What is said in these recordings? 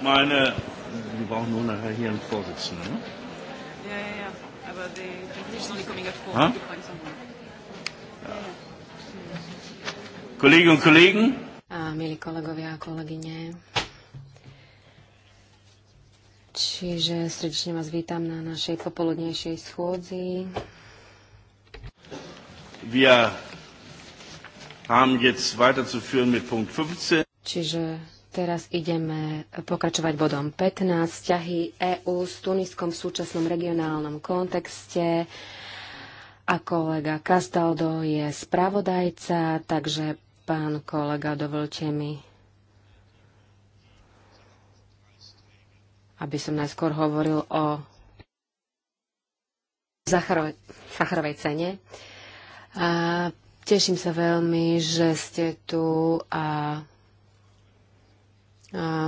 meine, wir brauchen nur nachher hier einen Vorsitzenden. Ne? Ja, ja, ja. Aber die Transition only coming at four. Ja. Kolleginnen und Kollegen. A milí kolegovia a kolegyne. Čiže srdečne vás vítam na našej popoludnejšej schôdzi. Wir haben jetzt weiterzuführen mit Punkt 15. Čiže Teraz ideme pokračovať bodom 15. Vzťahy EÚ s Tuniskom v súčasnom regionálnom kontexte. A kolega Castaldo je spravodajca, takže pán kolega, dovolte mi, aby som najskôr hovoril o Sacharovej, cene. A teším sa veľmi, že ste tu a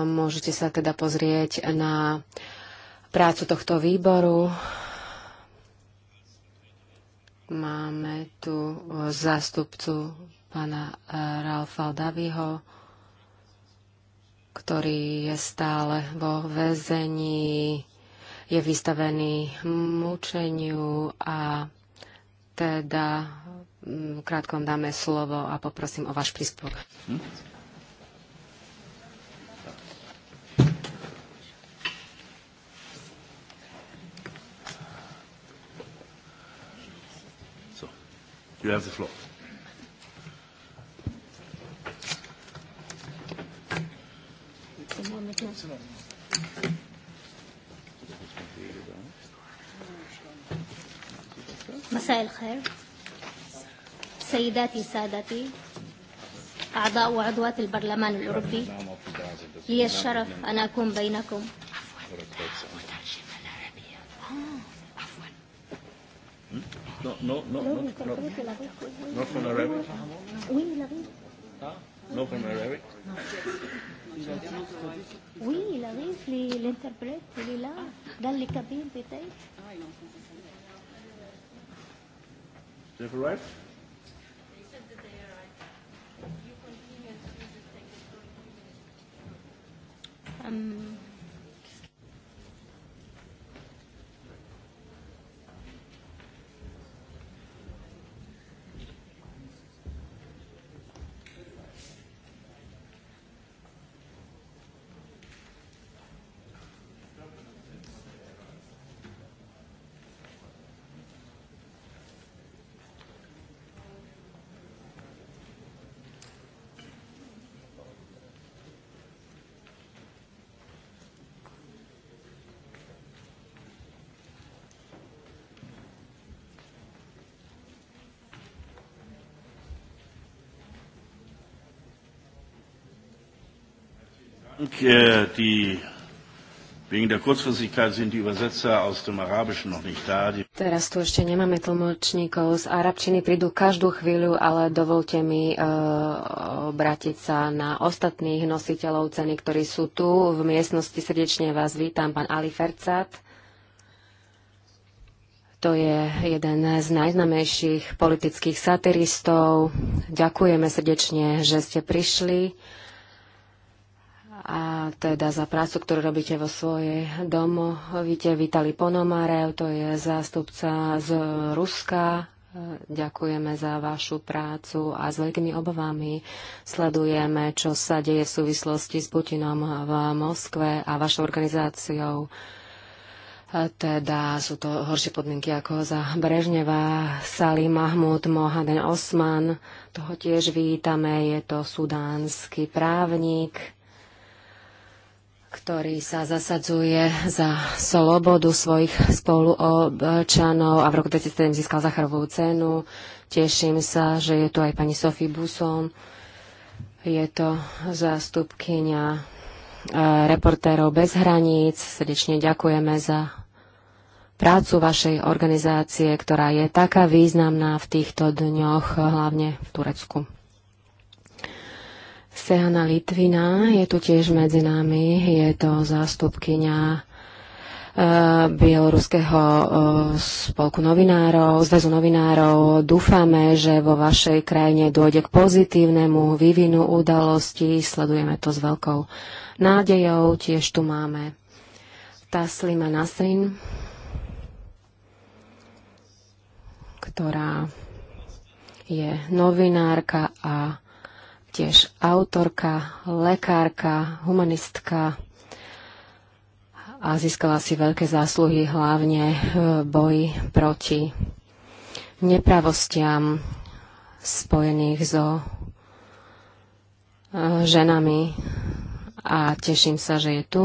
môžete sa teda pozrieť na prácu tohto výboru. Máme tu zástupcu pána eh, Ralfa Daviho, ktorý je stále vo väzení, je vystavený mučeniu a teda mm, krátko vám dáme slovo a poprosím o váš príspevok. Hm? You have the floor. مساء الخير سيداتي سادتي أعضاء وعضوات البرلمان الأوروبي لي الشرف أن أكون بينكم No, no, no, no, no, no, ¿Ah? no honorary. Oui, il arrive. no Oui, il arrive, l'interprète, il est là, dans les cabines peut-être. They've arrived? Um, Teraz tu ešte nemáme tlmočníkov z arabčiny, prídu každú chvíľu, ale dovolte mi e, obrátiť sa na ostatných nositeľov ceny, ktorí sú tu. V miestnosti srdečne vás vítam, pán Ali Fercat. To je jeden z najznamejších politických satiristov. Ďakujeme srdečne, že ste prišli teda za prácu, ktorú robíte vo svojej Víte, Vitali Ponomarev, to je zástupca z Ruska. Ďakujeme za vašu prácu a s veľkými obavami sledujeme, čo sa deje v súvislosti s Putinom v Moskve a vašou organizáciou. Teda sú to horšie podmienky ako za Brežneva, Sali Mahmud, Mohaden Osman. Toho tiež vítame, je to sudánsky právnik ktorý sa zasadzuje za slobodu svojich spoluobčanov a v roku 2007 získal Zacharovú cenu. Teším sa, že je tu aj pani Sofie Buson. Je to zástupkynia e, reportérov bez hraníc. Srdečne ďakujeme za prácu vašej organizácie, ktorá je taká významná v týchto dňoch, hlavne v Turecku. Seana Litvina je tu tiež medzi nami, je to zástupkynia e, Bieloruského e, spolku novinárov, zväzu novinárov. Dúfame, že vo vašej krajine dôjde k pozitívnemu vývinu udalostí. Sledujeme to s veľkou nádejou. Tiež tu máme Taslima Nasrin, ktorá je novinárka a tiež autorka, lekárka, humanistka a získala si veľké zásluhy hlavne v e, boji proti nepravostiam spojených so e, ženami a teším sa, že je tu.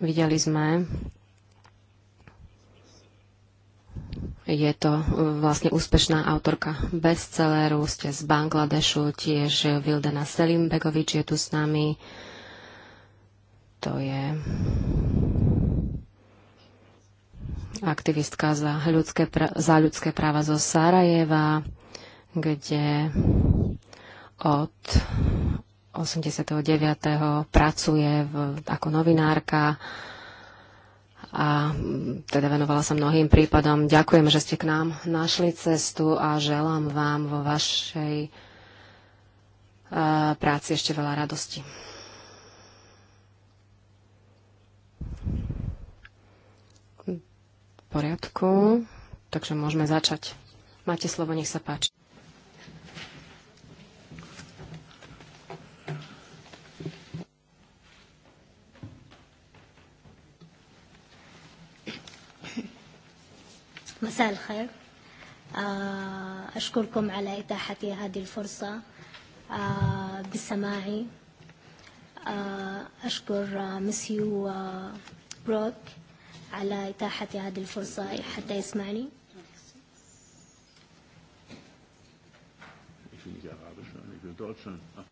Videli sme, Je to e, vlastne úspešná autorka bestselleru, ste z Bangladešu, tiež Vildena Selimbegovič je tu s nami. To je aktivistka za ľudské, pra- za ľudské práva zo Sarajeva, kde od 89. pracuje v, ako novinárka a teda venovala sa mnohým prípadom. Ďakujem, že ste k nám našli cestu a želám vám vo vašej e, práci ešte veľa radosti. V poriadku, takže môžeme začať. Máte slovo, nech sa páči. مساء الخير أشكركم على إتاحتي هذه الفرصة بسماعي أشكر مسيو بروك على إتاحتي هذه الفرصة حتى يسمعني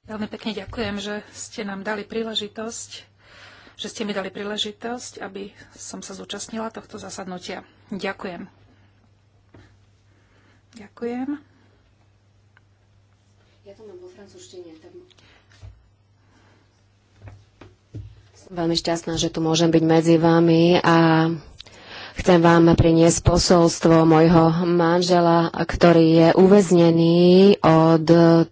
Veľmi pekne ďakujem, že ste nám dali príležitosť, že ste mi dali príležitosť, aby som sa zúčastnila tohto zasadnutia. Ďakujem. Ďakujem. Ja to mám vo francúzštine. Tak... veľmi šťastná, že tu môžem byť medzi vami a Chcem vám priniesť posolstvo mojho manžela, ktorý je uväznený od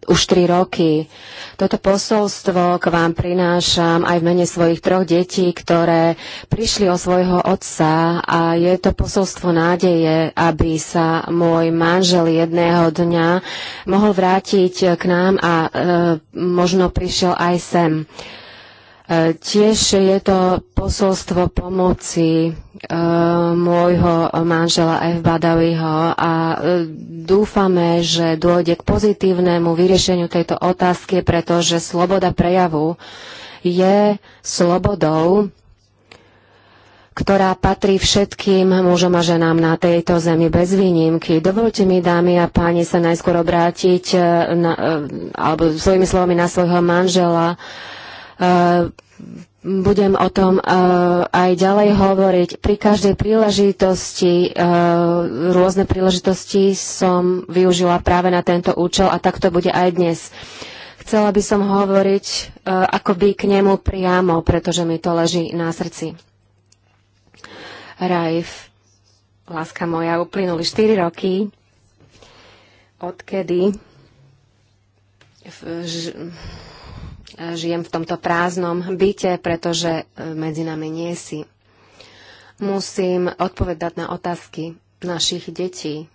už 3 roky. Toto posolstvo k vám prinášam aj v mene svojich troch detí, ktoré prišli o svojho otca a je to posolstvo nádeje, aby sa môj manžel jedného dňa mohol vrátiť k nám a e, možno prišiel aj sem. Tiež je to posolstvo pomoci e, môjho manžela F. Badawiho a e, dúfame, že dôjde k pozitívnemu vyriešeniu tejto otázky, pretože sloboda prejavu je slobodou, ktorá patrí všetkým mužom a ženám na tejto zemi bez výnimky. Dovolte mi, dámy a páni, sa najskôr obrátiť e, na, alebo svojimi slovami na svojho manžela Eh, budem o tom eh, aj ďalej hovoriť. Pri každej príležitosti, eh, rôzne príležitosti som využila práve na tento účel a tak to bude aj dnes. Chcela by som hovoriť akoby k nemu priamo, pretože mi to leží na srdci. Rajf, láska moja, uplynuli 4 roky, odkedy v, ž, žijem v tomto prázdnom byte, pretože e, medzi nami nie si. Musím odpovedať na otázky našich detí.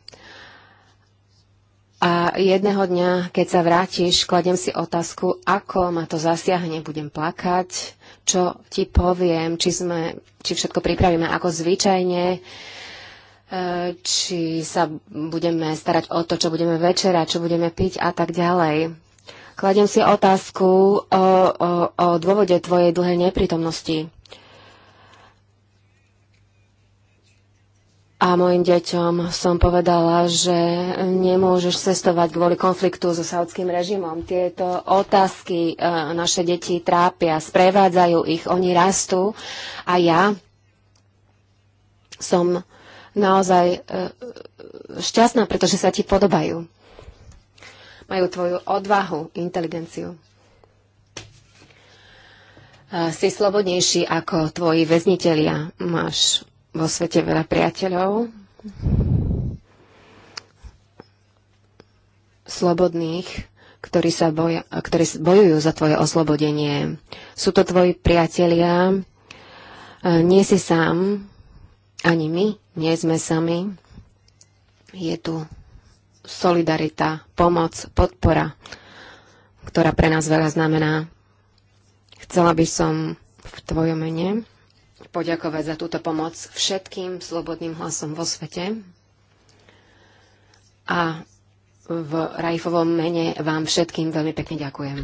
A jedného dňa, keď sa vrátiš, kladem si otázku, ako ma to zasiahne, budem plakať, čo ti poviem, či, sme, či všetko pripravíme ako zvyčajne, e, či sa budeme starať o to, čo budeme večerať, čo budeme piť a tak ďalej. Kladem si otázku o, o, o dôvode tvojej dlhej neprítomnosti. A mojim deťom som povedala, že nemôžeš cestovať kvôli konfliktu so saudským režimom. Tieto otázky e, naše deti trápia, sprevádzajú ich, oni rastú. A ja som naozaj e, šťastná, pretože sa ti podobajú majú tvoju odvahu, inteligenciu. Si slobodnejší ako tvoji väzniteľia. Máš vo svete veľa priateľov, slobodných, ktorí, sa boja, ktorí bojujú za tvoje oslobodenie. Sú to tvoji priatelia, nie si sám, ani my nie sme sami. Je tu solidarita, pomoc, podpora, ktorá pre nás veľa znamená. Chcela by som v tvojom mene poďakovať za túto pomoc všetkým slobodným hlasom vo svete a v Rajfovom mene vám všetkým veľmi pekne ďakujem.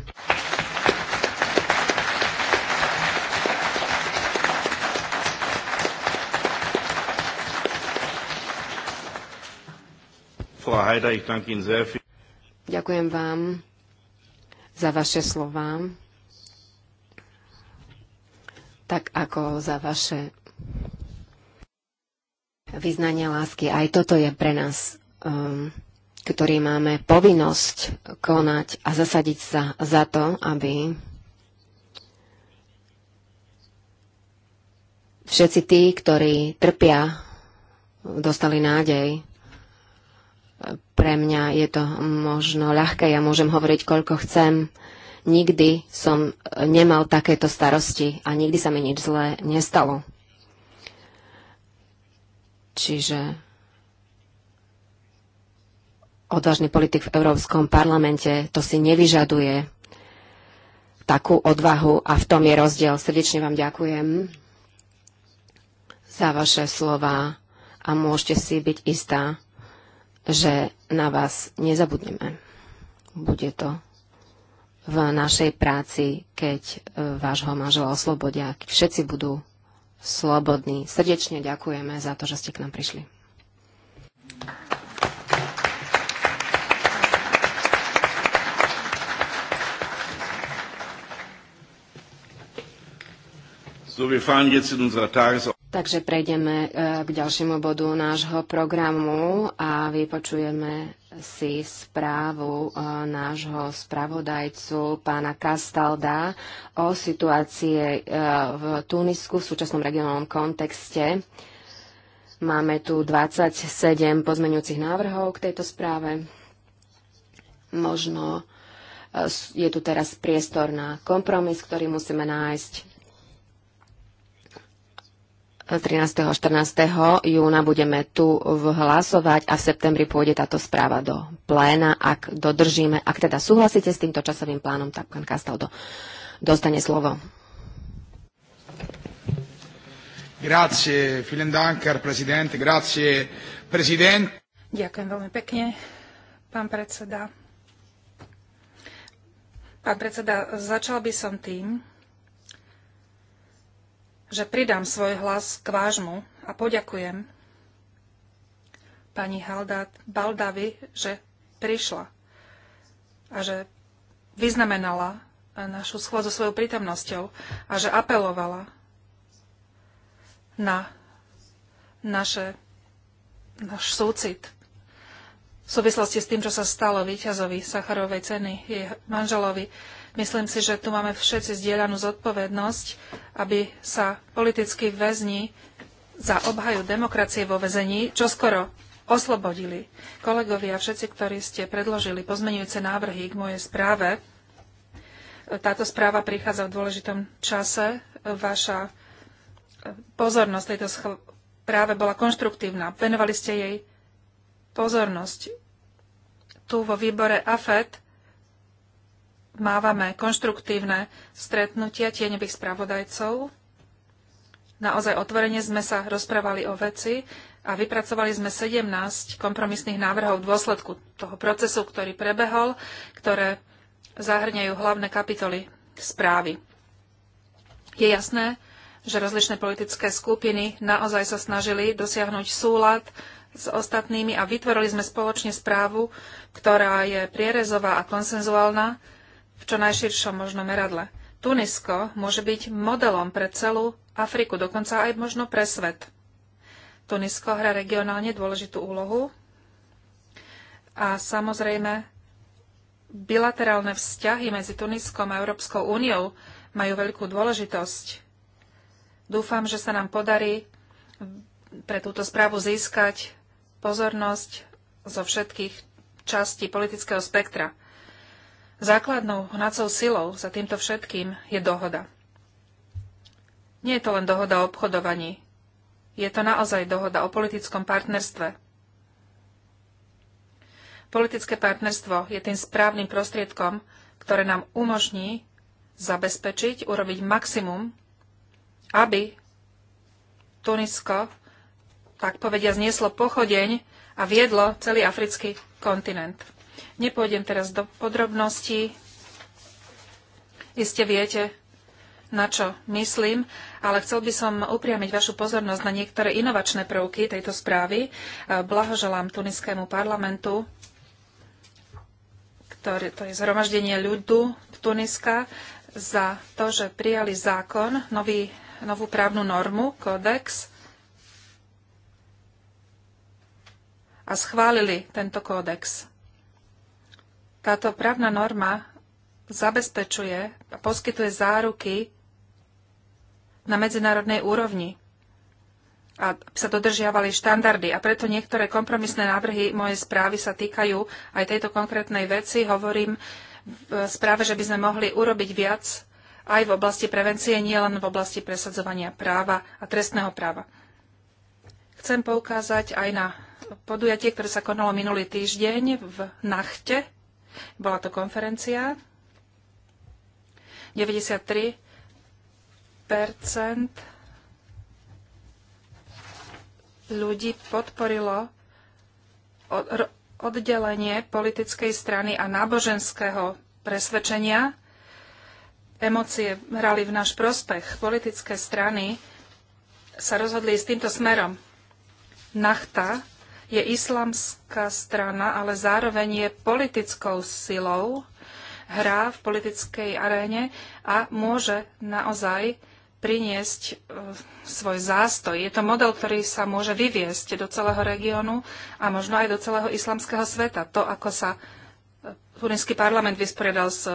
Frau ich danke Ihnen sehr Ďakujem vám za vaše slova, tak ako za vaše vyznania lásky. Aj toto je pre nás, um, ktorý máme povinnosť konať a zasadiť sa za to, aby všetci tí, ktorí trpia, dostali nádej. Pre mňa je to možno ľahké, ja môžem hovoriť, koľko chcem. Nikdy som e, nemal takéto starosti a nikdy sa mi nič zlé nestalo. Čiže odvážny politik v Európskom parlamente to si nevyžaduje takú odvahu a v tom je rozdiel. Srdečne vám ďakujem za vaše slova a môžete si byť istá, že na vás nezabudneme. Bude to v našej práci, keď e, vášho manžela oslobodia, keď všetci budú slobodní. Srdečne ďakujeme za to, že ste k nám prišli. So, wir fahren jetzt in unserer Tagesordnung. Takže prejdeme e, k ďalšiemu bodu nášho programu a vypočujeme si správu e, nášho spravodajcu pána Kastalda o situácie e, v Tunisku v súčasnom regionálnom kontexte. Máme tu 27 pozmeňujúcich návrhov k tejto správe. Možno je tu teraz priestor na kompromis, ktorý musíme nájsť 13. a 14. júna budeme tu hlasovať a v septembri pôjde táto správa do pléna, ak dodržíme, ak teda súhlasíte s týmto časovým plánom, tak pán Kastaldo dostane slovo. Grazie, vielen Dank, prezident, grazie, prezident. Ďakujem veľmi pekne, pán predseda. Pán predseda, začal by som tým, že pridám svoj hlas k vášmu a poďakujem pani Halda Baldavi, že prišla a že vyznamenala našu schôdzu svojou prítomnosťou a že apelovala na naše, náš súcit v súvislosti s tým, čo sa stalo víťazovi Sacharovej ceny, jej manželovi. Myslím si, že tu máme všetci zdieľanú zodpovednosť, aby sa politickí väzni za obhaju demokracie vo väzení čoskoro oslobodili. Kolegovia, všetci, ktorí ste predložili pozmenujúce návrhy k mojej správe, táto správa prichádza v dôležitom čase. Vaša pozornosť tejto práve bola konštruktívna. Venovali ste jej pozornosť. Tu vo výbore AFET mávame konštruktívne stretnutia tieňových spravodajcov. Naozaj otvorene sme sa rozprávali o veci a vypracovali sme 17 kompromisných návrhov v dôsledku toho procesu, ktorý prebehol, ktoré zahrňajú hlavné kapitoly správy. Je jasné, že rozličné politické skupiny naozaj sa snažili dosiahnuť súlad s ostatnými a vytvorili sme spoločne správu, ktorá je prierezová a konsenzuálna, v čo najširšom možnom meradle. Tunisko môže byť modelom pre celú Afriku, dokonca aj možno pre svet. Tunisko hrá regionálne dôležitú úlohu a samozrejme bilaterálne vzťahy medzi Tuniskom a Európskou úniou majú veľkú dôležitosť. Dúfam, že sa nám podarí pre túto správu získať pozornosť zo všetkých častí politického spektra. Základnou hnacou silou za týmto všetkým je dohoda. Nie je to len dohoda o obchodovaní. Je to naozaj dohoda o politickom partnerstve. Politické partnerstvo je tým správnym prostriedkom, ktoré nám umožní zabezpečiť, urobiť maximum, aby Tunisko, tak povediať, znieslo pochodeň a viedlo celý africký kontinent. Nepôjdem teraz do podrobností. Iste viete, na čo myslím, ale chcel by som upriamiť vašu pozornosť na niektoré inovačné prvky tejto správy. Blahoželám tuniskému parlamentu, ktoré, to je zhromaždenie ľudu Tuniska, za to, že prijali zákon, nový, novú právnu normu, kódex, a schválili tento kódex. Táto právna norma zabezpečuje a poskytuje záruky na medzinárodnej úrovni a sa dodržiavali štandardy. A preto niektoré kompromisné návrhy mojej správy sa týkajú aj tejto konkrétnej veci. Hovorím v správe, že by sme mohli urobiť viac aj v oblasti prevencie, nielen v oblasti presadzovania práva a trestného práva. Chcem poukázať aj na podujatie, ktoré sa konalo minulý týždeň v Nachte, bola to konferencia. 93 ľudí podporilo oddelenie politickej strany a náboženského presvedčenia. Emócie hrali v náš prospech. Politické strany sa rozhodli s týmto smerom. Nachta je islamská strana, ale zároveň je politickou silou, hrá v politickej aréne a môže naozaj priniesť e, svoj zástoj. Je to model, ktorý sa môže vyviesť do celého regiónu a možno aj do celého islamského sveta. To, ako sa e, turinský parlament vysporiadal s,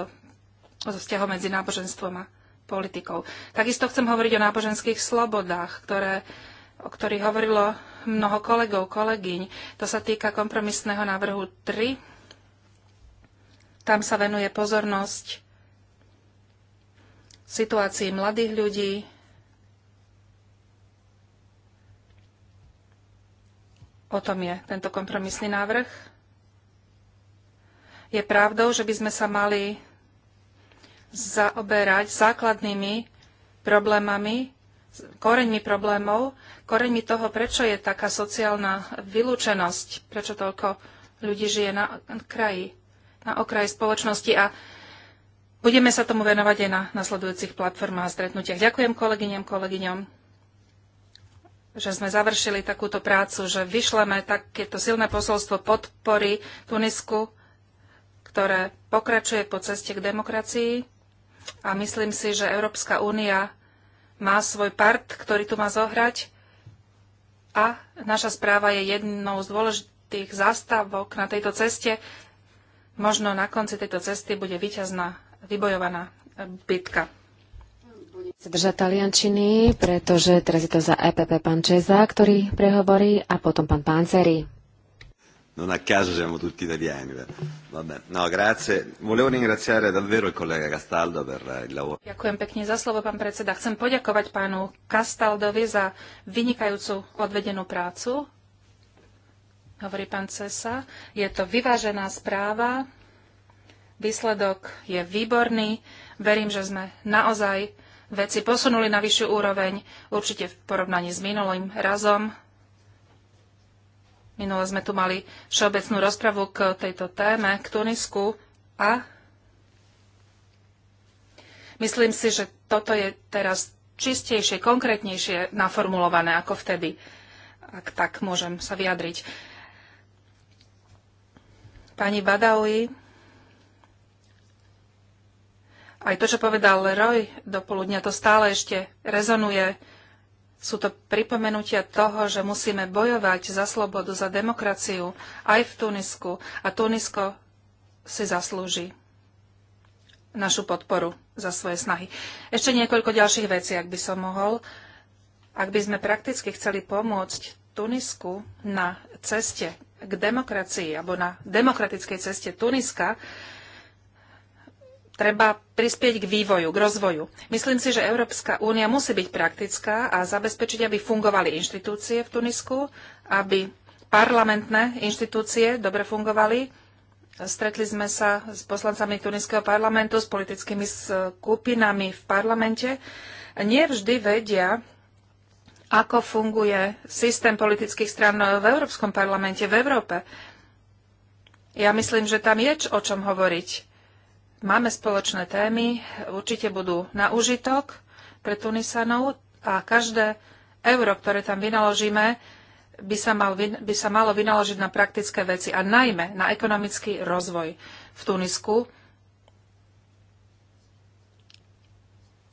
so vzťahom medzi náboženstvom a politikou. Takisto chcem hovoriť o náboženských slobodách, ktoré o ktorých hovorilo mnoho kolegov, kolegyň. To sa týka kompromisného návrhu 3. Tam sa venuje pozornosť situácii mladých ľudí, O tom je tento kompromisný návrh. Je pravdou, že by sme sa mali zaoberať základnými problémami koreňmi problémov, koreňmi toho, prečo je taká sociálna vylúčenosť, prečo toľko ľudí žije na kraji, na okraji spoločnosti a budeme sa tomu venovať aj na nasledujúcich platformách a stretnutiach. Ďakujem kolegyňam, kolegyňom, že sme završili takúto prácu, že vyšleme takéto silné posolstvo podpory Tunisku, ktoré pokračuje po ceste k demokracii a myslím si, že Európska únia má svoj part, ktorý tu má zohrať a naša správa je jednou z dôležitých zastávok na tejto ceste. Možno na konci tejto cesty bude vyťazná, vybojovaná bitka. Budem sa držať taliančiny, pretože teraz je to za EPP pán Čeza, ktorý prehovorí a potom pán Pánceri. Non a caso siamo tutti italiani. Vabbè. No, grazie. Volevo ringraziare davvero il collega Castaldo per il lavoro. Ďakujem pekne za slovo, pán predseda. Chcem poďakovať pánu Castaldovi za vynikajúcu odvedenú prácu. Hovorí pán Cesa. Je to vyvážená správa. Výsledok je výborný. Verím, že sme naozaj veci posunuli na vyššiu úroveň, určite v porovnaní s minulým razom Minule sme tu mali všeobecnú rozpravu k tejto téme, k Tunisku a myslím si, že toto je teraz čistejšie, konkrétnejšie naformulované ako vtedy, ak tak môžem sa vyjadriť. Pani Badawi, aj to, čo povedal Leroy do poludnia, to stále ešte rezonuje sú to pripomenutia toho, že musíme bojovať za slobodu, za demokraciu aj v Tunisku. A Tunisko si zaslúži našu podporu za svoje snahy. Ešte niekoľko ďalších vecí, ak by som mohol. Ak by sme prakticky chceli pomôcť Tunisku na ceste k demokracii alebo na demokratickej ceste Tuniska, treba prispieť k vývoju, k rozvoju. Myslím si, že Európska únia musí byť praktická a zabezpečiť, aby fungovali inštitúcie v Tunisku, aby parlamentné inštitúcie dobre fungovali. Stretli sme sa s poslancami Tuniského parlamentu, s politickými skupinami v parlamente. Nie vždy vedia, ako funguje systém politických stran v Európskom parlamente, v Európe. Ja myslím, že tam je o čom hovoriť máme spoločné témy, určite budú na užitok pre Tunisanov a každé euro, ktoré tam vynaložíme, by sa, mal, by sa malo vynaložiť na praktické veci a najmä na ekonomický rozvoj v Tunisku,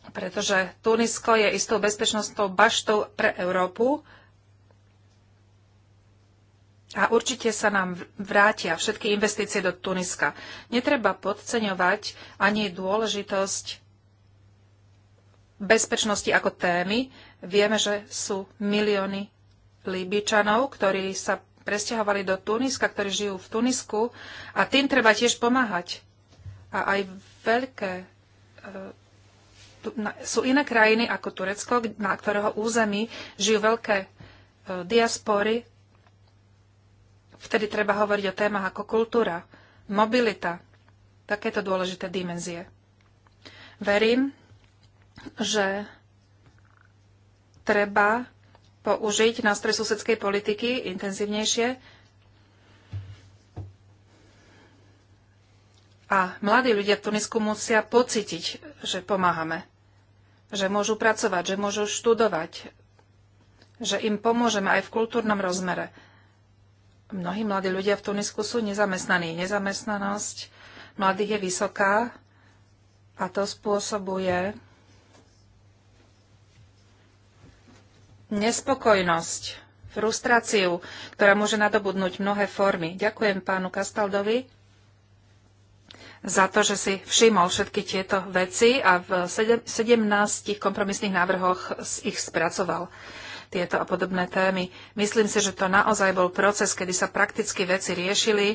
pretože Tunisko je istou bezpečnostnou baštou pre Európu a určite sa nám vrátia všetky investície do Tuniska. Netreba podceňovať ani dôležitosť bezpečnosti ako témy. Vieme, že sú milióny Líbičanov, ktorí sa presťahovali do Tuniska, ktorí žijú v Tunisku a tým treba tiež pomáhať. A aj veľké e, sú iné krajiny ako Turecko, na ktorého území žijú veľké e, diaspory Vtedy treba hovoriť o témach ako kultúra, mobilita, takéto dôležité dimenzie. Verím, že treba použiť nástroj susedskej politiky intenzívnejšie a mladí ľudia v Tunisku musia pocítiť, že pomáhame, že môžu pracovať, že môžu študovať, že im pomôžeme aj v kultúrnom rozmere. Mnohí mladí ľudia v Tunisku sú nezamestnaní. Nezamestnanosť mladých je vysoká a to spôsobuje nespokojnosť, frustráciu, ktorá môže nadobudnúť mnohé formy. Ďakujem pánu Kastaldovi za to, že si všimol všetky tieto veci a v 17 kompromisných návrhoch ich spracoval tieto a podobné témy. Myslím si, že to naozaj bol proces, kedy sa prakticky veci riešili,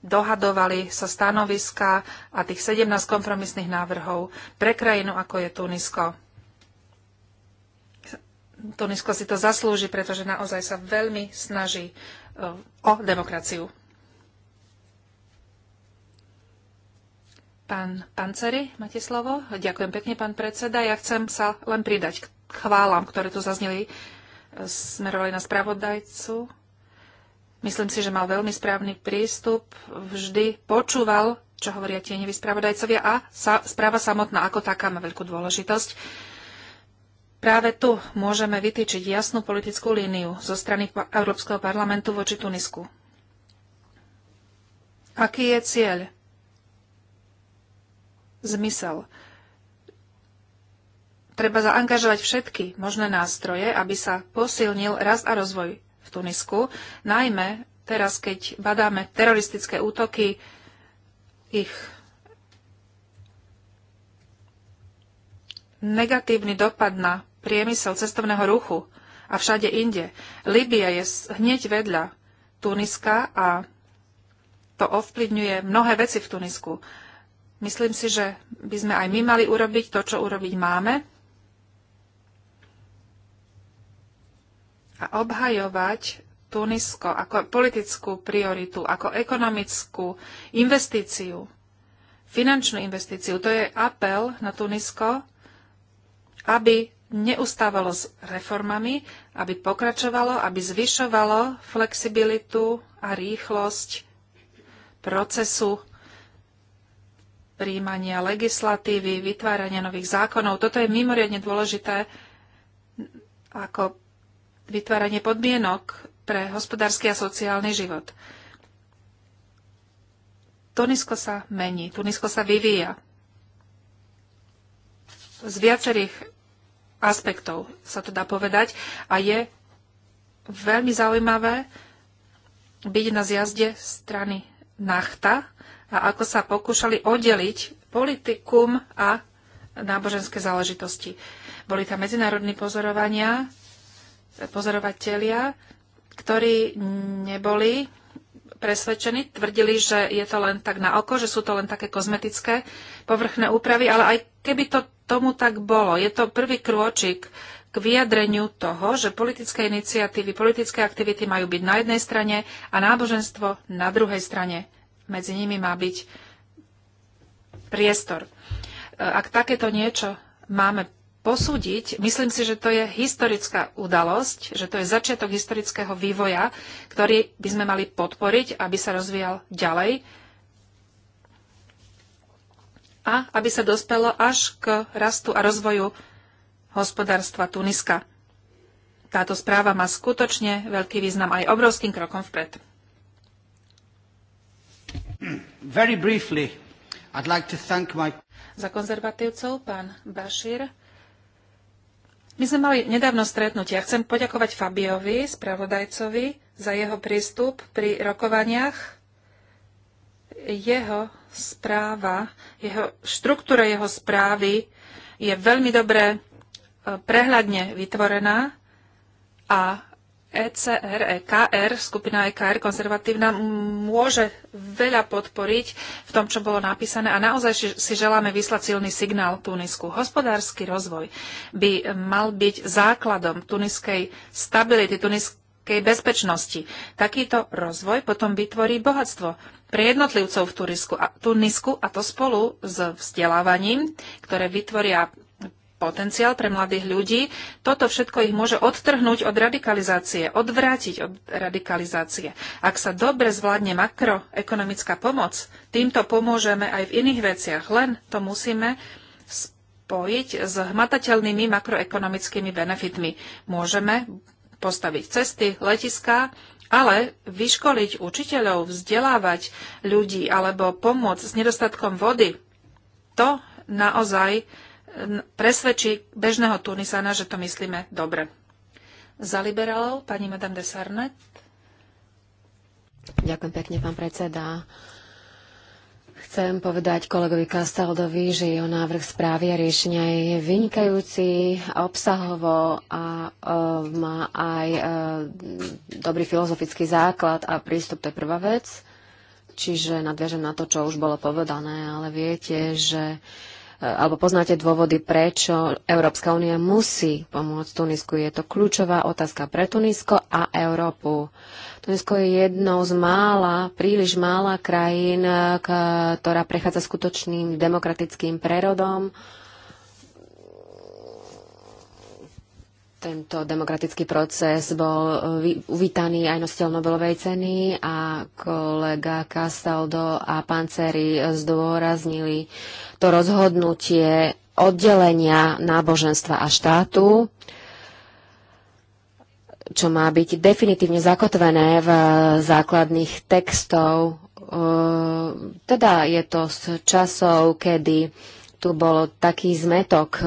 dohadovali sa stanoviska a tých 17 kompromisných návrhov pre krajinu, ako je Tunisko. Tunisko si to zaslúži, pretože naozaj sa veľmi snaží e, o demokraciu. Pán Panceri, máte slovo. Ďakujem pekne, pán predseda. Ja chcem sa len pridať k chválam, ktoré tu zazneli, e, smerovali na spravodajcu. Myslím si, že mal veľmi správny prístup, vždy počúval, čo hovoria tie spravodajcovia a sa, správa samotná ako taká má veľkú dôležitosť. Práve tu môžeme vytýčiť jasnú politickú líniu zo strany Európskeho parlamentu voči Tunisku. Aký je cieľ? Zmysel treba zaangažovať všetky možné nástroje, aby sa posilnil rast a rozvoj v Tunisku, najmä teraz, keď badáme teroristické útoky, ich negatívny dopad na priemysel cestovného ruchu a všade inde. Libia je hneď vedľa Tuniska a to ovplyvňuje mnohé veci v Tunisku. Myslím si, že by sme aj my mali urobiť to, čo urobiť máme a obhajovať Tunisko ako politickú prioritu, ako ekonomickú investíciu, finančnú investíciu. To je apel na Tunisko, aby neustávalo s reformami, aby pokračovalo, aby zvyšovalo flexibilitu a rýchlosť procesu príjmania legislatívy, vytvárania nových zákonov. Toto je mimoriadne dôležité ako vytváranie podmienok pre hospodársky a sociálny život. Tunisko sa mení, Tunisko sa vyvíja. Z viacerých aspektov sa to dá povedať a je veľmi zaujímavé byť na zjazde strany Nachta a ako sa pokúšali oddeliť politikum a náboženské záležitosti. Boli tam medzinárodní pozorovania, pozorovatelia, ktorí neboli presvedčení, tvrdili, že je to len tak na oko, že sú to len také kozmetické povrchné úpravy, ale aj keby to tomu tak bolo, je to prvý krôčik k vyjadreniu toho, že politické iniciatívy, politické aktivity majú byť na jednej strane a náboženstvo na druhej strane. Medzi nimi má byť priestor. E, ak takéto niečo máme posúdiť. Myslím si, že to je historická udalosť, že to je začiatok historického vývoja, ktorý by sme mali podporiť, aby sa rozvíjal ďalej a aby sa dospelo až k rastu a rozvoju hospodárstva Tuniska. Táto správa má skutočne veľký význam aj obrovským krokom vpred. Very briefly, I'd like to thank my... Za konzervatívcov pán Bašír. My sme mali nedávno stretnutie. Chcem poďakovať Fabiovi, spravodajcovi, za jeho prístup pri rokovaniach. Jeho správa, jeho štruktúra jeho správy je veľmi dobre e, prehľadne vytvorená a ECR, EKR, skupina EKR konzervatívna môže veľa podporiť v tom, čo bolo napísané a naozaj si želáme vyslať silný signál Tunisku. Hospodársky rozvoj by mal byť základom tuniskej stability, tuniskej bezpečnosti. Takýto rozvoj potom vytvorí bohatstvo pre jednotlivcov v Tunisku a, Tunisku a to spolu s vzdelávaním, ktoré vytvoria potenciál pre mladých ľudí. Toto všetko ich môže odtrhnúť od radikalizácie, odvrátiť od radikalizácie. Ak sa dobre zvládne makroekonomická pomoc, týmto pomôžeme aj v iných veciach, len to musíme spojiť s hmatateľnými makroekonomickými benefitmi. Môžeme postaviť cesty, letiská, ale vyškoliť učiteľov, vzdelávať ľudí alebo pomôcť s nedostatkom vody, to naozaj presvedčí bežného Tunisana, že to myslíme dobre. Za liberálov pani Madame de Sarnet. Ďakujem pekne, pán predseda. Chcem povedať kolegovi Kastaldovi, že jeho návrh správy a riešenia je vynikajúci obsahovo a e, má aj e, dobrý filozofický základ a prístup, to je prvá vec. Čiže nadviažem na to, čo už bolo povedané, ale viete, že e, Eh, alebo poznáte dôvody, prečo Európska únia musí pomôcť Tunisku. Je to kľúčová otázka pre Tunisko a Európu. Tunisko je jednou z mála, príliš mála krajín, eh, ktorá prechádza skutočným demokratickým prerodom. Tento demokratický proces bol eh, uvítaný aj nositeľ Nobelovej ceny a kolega Castaldo a Panceri zdôraznili to rozhodnutie oddelenia náboženstva a štátu, čo má byť definitívne zakotvené v základných textov. Eh, teda je to z časov, kedy tu bol taký zmetok eh,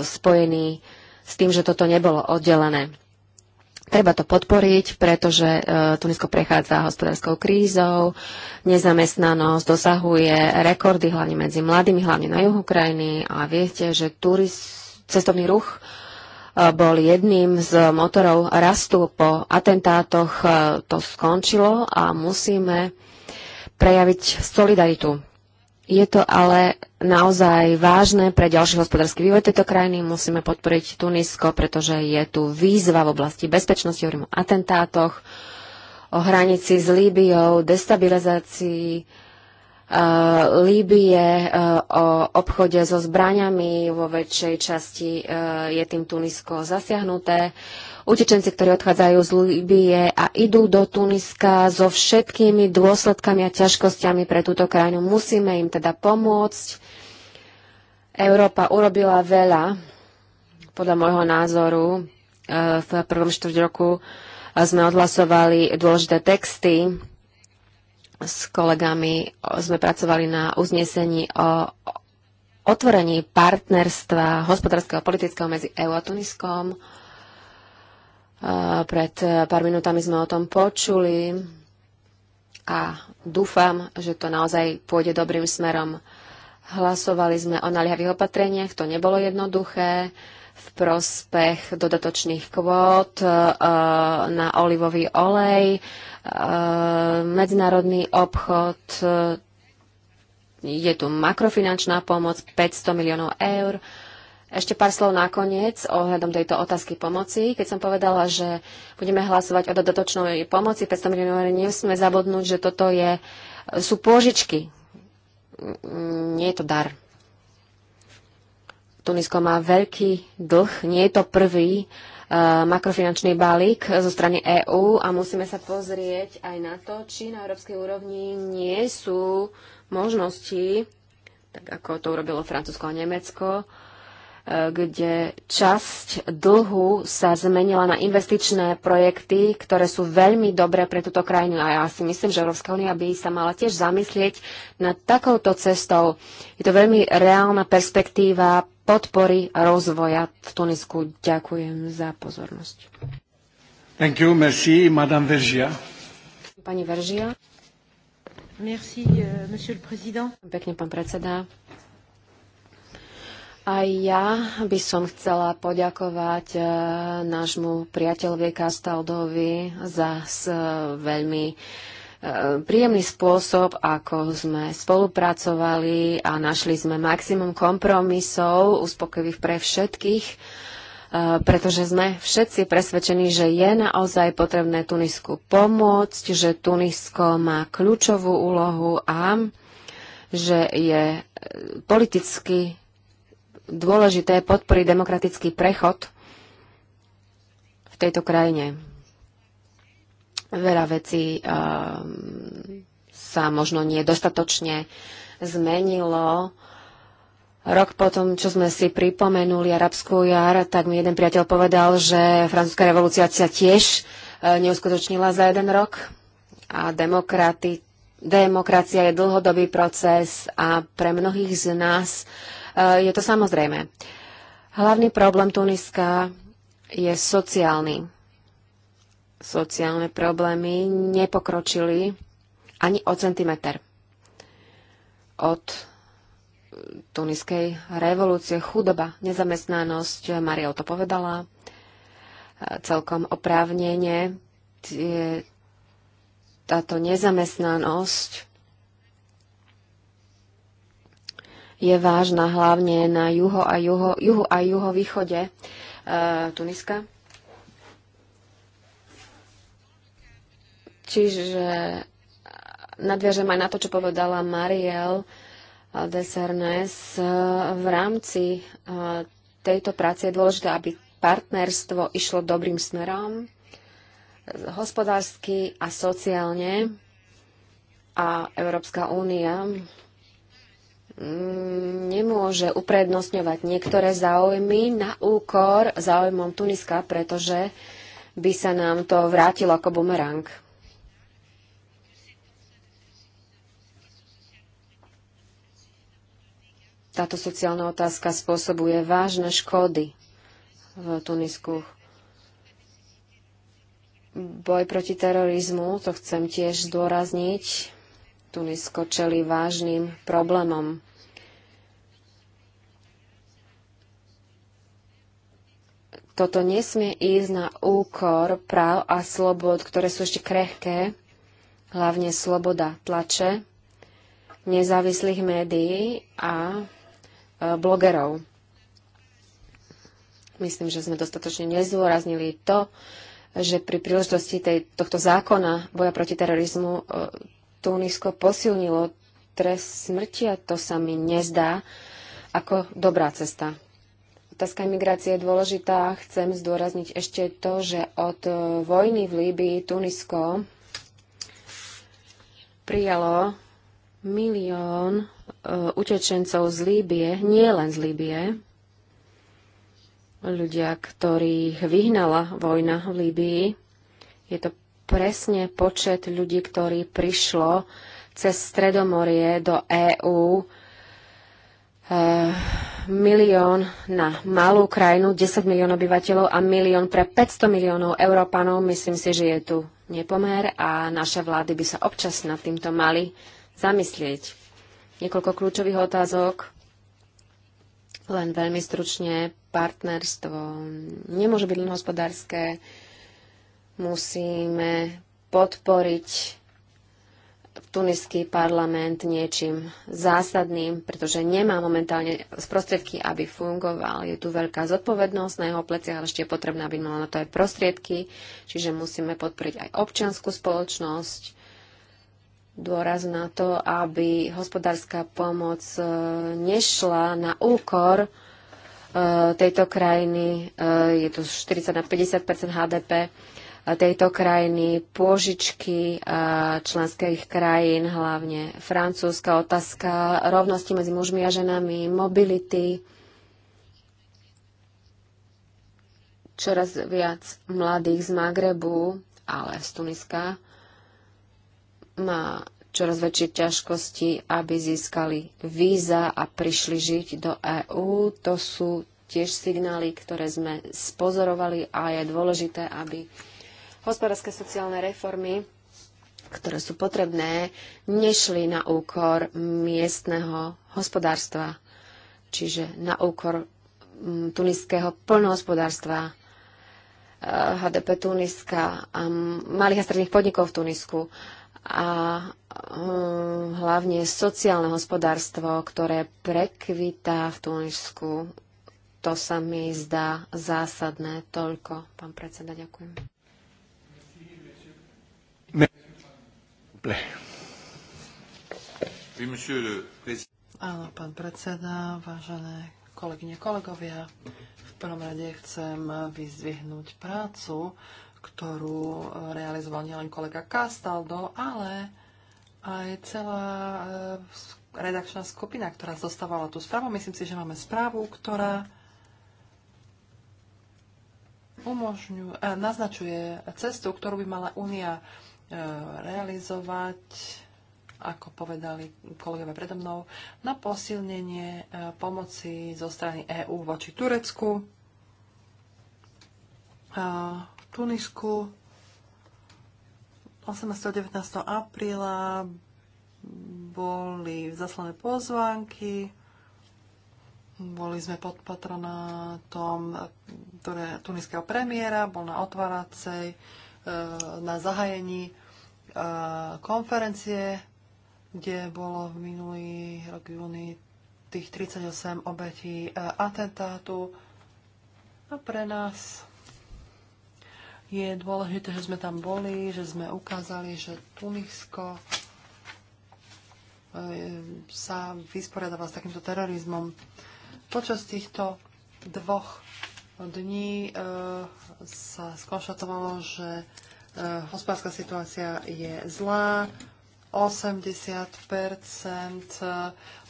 spojený s tým, že toto nebolo oddelené. Treba to podporiť, pretože e, Tunisko prechádza hospodárskou krízou, nezamestnanosť dosahuje rekordy hlavne medzi mladými, hlavne na juhu krajiny a viete, že turist, cestovný ruch e, bol jedným z motorov rastu po atentátoch. E, to skončilo a musíme prejaviť solidaritu je to ale naozaj vážne pre ďalší hospodársky vývoj tejto krajiny. Musíme podporiť Tunisko, pretože je tu výzva v oblasti bezpečnosti, hovorím o atentátoch, o hranici s Líbiou, destabilizácii Eh, Líbie, eh, o obchode so zbraňami, vo väčšej časti eh, je tým Tunisko zasiahnuté. Utečenci, ktorí odchádzajú z Líbie a idú do Tuniska so všetkými dôsledkami a ťažkosťami pre túto krajinu, musíme im teda pomôcť. Európa urobila veľa, podľa môjho názoru, v prvom štvrť roku sme odhlasovali dôležité texty, s kolegami sme pracovali na uznesení o otvorení partnerstva hospodárskeho a politického medzi EU a Tuniskom. E, pred pár minútami sme o tom počuli a dúfam, že to naozaj pôjde dobrým smerom. Hlasovali sme o naliehavých opatreniach, to nebolo jednoduché, v prospech dodatočných kvót e, na olivový olej, Eh, medzinárodný obchod, eh, je tu makrofinančná pomoc 500 miliónov eur. Ešte pár slov nakoniec ohľadom tejto otázky pomoci. Keď som povedala, že budeme hlasovať o dodatočnej pomoci 500 miliónov eur, nesme zabudnúť, že toto je, sú pôžičky. Nie je to dar. Tunisko má veľký dlh, nie je to prvý E, makrofinančný balík zo strany EÚ a musíme sa pozrieť aj na to, či na európskej úrovni nie sú možnosti, tak ako to urobilo Francúzsko a Nemecko, e, kde časť dlhu sa zmenila na investičné projekty, ktoré sú veľmi dobré pre túto krajinu. A ja si myslím, že Európska únia by sa mala tiež zamyslieť nad takouto cestou. Je to veľmi reálna perspektíva podpory a rozvoja v Tunisku. Ďakujem za pozornosť. Thank you, merci, Madame Vergia. Pani Veržia. Merci, uh, monsieur le président. Pekne, pán predseda. Aj ja by som chcela poďakovať e, nášmu priateľovi Kastaldovi za s, e, veľmi príjemný spôsob, ako sme spolupracovali a našli sme maximum kompromisov uspokojivých pre všetkých, e, pretože sme všetci presvedčení, že je naozaj potrebné Tunisku pomôcť, že Tunisko má kľúčovú úlohu a že je e, politicky dôležité podporiť demokratický prechod v tejto krajine. Veľa vecí ehm, sa možno nedostatočne zmenilo. Rok potom, čo sme si pripomenuli arabskú jar, tak mi jeden priateľ povedal, že francúzska revolúcia sa tiež e, neuskutočnila za jeden rok a demokraty, demokracia je dlhodobý proces a pre mnohých z nás e, je to samozrejme. Hlavný problém Tuniska je sociálny sociálne problémy nepokročili ani o centimeter od eh, tuniskej revolúcie. Chudoba, nezamestnanosť, Mariel to povedala eh, celkom oprávnenie. Táto nezamestnanosť je vážna hlavne na juho a, juho, juhu a juhovýchode e, Tuniska. Čiže nadviažem aj na to, čo povedala Mariel Desernes. V rámci tejto práce je dôležité, aby partnerstvo išlo dobrým smerom, hospodársky a sociálne. A Európska únia mm, nemôže uprednostňovať niektoré záujmy na úkor záujmom Tuniska, pretože by sa nám to vrátilo ako bumerang. táto sociálna otázka spôsobuje vážne škody v Tunisku. Boj proti terorizmu, to chcem tiež zdôrazniť. Tunisko čeli vážnym problémom. Toto nesmie ísť na úkor práv a slobod, ktoré sú ešte krehké, hlavne sloboda tlače, nezávislých médií a Eh, blogerov. Myslím, že sme dostatočne nezúraznili to, že pri príležitosti tej, tohto zákona boja proti terorizmu eh, Tunisko posilnilo trest smrti a to sa mi nezdá ako dobrá cesta. Otázka imigrácie je dôležitá. Chcem zdôrazniť ešte to, že od eh, vojny v Líbii Tunisko prijalo milión E, utečencov z Líbie, nie len z Líbie, ľudia, ktorých vyhnala vojna v Líbii. Je to presne počet ľudí, ktorí prišlo cez Stredomorie do EÚ. E, milión na malú krajinu, 10 milión obyvateľov a milión pre 500 miliónov Európanov. Myslím si, že je tu nepomer a naše vlády by sa občas nad týmto mali zamyslieť. Niekoľko kľúčových otázok, len veľmi stručne. Partnerstvo nemôže byť len hospodárske. Musíme podporiť tuniský parlament niečím zásadným, pretože nemá momentálne prostriedky, aby fungoval. Je tu veľká zodpovednosť na jeho pleciach, ale ešte je potrebné, aby mal na to aj prostriedky. Čiže musíme podporiť aj občianskú spoločnosť, dôraz na to, aby hospodárska pomoc e, nešla na úkor e, tejto krajiny. E, je to 40 na 50 HDP tejto krajiny, pôžičky členských krajín, hlavne francúzska otázka rovnosti medzi mužmi a ženami, mobility. Čoraz viac mladých z Magrebu, ale z Tuniska, má čoraz väčšie ťažkosti, aby získali víza a prišli žiť do EÚ. To sú tiež signály, ktoré sme spozorovali a je dôležité, aby hospodárske sociálne reformy, ktoré sú potrebné, nešli na úkor miestneho hospodárstva, čiže na úkor mm, tuniského plnohospodárstva, HDP eh, Tuniska a malých a stredných podnikov v Tunisku a hm, hlavne sociálne hospodárstvo, ktoré prekvitá v Tunisku. To sa mi zdá zásadné. Toľko, pán predseda, ďakujem. Áno, pán predseda, vážené kolegyne, kolegovia. V prvom rade chcem vyzdvihnúť prácu, ktorú e, realizoval nielen kolega Castaldo, ale aj celá e, redakčná skupina, ktorá zostávala tú správu. Myslím si, že máme správu, ktorá umožňuje, naznačuje cestu, ktorú by mala Únia e, realizovať, ako povedali kolegové predo mnou, na posilnenie pomoci zo strany EÚ voči Turecku. Tunisku 18. 19. apríla boli zaslané pozvánky, boli sme pod patronátom tuniského premiéra, bol na otváracej, e, na zahajení e, konferencie, kde bolo v minulý rok júni tých 38 obetí e, atentátu. A pre nás je dôležité, že sme tam boli, že sme ukázali, že Tunisko e, sa vysporiadáva s takýmto terorizmom. Počas týchto dvoch dní e, sa skonštatovalo, že e, hospodárska situácia je zlá, 80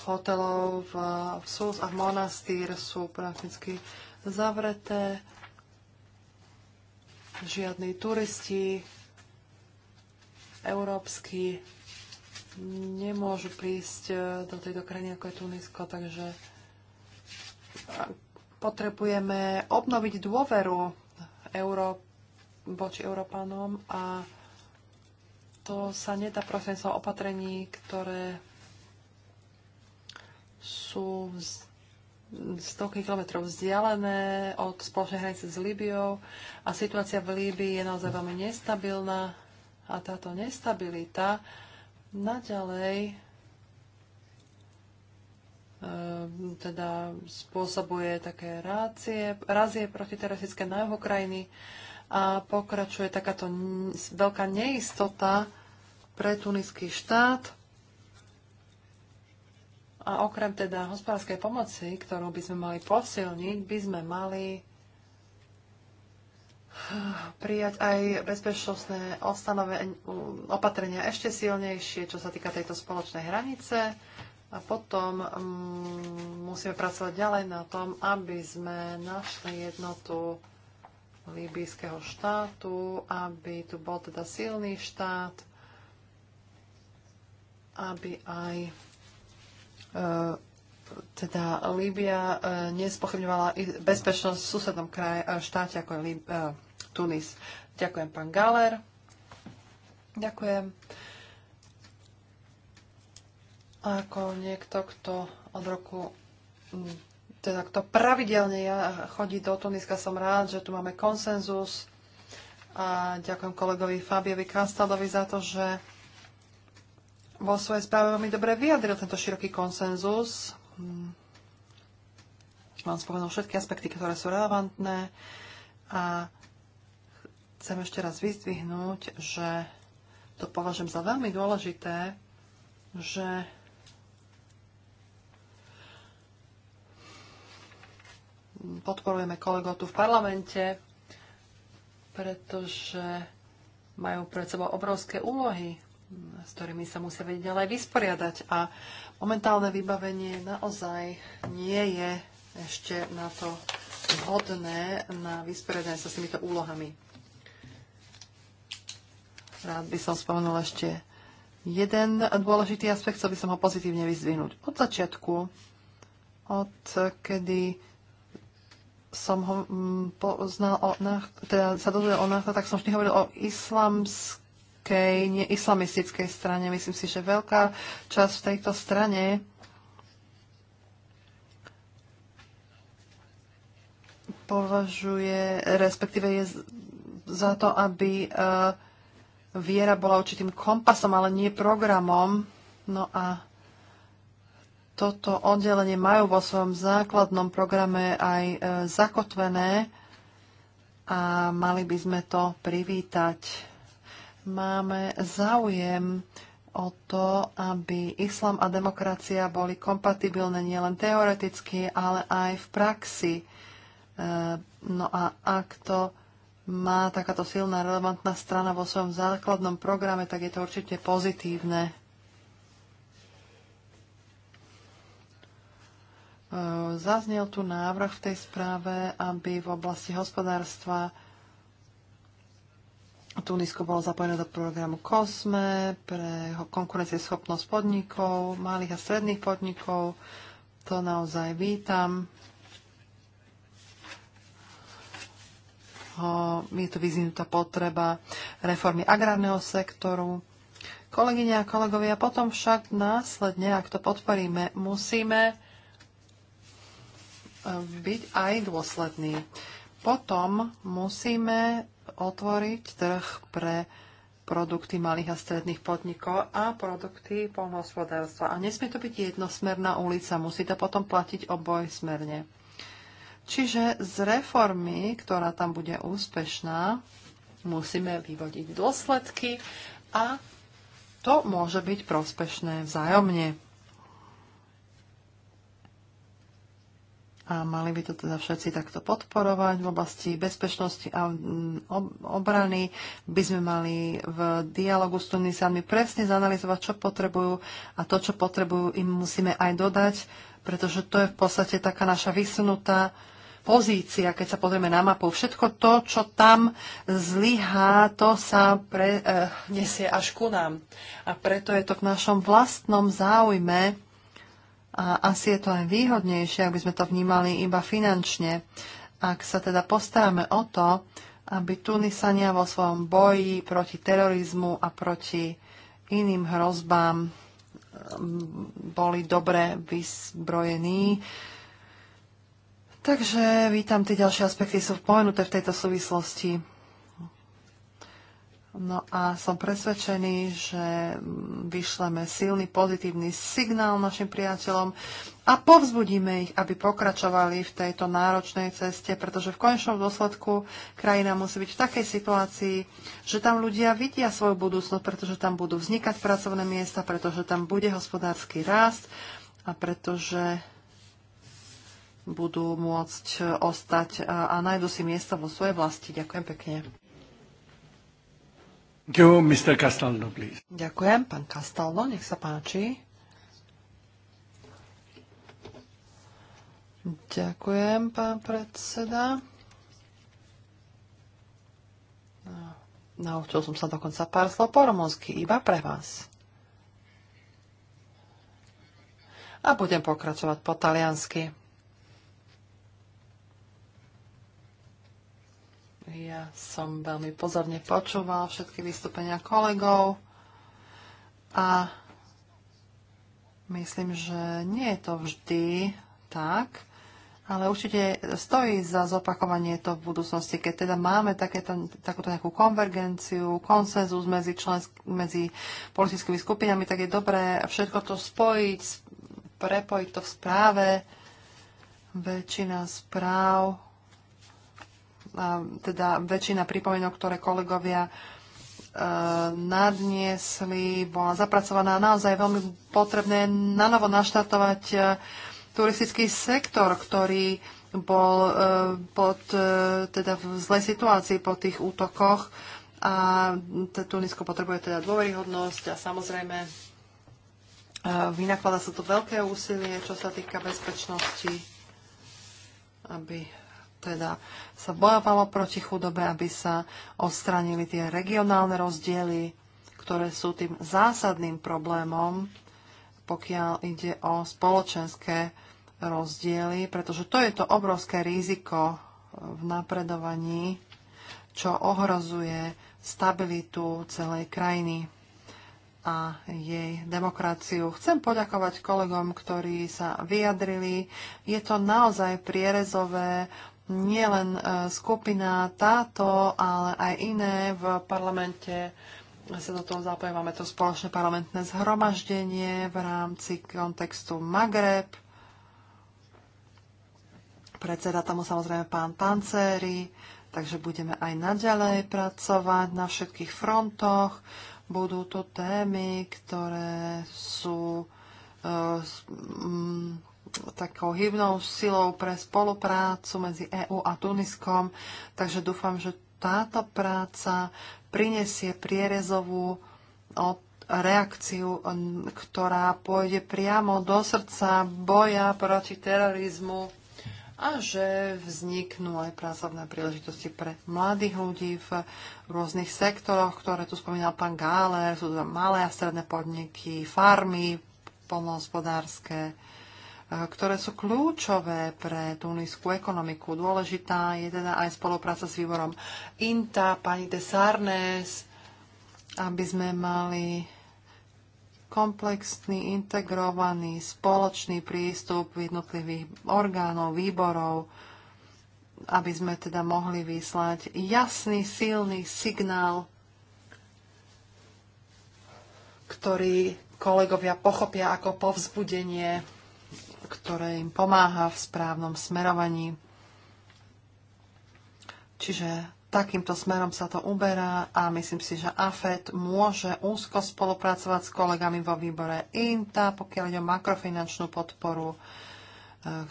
hotelov v, v a v Monastýr sú prakticky zavreté žiadni turisti európsky nemôžu prísť e, do tejto krajiny, ako je Tunisko, takže e, potrebujeme obnoviť dôveru Euró- voči Európanom a to sa nedá prostredníctvom opatrení, ktoré sú z stovky kilometrov vzdialené od spoločnej hranice s Líbiou a situácia v Líbii je naozaj veľmi nestabilná a táto nestabilita naďalej ehm, teda spôsobuje také rácie, razie teroristické na juhu krajiny a pokračuje takáto veľká neistota pre tuniský štát a okrem teda hospodárskej pomoci, ktorú by sme mali posilniť, by sme mali prijať aj bezpečnostné opatrenia ešte silnejšie, čo sa týka tejto spoločnej hranice. A potom mm, musíme pracovať ďalej na tom, aby sme našli jednotu líbyjského štátu, aby tu bol teda silný štát, aby aj E, teda Líbia e, nespochybňovala bezpečnosť v susednom kraji, e, štáte ako je Lib- Tunis. Ďakujem, pán Galer. Ďakujem. Ako niekto, kto od roku teda kto pravidelne ja chodí do Tuniska, som rád, že tu máme konsenzus. A ďakujem kolegovi Fabiovi Kastadovi za to, že vo svojej správe veľmi dobre vyjadril tento široký konsenzus. Vám hm. spomenul všetky aspekty, ktoré sú relevantné a chcem ešte raz vyzdvihnúť, že to považujem za veľmi dôležité, že podporujeme kolegov tu v parlamente, pretože majú pred sebou obrovské úlohy s ktorými sa musia vedieť ďalej vysporiadať. A momentálne vybavenie naozaj nie je ešte na to vhodné na vysporiadanie sa s týmito úlohami. Rád by som spomenul ešte jeden dôležitý aspekt, chcel by som ho pozitívne vyzvinúť. Od začiatku, od kedy som ho mm, poznal, o, teda sa dozvedel o tak som vždy hovoril o islamskom tej neislamistickej strane. Myslím si, že veľká časť v tejto strane považuje, respektíve je za to, aby e, viera bola určitým kompasom, ale nie programom. No a toto oddelenie majú vo svojom základnom programe aj e, zakotvené a mali by sme to privítať máme záujem o to, aby islam a demokracia boli kompatibilné nielen teoreticky, ale aj v praxi. E, no a ak to má takáto silná relevantná strana vo svojom základnom programe, tak je to určite pozitívne. E, zaznel tu návrh v tej správe, aby v oblasti hospodárstva Tunisko bolo zapojené do programu COSME pre konkurencieschopnosť podnikov, malých a stredných podnikov. To naozaj vítam. Je tu vyzvinutá potreba reformy agrárneho sektoru. Kolegyne a kolegovia, potom však následne, ak to podporíme, musíme e, byť aj dôslední. Potom musíme otvoriť trh pre produkty malých a stredných podnikov a produkty polnohospodárstva. A nesmie to byť jednosmerná ulica, musí to potom platiť oboj smerne. Čiže z reformy, ktorá tam bude úspešná, musíme vyvodiť dôsledky a to môže byť prospešné vzájomne. a mali by to teda všetci takto podporovať v oblasti bezpečnosti a mm, obrany. By sme mali v dialogu s Tunisami presne zanalizovať, čo potrebujú a to, čo potrebujú, im musíme aj dodať, pretože to je v podstate taká naša vysunutá pozícia, keď sa pozrieme na mapu. Všetko to, čo tam zlyhá, to sa pre, eh, nesie až ku nám. A preto je to v našom vlastnom záujme a asi je to aj výhodnejšie, aby sme to vnímali iba finančne. Ak sa teda postaráme o to, aby Tunisania vo svojom boji proti terorizmu a proti iným hrozbám mm, boli dobre vyzbrojení. Takže vítam, tie ďalšie aspekty sú pomenuté v tejto súvislosti. No a som presvedčený, že vyšleme silný pozitívny signál našim priateľom a povzbudíme ich, aby pokračovali v tejto náročnej ceste, pretože v konečnom dôsledku krajina musí byť v takej situácii, že tam ľudia vidia svoju budúcnosť, pretože tam budú vznikať pracovné miesta, pretože tam bude hospodársky rast a pretože budú môcť ostať a, a nájdu si miesto vo svojej vlasti. Ďakujem pekne. Ďakujem, pán Castaldo, nech sa páči. Ďakujem, pán predseda. No, naučil som sa dokonca pár slov po romonsky iba pre vás. A budem pokračovať po taliansky. Ja som veľmi pozorne počúval všetky vystúpenia kolegov a myslím, že nie je to vždy tak, ale určite stojí za zopakovanie to v budúcnosti, keď teda máme takéto, takúto nejakú konvergenciu, konsenzus medzi, člensk- medzi politickými skupinami, tak je dobré všetko to spojiť, prepojiť to v správe. Väčšina správ teda väčšina pripomienok, ktoré kolegovia e, nadniesli, bola zapracovaná naozaj veľmi potrebné nanovo naštartovať e, turistický sektor, ktorý bol e, pod, teda v zlej situácii po tých útokoch a Tunisko potrebuje teda dôveryhodnosť a samozrejme vynaklada sa to veľké úsilie, čo sa týka bezpečnosti, aby teda sa bojovalo proti chudobe, aby sa odstranili tie regionálne rozdiely, ktoré sú tým zásadným problémom, pokiaľ ide o spoločenské rozdiely, pretože to je to obrovské riziko v napredovaní, čo ohrozuje stabilitu celej krajiny a jej demokraciu. Chcem poďakovať kolegom, ktorí sa vyjadrili. Je to naozaj prierezové nielen e, skupina táto, ale aj iné v parlamente sa do toho zapojí. to spoločné parlamentné zhromaždenie v rámci kontextu Magreb. Predseda tomu samozrejme pán Pancéry, takže budeme aj naďalej pracovať na všetkých frontoch. Budú to témy, ktoré sú uh, takou hybnou silou pre spoluprácu medzi EÚ a Tuniskom, takže dúfam, že táto práca prinesie prierezovú reakciu, ktorá pôjde priamo do srdca boja proti terorizmu a že vzniknú aj pracovné príležitosti pre mladých ľudí v rôznych sektoroch, ktoré tu spomínal pán Gáler, sú to malé a stredné podniky, farmy, polnohospodárske, ktoré sú kľúčové pre nízku ekonomiku. Dôležitá je teda aj spolupráca s výborom INTA, pani de Sarnes, aby sme mali komplexný, integrovaný, spoločný prístup jednotlivých orgánov, výborov, aby sme teda mohli vyslať jasný, silný signál, ktorý kolegovia pochopia ako povzbudenie ktoré im pomáha v správnom smerovaní. Čiže takýmto smerom sa to uberá a myslím si, že AFED môže úzko spolupracovať s kolegami vo výbore INTA, pokiaľ ide o makrofinančnú podporu, e,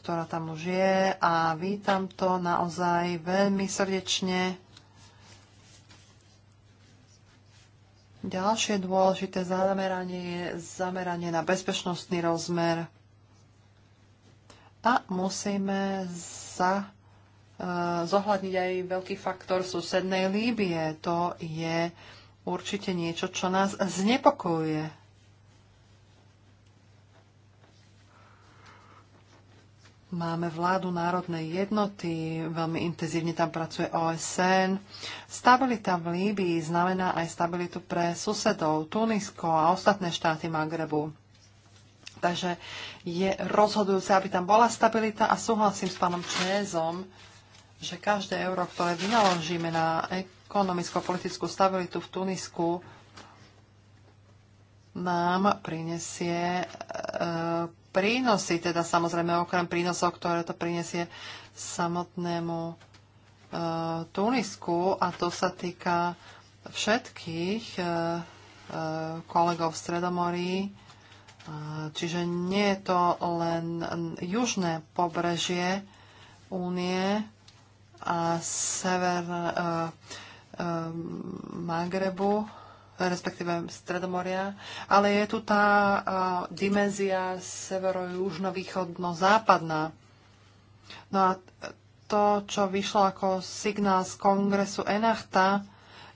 ktorá tam už je a vítam to naozaj veľmi srdečne. Ďalšie dôležité zameranie je zameranie na bezpečnostný rozmer a musíme za, e, zohľadniť aj veľký faktor susednej Líbie. To je určite niečo, čo nás znepokojuje. Máme vládu národnej jednoty, veľmi intenzívne tam pracuje OSN. Stabilita v Líbii znamená aj stabilitu pre susedov, Tunisko a ostatné štáty Magrebu. Takže je rozhodujúce, aby tam bola stabilita a súhlasím s pánom Čézom, že každé euro, ktoré vynaložíme na ekonomicko-politickú stabilitu v Tunisku, nám prinesie e, prínosy, teda samozrejme okrem prínosov, ktoré to prinesie samotnému e, Tunisku a to sa týka všetkých e, e, kolegov v Stredomorí, Eh, čiže nie je to len južné pobrežie únie a sever eh, eh, Magrebu, respektíve Stredomoria, ale je tu tá dimenzia severo-južno-východno-západná. No a to, čo vyšlo ako signál z kongresu Enachta,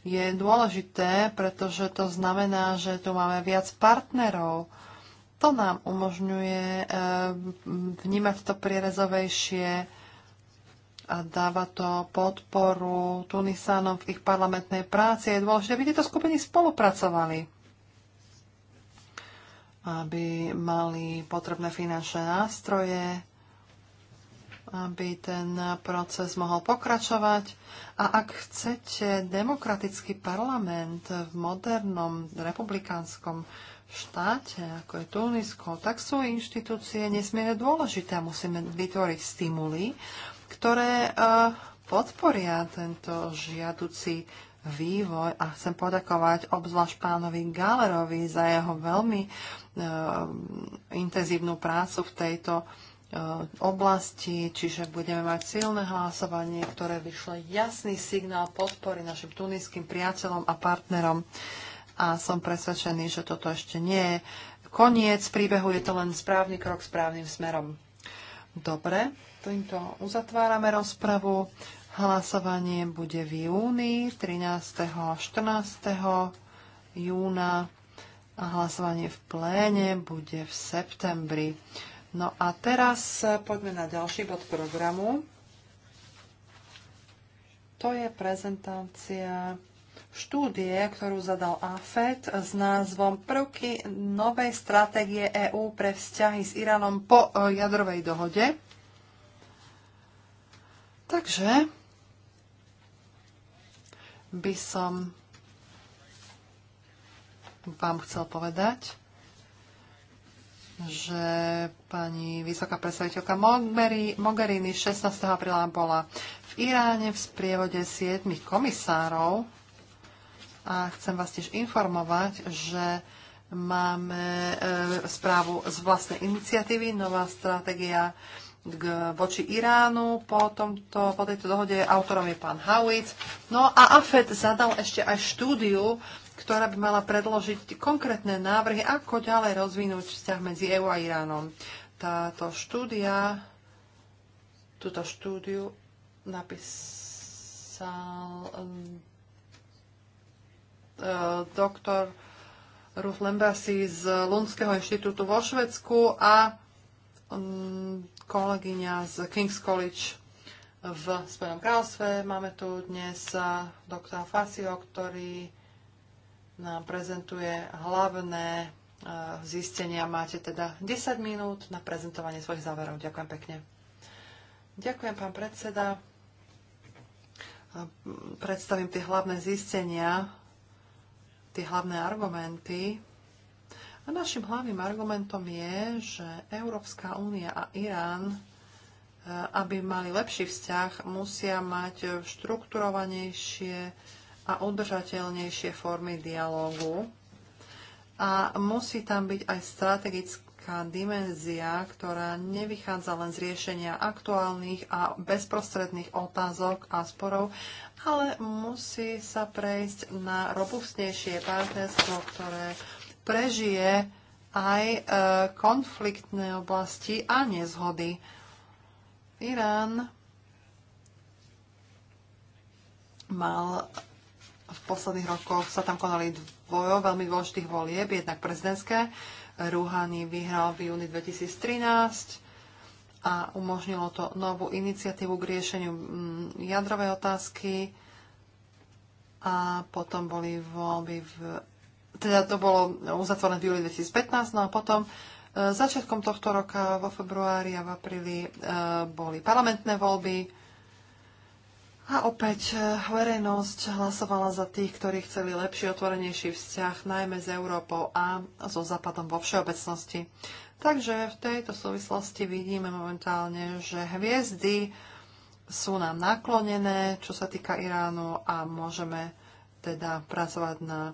je dôležité, pretože to znamená, že tu máme viac partnerov, to nám umožňuje eh, vnímať to prierezovejšie a dáva to podporu Tunisánom v ich parlamentnej práci. Je dôležité, aby tieto skupiny spolupracovali aby mali potrebné finančné nástroje, aby ten proces mohol pokračovať. A ak chcete demokratický parlament v modernom republikánskom štáte, ako je Tunisko, tak sú inštitúcie nesmierne dôležité a musíme vytvoriť stimuly, ktoré e, podporia tento žiaduci vývoj a chcem podakovať obzvlášť pánovi Galerovi za jeho veľmi e, intenzívnu prácu v tejto e, oblasti, čiže budeme mať silné hlasovanie, ktoré vyšle jasný signál podpory našim tuniským priateľom a partnerom. E, a som presvedčený, že toto ešte nie je koniec príbehu, je to len správny krok správnym smerom. Dobre, týmto uzatvárame rozpravu. Hlasovanie bude v júni 13. a 14. júna a hlasovanie v pléne bude v septembri. No a teraz poďme na ďalší bod programu. To je prezentácia štúdie, ktorú zadal AFED s názvom Prvky novej stratégie EÚ pre vzťahy s Iránom po e, jadrovej dohode. Takže by som vám chcel povedať, že pani vysoká predstaviteľka Mogherini 16. apríla bola v Iráne v sprievode 7 komisárov a chcem vás tiež informovať, že máme e, správu z vlastnej iniciatívy, nová stratégia k, voči Iránu. Po, tomto, po tejto dohode autorom je pán Howitt. No a AFED zadal ešte aj štúdiu, ktorá by mala predložiť konkrétne návrhy, ako ďalej rozvinúť vzťah medzi EU a Iránom. Táto štúdia, túto štúdiu napísal E, doktor Ruth Lembasi z Lundského inštitútu vo Švedsku a mm, kolegyňa z King's College v Spojenom kráľovstve. Máme tu dnes e, doktora Fasio, ktorý nám prezentuje hlavné e, zistenia. Máte teda 10 minút na prezentovanie svojich záverov. Ďakujem pekne. Ďakujem, pán predseda. Predstavím tie hlavné zistenia tie hlavné argumenty. A našim hlavným argumentom je, že Európska únia a Irán, e, aby mali lepší vzťah, musia mať štrukturovanejšie a udržateľnejšie formy dialógu. A musí tam byť aj strategický politická dimenzia, ktorá nevychádza len z riešenia aktuálnych a bezprostredných otázok a sporov, ale musí sa prejsť na robustnejšie partnerstvo, ktoré prežije aj e, konfliktné oblasti a nezhody. Irán mal v posledných rokoch sa tam konali dvojo veľmi dôležitých volieb, jednak prezidentské Rouhani vyhral v júni 2013 a umožnilo to novú iniciatívu k riešeniu mm, jadrovej otázky a potom boli voľby v... Teda to bolo uzatvorené v júli 2015, no a potom e, začiatkom tohto roka vo februári a v apríli e, boli parlamentné voľby a opäť eh, verejnosť hlasovala za tých, ktorí chceli lepší, otvorenejší vzťah, najmä s Európou a so Západom vo všeobecnosti. Takže v tejto súvislosti vidíme momentálne, že hviezdy sú nám naklonené, čo sa týka Iránu a môžeme teda pracovať na eh,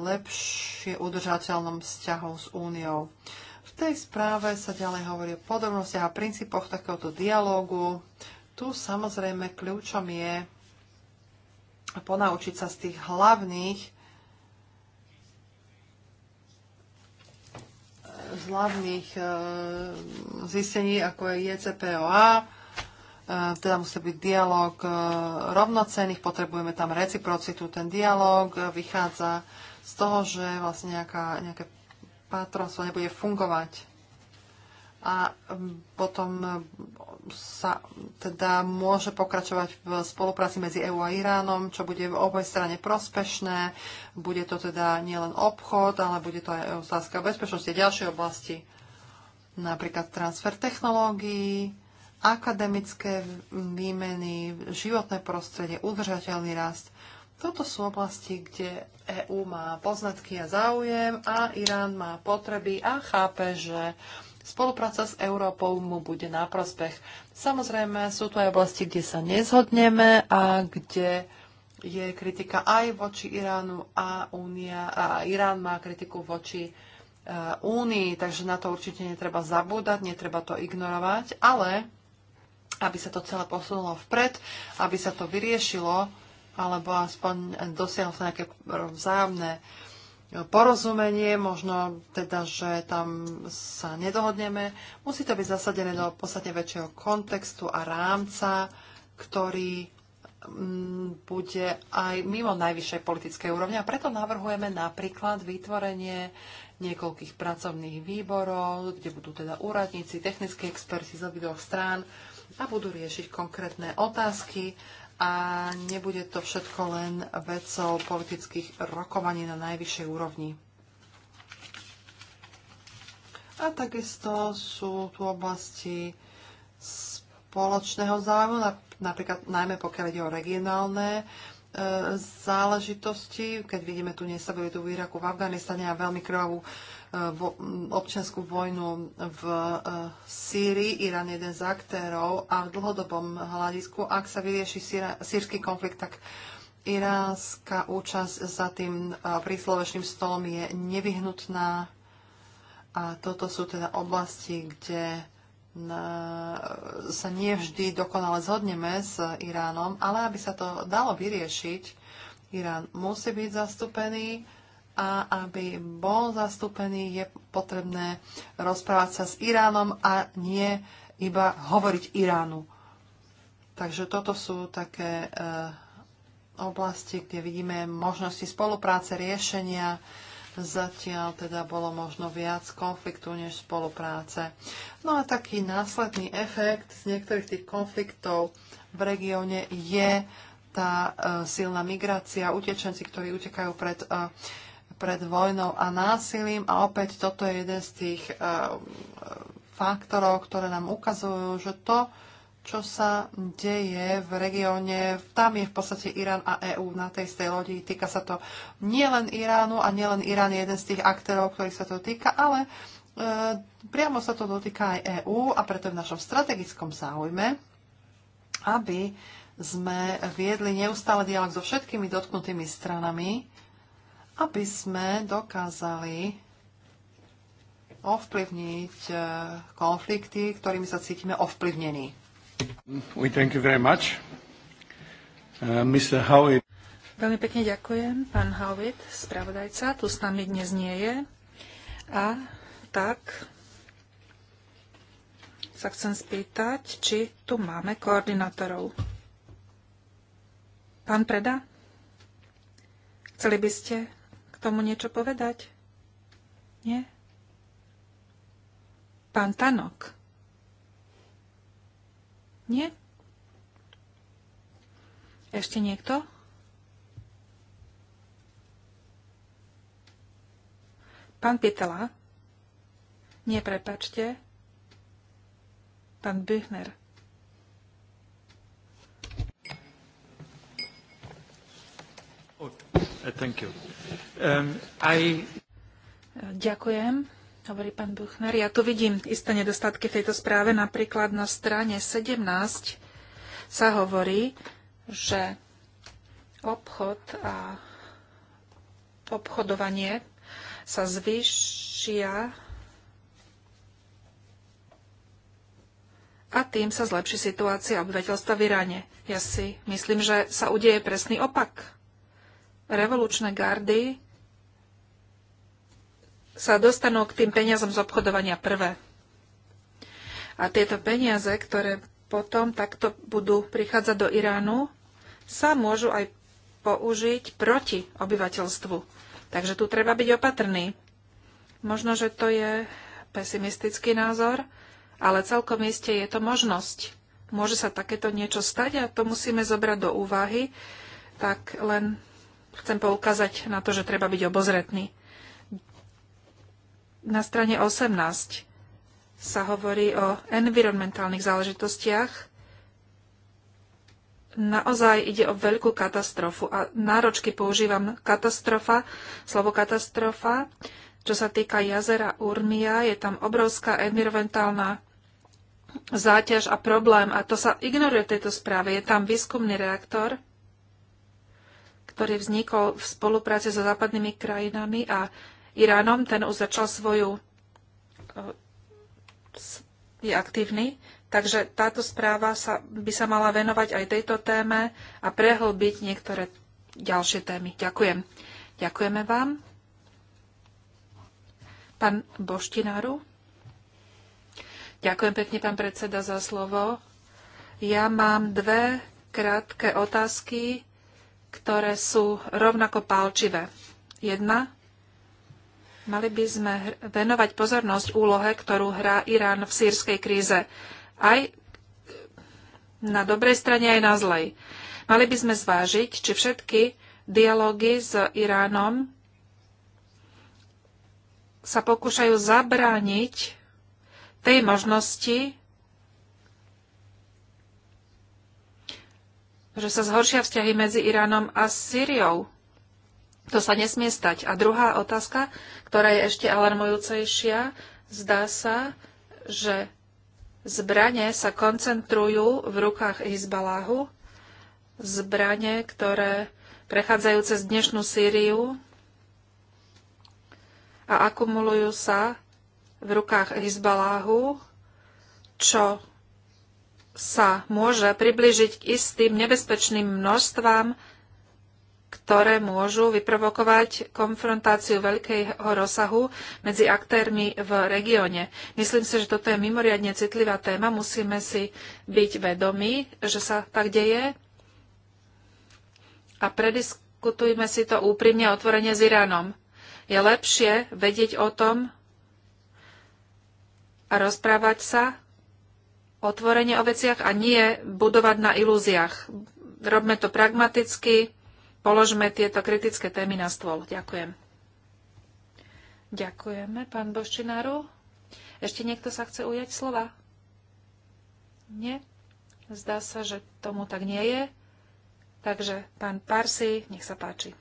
lepšie udržateľnom vzťahu s Úniou. V tej správe sa ďalej hovorí o podrobnostiach a princípoch takéhoto dialógu, tu samozrejme kľúčom je ponaučiť sa z tých hlavných z hlavných e, zistení, ako je JCPOA, e, teda musí byť dialog e, rovnocených, potrebujeme tam reciprocitu. Ten dialog vychádza z toho, že vlastne nejaká, nejaké patronstvo nebude fungovať a mm, potom mm, sa teda môže pokračovať v spolupráci medzi EÚ a Iránom, čo bude v oboj strane prospešné. Bude to teda nielen obchod, ale bude to aj otázka bezpečnosti a ďalšie oblasti, napríklad transfer technológií, akademické výmeny, životné prostredie, udržateľný rast. Toto sú oblasti, kde EÚ má poznatky a záujem a Irán má potreby a chápe, že Spolupráca s Európou mu bude na prospech. Samozrejme, sú tu aj oblasti, kde sa nezhodneme a kde je kritika aj voči Iránu a, Únia, a Irán má kritiku voči e, Únii, takže na to určite netreba zabúdať, netreba to ignorovať, ale aby sa to celé posunulo vpred, aby sa to vyriešilo, alebo aspoň dosiahlo sa nejaké vzájomné uh, porozumenie, možno teda, že tam sa nedohodneme. Musí to byť zasadené do podstatne väčšieho kontextu a rámca, ktorý mm, bude aj mimo najvyššej politickej úrovne. A preto navrhujeme napríklad vytvorenie niekoľkých pracovných výborov, kde budú teda úradníci, technickí experti z obidvoch strán a budú riešiť konkrétne otázky, a nebude to všetko len vecou politických rokovaní na najvyššej úrovni. A takisto sú tu oblasti spoločného záujmu, napríklad najmä pokiaľ ide o regionálne e, záležitosti, keď vidíme tú nestabilitu v Iraku, v Afganistane a veľmi krvavú občianskú vojnu v e, Sýrii. Irán je jeden z aktérov a v dlhodobom hľadisku, ak sa vyrieši sírsky konflikt, tak iránska účasť za tým e, príslovečným stolom je nevyhnutná. A toto sú teda oblasti, kde sa e, sa nevždy dokonale zhodneme s Iránom, ale aby sa to dalo vyriešiť, Irán musí byť zastúpený a aby bol zastúpený, je potrebné rozprávať sa s Iránom a nie iba hovoriť Iránu. Takže toto sú také e, oblasti, kde vidíme možnosti spolupráce, riešenia. Zatiaľ teda bolo možno viac konfliktu než spolupráce. No a taký následný efekt z niektorých tých konfliktov v regióne je tá e, silná migrácia, utečenci, ktorí utekajú pred e, pred vojnou a násilím a opäť toto je jeden z tých eh, faktorov, ktoré nám ukazujú, že to, čo sa deje v regióne, tam je v podstate Irán a EÚ na tej stej lodi. Týka sa to nielen Iránu a nielen Irán je jeden z tých aktérov, ktorých sa to týka, ale e, priamo sa to dotýka aj EÚ a preto je v našom strategickom záujme, aby sme viedli neustále dialog so všetkými dotknutými stranami, aby sme dokázali ovplyvniť eh, konflikty, ktorými sa cítime ovplyvnení. We thank you very much. Uh, Mr. Howitt. Veľmi pekne ďakujem, pán Howitt, spravodajca. Tu s nami dnes nie je. A tak sa chcem spýtať, či tu máme koordinátorov. Pán Preda, chceli by ste tomu niečo povedať? Nie? Pán Tanok? Nie? Ešte niekto? Pán Pietela? Nie, prepačte. Pán Büchner. Oh, eh, thank you. Um, Ďakujem, hovorí pán Buchner. Ja tu vidím isté nedostatky v tejto správe. Napríklad na strane 17 sa hovorí, že obchod a obchodovanie sa zvýšia a tým sa zlepší situácia obyvateľstva v Iráne. Ja si myslím, že sa udeje presný opak revolučné gardy sa dostanú k tým peniazom z obchodovania prvé. A tieto peniaze, ktoré potom takto budú prichádzať do Iránu, sa môžu aj použiť proti obyvateľstvu. Takže tu treba byť opatrný. Možno, že to je pesimistický názor, ale celkom iste je to možnosť. Môže sa takéto niečo stať a to musíme zobrať do úvahy, tak len chcem poukázať na to, že treba byť obozretný. Na strane 18 sa hovorí o environmentálnych záležitostiach. Naozaj ide o veľkú katastrofu a náročky používam katastrofa, slovo katastrofa. Čo sa týka jazera Urmia, je tam obrovská environmentálna záťaž a problém a to sa ignoruje v tejto správe. Je tam výskumný reaktor, ktorý vznikol v spolupráci so západnými krajinami a Iránom. Ten už začal svoju e, je aktívny. Takže táto správa sa, by sa mala venovať aj tejto téme a prehlbiť niektoré ďalšie témy. Ďakujem. Ďakujeme vám. Pán Boštináru. Ďakujem pekne, pán predseda, za slovo. Ja mám dve krátke otázky ktoré sú rovnako pálčivé. Jedna, mali by sme venovať pozornosť úlohe, ktorú hrá Irán v sírskej kríze. Aj na dobrej strane, aj na zlej. Mali by sme zvážiť, či všetky dialógy s Iránom sa pokúšajú zabrániť tej možnosti, že sa zhoršia vzťahy medzi Iránom a Sýriou. To sa nesmie stať. A druhá otázka, ktorá je ešte alarmujúcejšia, zdá sa, že zbranie sa koncentrujú v rukách Izbaláhu, zbranie, ktoré prechádzajú cez dnešnú Sýriu a akumulujú sa v rukách Izbaláhu, čo sa môže priblížiť k istým nebezpečným množstvám, ktoré môžu vyprovokovať konfrontáciu veľkého rozsahu medzi aktérmi v regióne. Myslím si, že toto je mimoriadne citlivá téma. Musíme si byť vedomí, že sa tak deje a prediskutujme si to úprimne a otvorene s Iránom. Je lepšie vedieť o tom a rozprávať sa, Otvorenie o veciach a nie budovať na ilúziách. Robme to pragmaticky, položme tieto kritické témy na stôl. Ďakujem. Ďakujeme, pán Boščináru. Ešte niekto sa chce ujať slova? Nie? Zdá sa, že tomu tak nie je. Takže, pán Parsi, nech sa páči.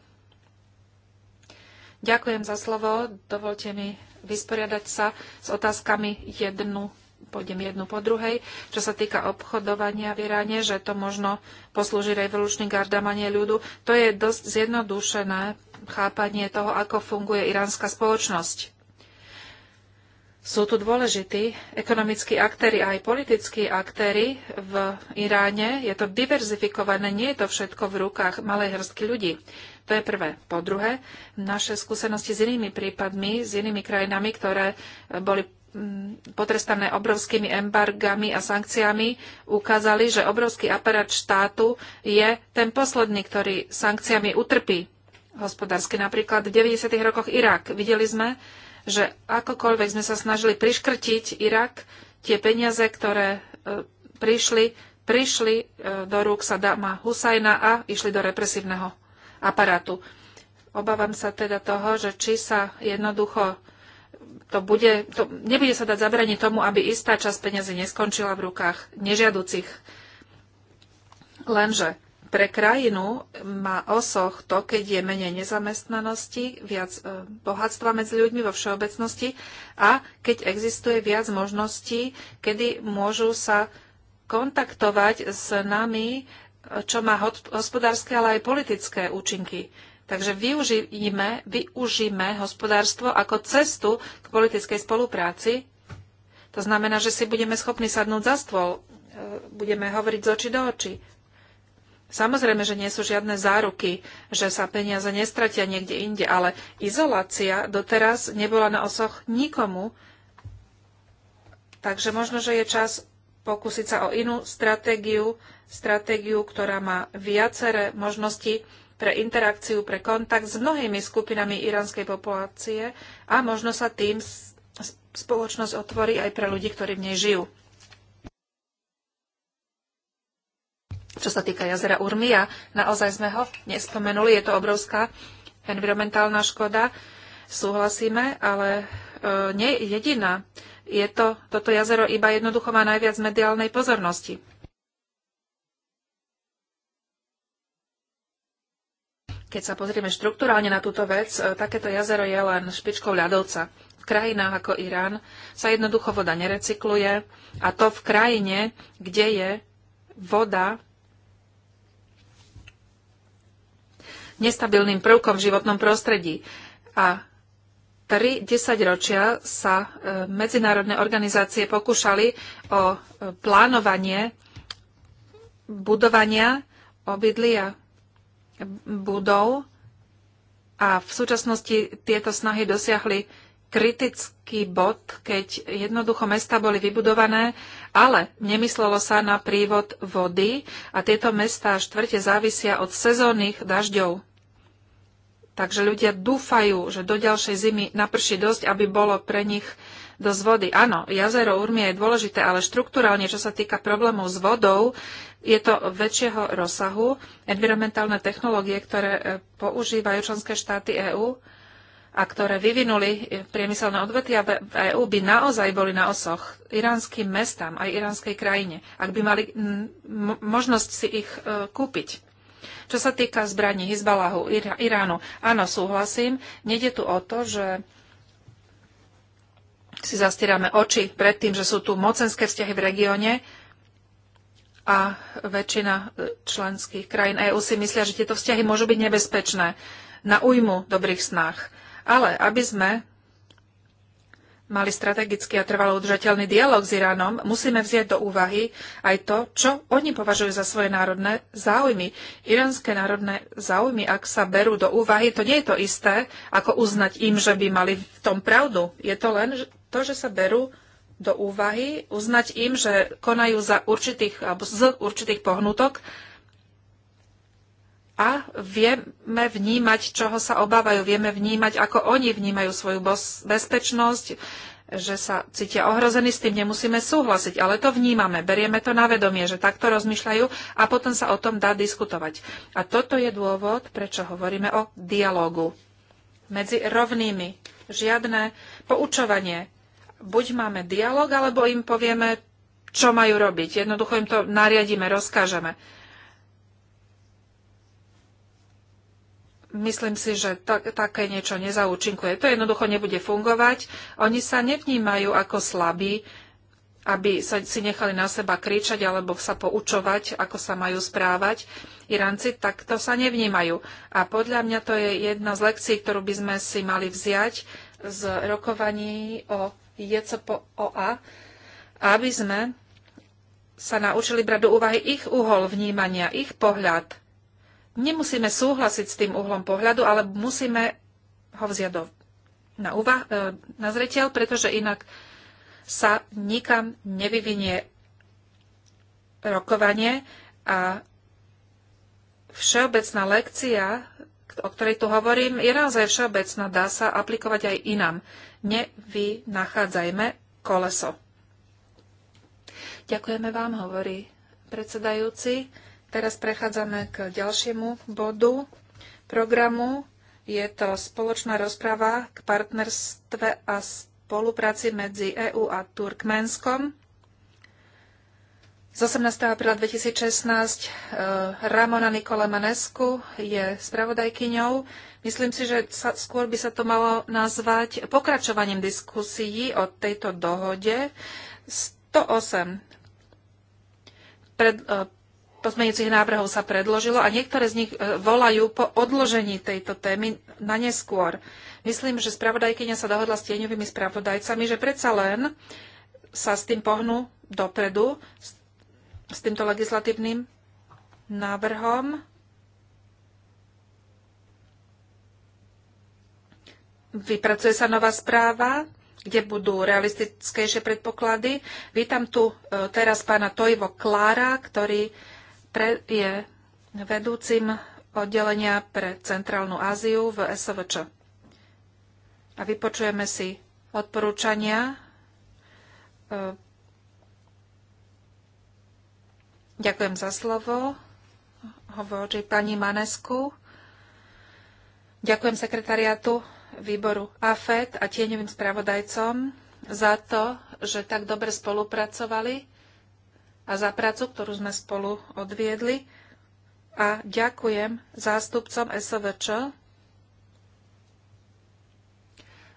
Ďakujem za slovo. Dovolte mi vysporiadať sa s otázkami jednu pôjdem jednu po druhej, čo sa týka obchodovania v Iráne, že to možno poslúži revolučný gardamanie ľudu. To je dosť zjednodušené chápanie toho, ako funguje iránska spoločnosť. Sú tu dôležití ekonomickí aktéry a aj politickí aktéry v Iráne. Je to diverzifikované, nie je to všetko v rukách malej hrstky ľudí. To je prvé. Po druhé, naše skúsenosti s inými prípadmi, s inými krajinami, ktoré boli Mm, potrestané obrovskými embargami a sankciami, ukázali, že obrovský aparát štátu je ten posledný, ktorý sankciami utrpí hospodársky. Napríklad v 90. rokoch Irak. Videli sme, že akokoľvek sme sa snažili priškrtiť Irak, tie peniaze, ktoré e, prišli, prišli e, do rúk Sadama Husajna a išli do represívneho aparátu. Obávam sa teda toho, že či sa jednoducho to bude, to, nebude sa dať zabraniť tomu, aby istá časť peniazy neskončila v rukách nežiaducich. Lenže pre krajinu má osoch to, keď je menej nezamestnanosti, viac e, bohatstva medzi ľuďmi vo všeobecnosti a keď existuje viac možností, kedy môžu sa kontaktovať s nami, e, čo má hospodárske, ale aj politické účinky. Takže využijme, využijeme hospodárstvo ako cestu k politickej spolupráci. To znamená, že si budeme schopní sadnúť za stôl, e, budeme hovoriť z oči do očí. Samozrejme, že nie sú žiadne záruky, že sa peniaze nestratia niekde inde, ale izolácia doteraz nebola na osoch nikomu, takže možno, že je čas pokúsiť sa o inú stratégiu, stratégiu, ktorá má viaceré možnosti pre interakciu, pre kontakt s mnohými skupinami iránskej populácie a možno sa tým spoločnosť otvorí aj pre ľudí, ktorí v nej žijú. Čo sa týka jazera Urmia, naozaj sme ho nespomenuli, je to obrovská environmentálna škoda, súhlasíme, ale e, nie jediná. Je to, toto jazero iba jednoducho má najviac mediálnej pozornosti. Keď sa pozrieme štruktúrálne na túto vec, e, takéto jazero je len špičkou ľadovca. V krajinách ako Irán sa jednoducho voda nerecykluje a to v krajine, kde je voda nestabilným prvkom v životnom prostredí. A tri desaťročia sa e, medzinárodné organizácie pokúšali o e, plánovanie budovania obydlia budov a v súčasnosti tieto snahy dosiahli kritický bod, keď jednoducho mesta boli vybudované, ale nemyslelo sa na prívod vody a tieto mesta a štvrte závisia od sezónnych dažďov. Takže ľudia dúfajú, že do ďalšej zimy naprší dosť, aby bolo pre nich dosť vody. Áno, jazero Urmia je dôležité, ale štruktúralne, čo sa týka problémov s vodou, je to väčšieho rozsahu. Environmentálne technológie, ktoré e, používajú členské štáty EÚ a ktoré vyvinuli e, priemyselné odvetia v EÚ, by naozaj boli na osoch iránskym mestám, aj iránskej krajine, ak by mali možnosť si ich e, kúpiť. Čo sa týka zbraní Hizbalahu Iránu, áno, súhlasím. Nede tu o to, že si zastierame oči pred tým, že sú tu mocenské vzťahy v regióne a väčšina e, členských krajín EÚ si myslia, že tieto vzťahy môžu byť nebezpečné na újmu dobrých snách. Ale aby sme mali strategický a trvalo udržateľný dialog s Iránom, musíme vziať do úvahy aj to, čo oni považujú za svoje národné záujmy. Iránske národné záujmy, ak sa berú do úvahy, to nie je to isté, ako uznať im, že by mali v tom pravdu. Je to len to, že sa berú do úvahy, uznať im, že konajú za určitých, alebo z určitých pohnutok a vieme vnímať, čoho sa obávajú, vieme vnímať, ako oni vnímajú svoju bezpečnosť, že sa cítia ohrození, s tým nemusíme súhlasiť, ale to vnímame, berieme to na vedomie, že takto rozmýšľajú a potom sa o tom dá diskutovať. A toto je dôvod, prečo hovoríme o dialogu medzi rovnými. Žiadne poučovanie, buď máme dialog, alebo im povieme, čo majú robiť. Jednoducho im to nariadíme, rozkážeme. myslím si, že to, také niečo nezaučinkuje. To jednoducho nebude fungovať. Oni sa nevnímajú ako slabí, aby sa, si nechali na seba kričať alebo sa poučovať, ako sa majú správať. Iránci takto sa nevnímajú. A podľa mňa to je jedna z lekcií, ktorú by sme si mali vziať z rokovaní o JCPOA, aby sme sa naučili brať do úvahy ich uhol vnímania, ich pohľad. Nemusíme súhlasiť s tým uhlom pohľadu, ale musíme ho vziať do, na, uvah, e, na zreteľ, pretože inak sa nikam nevyvinie rokovanie a všeobecná lekcia, o ktorej tu hovorím, je naozaj všeobecná, dá sa aplikovať aj inám nevynachádzajme koleso. Ďakujeme vám, hovorí predsedajúci. Teraz prechádzame k ďalšiemu bodu programu. Je to spoločná rozprava k partnerstve a spolupráci medzi EÚ a Turkmenskom. Z 18. apríla 2016 eh, Ramona Nikola Manesku je spravodajkyňou. Myslím si, že sa, skôr by sa to malo nazvať pokračovaním diskusií o tejto dohode. 108 pred, eh, pozmeňujúcich návrhov sa predložilo a niektoré z nich eh, volajú po odložení tejto témy na neskôr. Myslím, že spravodajkyňa sa dohodla s tieňovými spravodajcami, že predsa len sa s tým pohnú dopredu, s s týmto legislatívnym návrhom. Vypracuje sa nová správa, kde budú realistickejšie predpoklady. Vítam tu e, teraz pána Tojvo Klára, ktorý je vedúcim oddelenia pre Centrálnu Áziu v SVČ. A vypočujeme si odporúčania e, Ďakujem za slovo. Hovorí pani Manesku. Ďakujem sekretariatu výboru AFET a tieňovým spravodajcom za to, že tak dobre spolupracovali a za prácu, ktorú sme spolu odviedli. A ďakujem zástupcom SOVČ,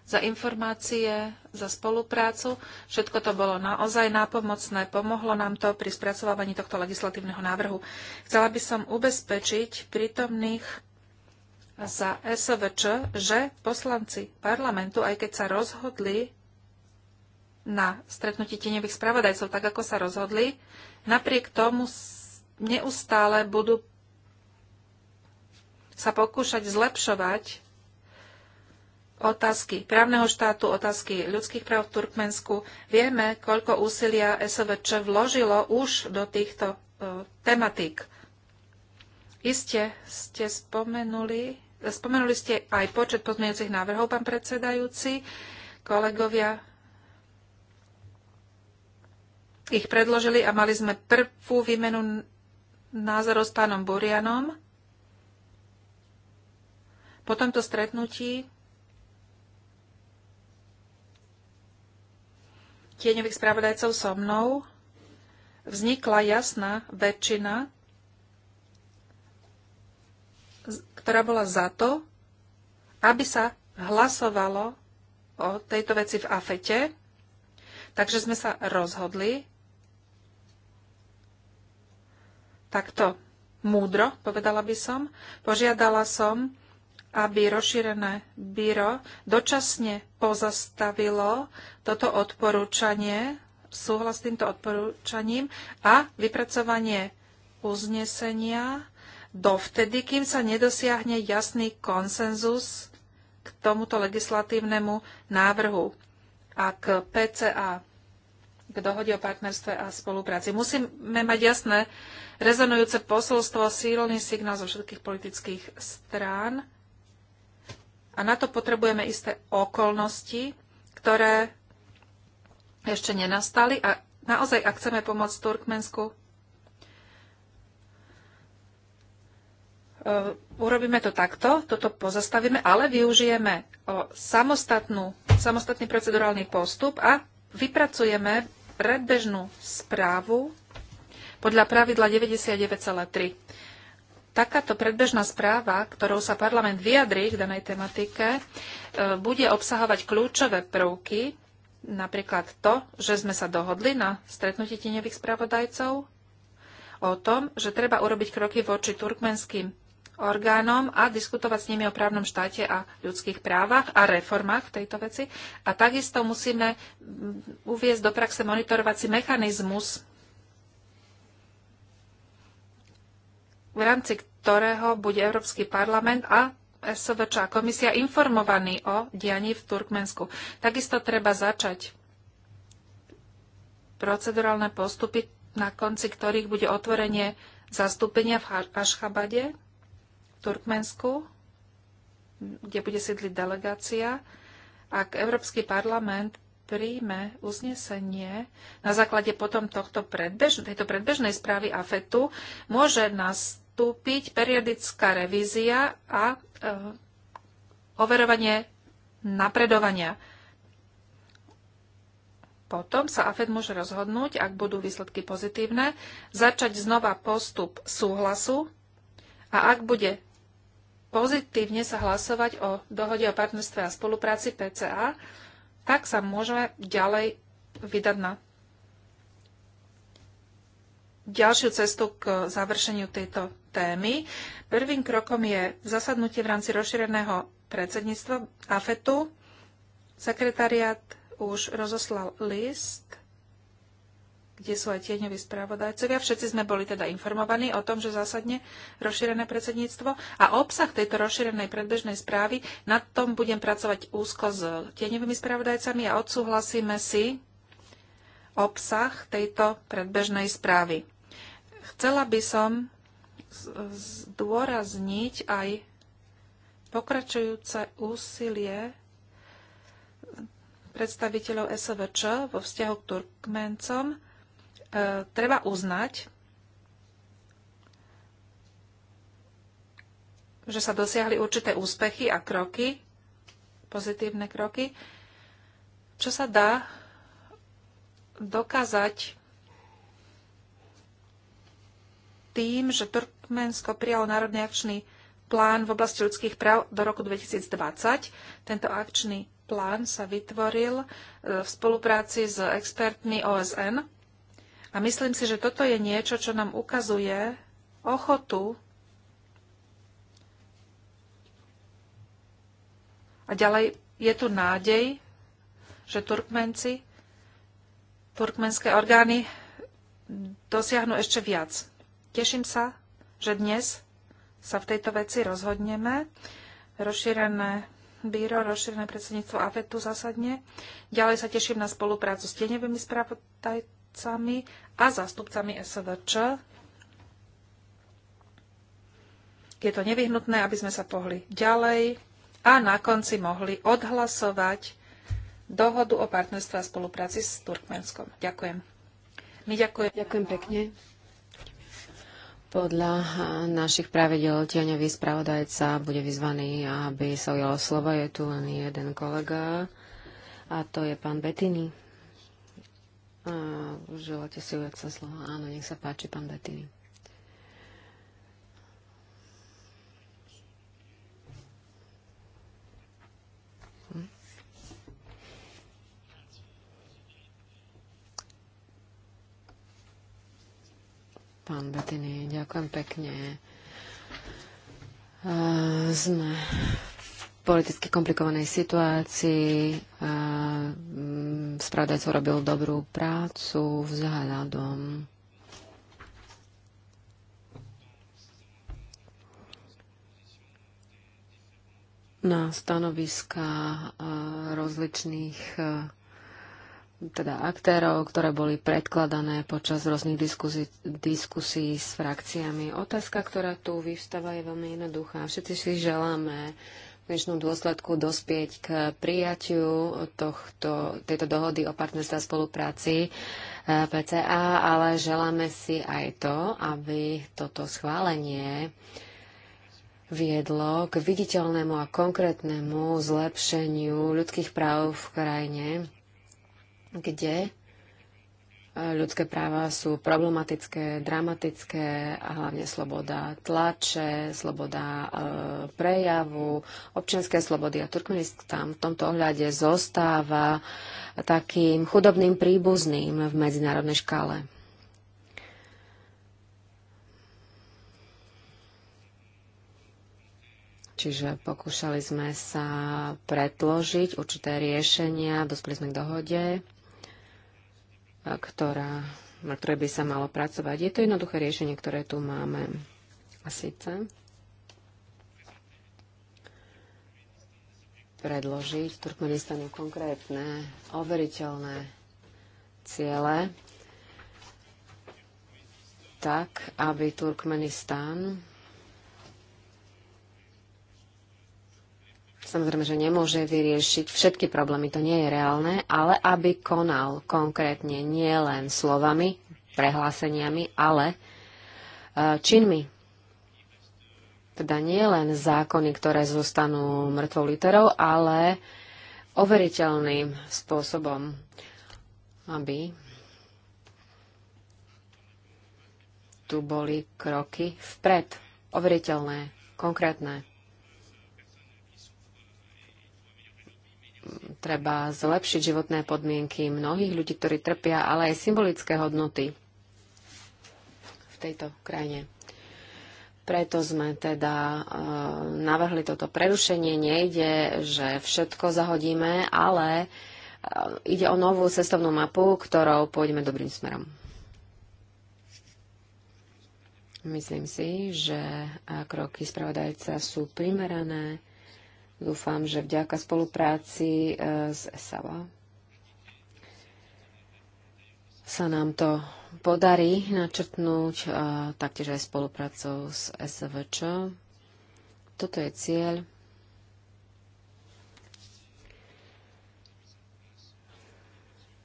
za informácie, za spoluprácu. Všetko to bolo naozaj nápomocné, pomohlo nám to pri spracovávaní tohto legislatívneho návrhu. Chcela by som ubezpečiť prítomných za SVČ, že poslanci parlamentu, aj keď sa rozhodli na stretnutí tieňových spravodajcov, tak ako sa rozhodli, napriek tomu neustále budú sa pokúšať zlepšovať otázky právneho štátu, otázky ľudských práv v Turkmensku. Vieme, koľko úsilia SVČ vložilo už do týchto uh, tematík. Iste ste spomenuli, spomenuli ste aj počet pozmeňujúcich návrhov, pán predsedajúci. Kolegovia ich predložili a mali sme prvú výmenu názorov s pánom Burianom. Po tomto stretnutí tieňových spravodajcov so mnou vznikla jasná väčšina, ktorá bola za to, aby sa hlasovalo o tejto veci v afete. Takže sme sa rozhodli takto múdro, povedala by som. Požiadala som aby rozšírené byro dočasne pozastavilo toto odporúčanie, súhlas s týmto odporúčaním a vypracovanie uznesenia dovtedy, kým sa nedosiahne jasný konsenzus k tomuto legislatívnemu návrhu a k PCA k dohode o partnerstve a spolupráci. Musíme mať jasné rezonujúce posolstvo, sílny signál zo všetkých politických strán a na to potrebujeme isté okolnosti, ktoré ešte nenastali a naozaj, ak chceme pomôcť Turkmensku, e, urobíme to takto, toto pozastavíme, ale využijeme samostatnú, samostatný procedurálny postup a vypracujeme predbežnú správu podľa pravidla 99,3 takáto predbežná správa, ktorou sa parlament vyjadrí k danej tematike, e, bude obsahovať kľúčové prvky, napríklad to, že sme sa dohodli na stretnutí tieňových spravodajcov, o tom, že treba urobiť kroky voči turkmenským orgánom a diskutovať s nimi o právnom štáte a ľudských právach a reformách v tejto veci. A takisto musíme uviezť do praxe monitorovací mechanizmus v rámci ktorého bude Európsky parlament a SVČ a komisia informovaní o dianí v Turkmensku. Takisto treba začať procedurálne postupy, na konci ktorých bude otvorenie zastúpenia v Ašchabade v Turkmensku, kde bude sídliť delegácia. Ak Európsky parlament príjme uznesenie na základe potom tohto predbež, tejto predbežnej správy AFETu, môže nás nastúpiť periodická revízia a e, overovanie napredovania. Potom sa AFED môže rozhodnúť, ak budú výsledky pozitívne, začať znova postup súhlasu a ak bude pozitívne sa hlasovať o dohode o partnerstve a spolupráci PCA, tak sa môžeme ďalej vydať na ďalšiu cestu k završeniu tejto témy. Prvým krokom je zasadnutie v rámci rozšíreného predsedníctva AFETu. Sekretariat už rozoslal list, kde sú aj tieňoví správodajcovia. Všetci sme boli teda informovaní o tom, že zásadne rozšírené predsedníctvo a obsah tejto rozšírenej predbežnej správy, na tom budem pracovať úzko s tieňovými správodajcami a odsúhlasíme si obsah tejto predbežnej správy. Chcela by som zdôrazniť aj pokračujúce úsilie predstaviteľov SVČ vo vzťahu k Turkmencom e, treba uznať, že sa dosiahli určité úspechy a kroky, pozitívne kroky, čo sa dá dokázať tým, že Turkmensko prijalo národný akčný plán v oblasti ľudských práv do roku 2020. Tento akčný plán sa vytvoril e, v spolupráci s expertmi OSN a myslím si, že toto je niečo, čo nám ukazuje ochotu a ďalej je tu nádej, že Turkmenci, turkmenské orgány dosiahnu ešte viac. Teším sa, že dnes sa v tejto veci rozhodneme. Rozšírené Bíro, rozšírené predsedníctvo AFETu zasadne. Ďalej sa teším na spoluprácu s tieňovými spravodajcami a zástupcami SVČ. Je to nevyhnutné, aby sme sa pohli ďalej a na konci mohli odhlasovať dohodu o partnerstve a spolupráci s Turkmenskom. Ďakujem. My ďakujem. Ďakujem pekne. Podľa našich pravidel tieňový spravodajca bude vyzvaný, aby sa ujalo slovo. Je tu len jeden kolega a to je pán Betiny. Želáte si ujať sa slova? Áno, nech sa páči, pán Betiny. Pán Betiny, ďakujem pekne. E, sme v politicky komplikovanej situácii. E, Spravodajco robil dobrú prácu vzhľadom na stanoviska rozličných teda aktérov, ktoré boli predkladané počas rôznych diskusí, diskusí s frakciami. Otázka, ktorá tu vyvstáva, je veľmi jednoduchá. Všetci si želáme v konečnom dôsledku dospieť k prijatiu tohto, tejto dohody o partnerstve a spolupráci eh, PCA, ale želáme si aj to, aby toto schválenie viedlo k viditeľnému a konkrétnemu zlepšeniu ľudských práv v krajine kde e, ľudské práva sú problematické, dramatické a hlavne sloboda tlače, sloboda e, prejavu, občianské slobody a tam v tomto ohľade zostáva takým chudobným príbuzným v medzinárodnej škále. Čiže pokúšali sme sa predložiť určité riešenia, dospeli sme k dohode ktorá, na ktoré by sa malo pracovať. Je to jednoduché riešenie, ktoré tu máme. A síce predložiť Turkmenistanu konkrétne, overiteľné ciele, tak, aby Turkmenistan. Samozrejme, že nemôže vyriešiť všetky problémy, to nie je reálne, ale aby konal konkrétne nie len slovami, prehláseniami, ale e, činmi. Teda nie len zákony, ktoré zostanú mŕtvou literou, ale overiteľným spôsobom, aby tu boli kroky vpred, overiteľné, konkrétne. treba zlepšiť životné podmienky mnohých ľudí, ktorí trpia, ale aj symbolické hodnoty v tejto krajine. Preto sme teda e, navrhli toto prerušenie. Nejde, že všetko zahodíme, ale e, ide o novú cestovnú mapu, ktorou pôjdeme dobrým smerom. Myslím si, že e, kroky spravodajca sú primerané Dúfam, že vďaka spolupráci e, s ESAVA sa nám to podarí načrtnúť, a taktiež aj spoluprácou s SVČ. Toto je cieľ.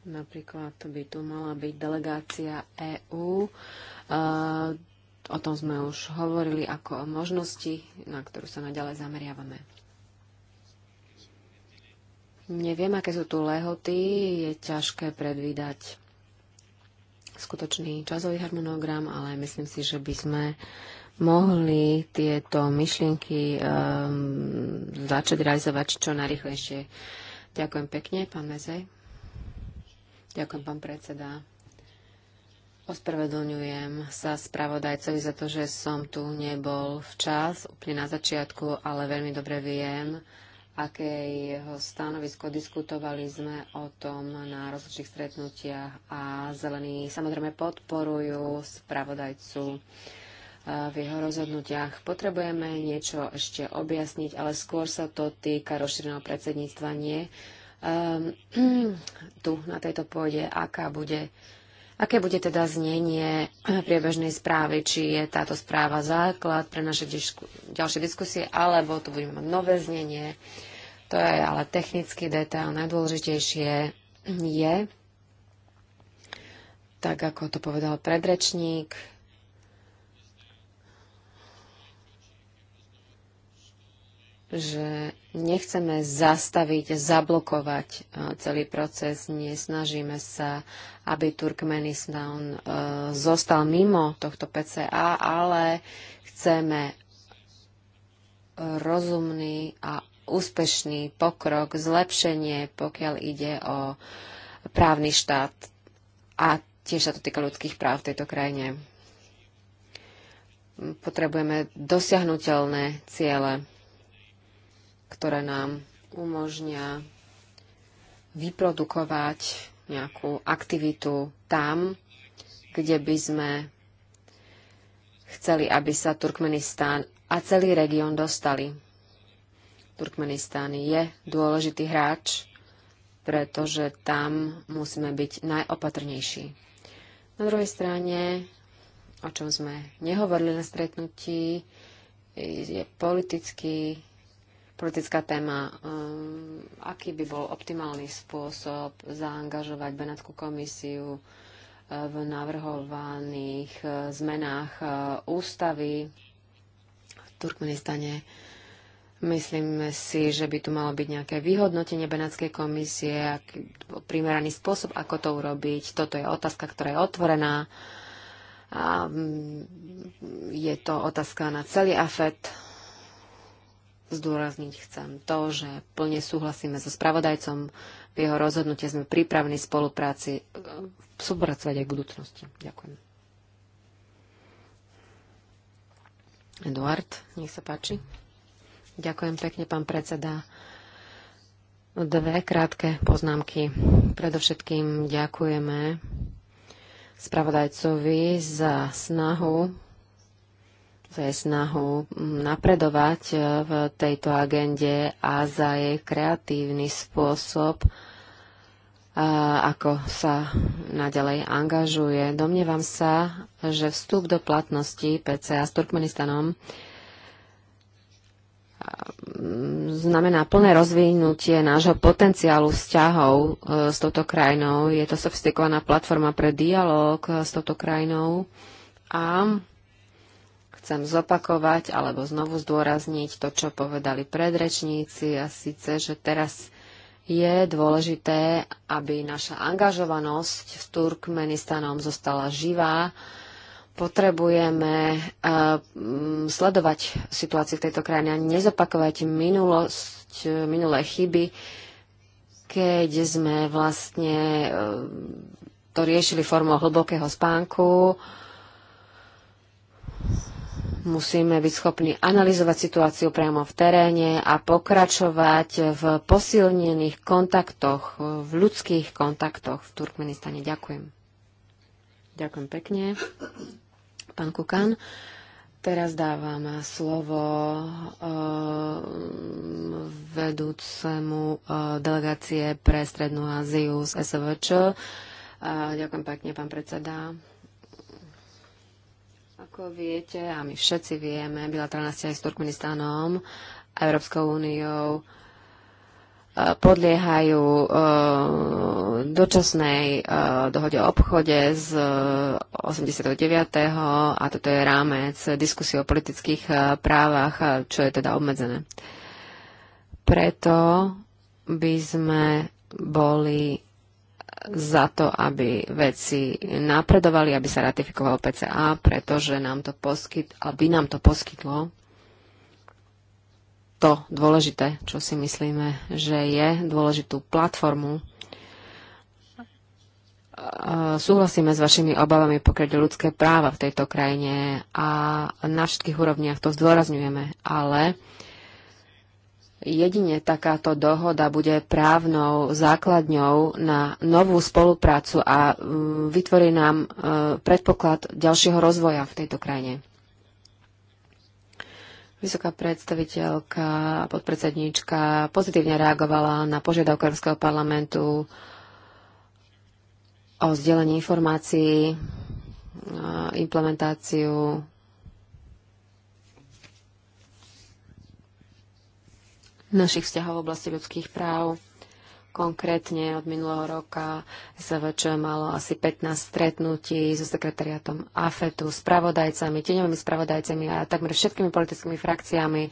Napríklad by tu mala byť delegácia EÚ. O tom sme už hovorili ako o možnosti, na ktorú sa naďalej zameriavame. Neviem, aké sú tu lehoty, je ťažké predvídať skutočný časový harmonogram, ale myslím si, že by sme mohli tieto myšlienky um, začať realizovať čo najrychlejšie. Ďakujem pekne, pán Mezej. Ďakujem, pán predseda. Ospravedlňujem sa spravodajcovi za to, že som tu nebol včas, úplne na začiatku, ale veľmi dobre viem, aké jeho stanovisko. Diskutovali sme o tom na rozličných stretnutiach a zelení samozrejme podporujú spravodajcu eh, v jeho rozhodnutiach. Potrebujeme niečo ešte objasniť, ale skôr sa to týka rozšíreného predsedníctva, nie um, tu na tejto pôde, aká bude uh, Aké bude teda znenie priebežnej správy? Či je táto správa základ pre naše disku- ďalšie diskusie, alebo tu budeme mať nové znenie? To je ale technický detail. Najdôležitejšie je, tak ako to povedal predrečník, že nechceme zastaviť, zablokovať e, celý proces, nesnažíme sa, aby Turkmenistan e, zostal mimo tohto PCA, ale chceme rozumný a úspešný pokrok, zlepšenie, pokiaľ ide o právny štát a tiež sa to týka ľudských práv v tejto krajine. Potrebujeme dosiahnutelné ciele ktoré nám umožnia vyprodukovať nejakú aktivitu tam, kde by sme chceli, aby sa Turkmenistán a celý región dostali. Turkmenistán je dôležitý hráč, pretože tam musíme byť najopatrnejší. Na druhej strane, o čom sme nehovorili na stretnutí, je politický politická téma. Ehm, aký by bol optimálny spôsob zaangažovať Benátskú komisiu ehm, v navrhovaných ehm, zmenách ústavy v Turkmenistane? Myslíme si, že by tu malo byť nejaké vyhodnotenie Benátskej komisie, primeraný spôsob, ako to urobiť. Toto je otázka, ktorá je otvorená. A mm, je to otázka na celý AFET Zdôrazniť chcem to, že plne súhlasíme so spravodajcom. V jeho rozhodnutí sme pripravení spolupráci, e, spolupracovať aj v budúcnosti. Ďakujem. Eduard, nech sa páči. Ďakujem pekne, pán predseda. Dve krátke poznámky. Predovšetkým ďakujeme spravodajcovi za snahu za jej snahu mm, napredovať e, v tejto agende a za jej kreatívny spôsob, e, ako sa naďalej angažuje. Domnievam sa, že vstup do platnosti PCA s Turkmenistanom e, mm, znamená plné rozvinutie nášho potenciálu vzťahov s touto krajinou. Je to sofistikovaná platforma pre dialog s touto krajinou a Chcem zopakovať alebo znovu zdôrazniť to, čo povedali predrečníci a síce, že teraz je dôležité, aby naša angažovanosť s Turkmenistanom zostala živá. Potrebujeme uh, sledovať situáciu v tejto krajine a nezopakovať minulosť, eh, minulé chyby, keď sme vlastne uh, to riešili formou hlbokého spánku. Musíme byť schopní analyzovať situáciu priamo v teréne a pokračovať v posilnených kontaktoch, v ľudských kontaktoch v Turkmenistane. Ďakujem. Ďakujem pekne. Pán Kukan. Teraz dávam slovo eh, vedúcemu eh, delegácie pre Strednú Áziu z SVČ. Eh, ďakujem pekne, pán predseda. Ako viete, a my všetci vieme, bilaterálne vzťahy s Turkmenistanom a Európskou úniou e, podliehajú e, dočasnej e, dohode o obchode z 89. a toto je rámec diskusie o politických právach, čo je teda obmedzené. Preto by sme boli za to, aby veci napredovali, aby sa ratifikovalo PCA, pretože nám to poskyt, aby nám to poskytlo to dôležité, čo si myslíme, že je dôležitú platformu. Súhlasíme s vašimi obavami pokiaľ ľudské práva v tejto krajine a na všetkých úrovniach to zdôrazňujeme, ale Jedine takáto dohoda bude právnou základňou na novú spoluprácu a e, vytvorí nám e, predpoklad ďalšieho rozvoja v tejto krajine. Vysoká predstaviteľka, a podpredsednička pozitívne reagovala na požiadavku Európskeho parlamentu o zdieľanie informácií, e, implementáciu našich vzťahov v oblasti ľudských práv. Konkrétne od minulého roka SVČ malo asi 15 stretnutí so sekretariatom AFETu, spravodajcami, tieňovými spravodajcami a takmer všetkými politickými frakciami,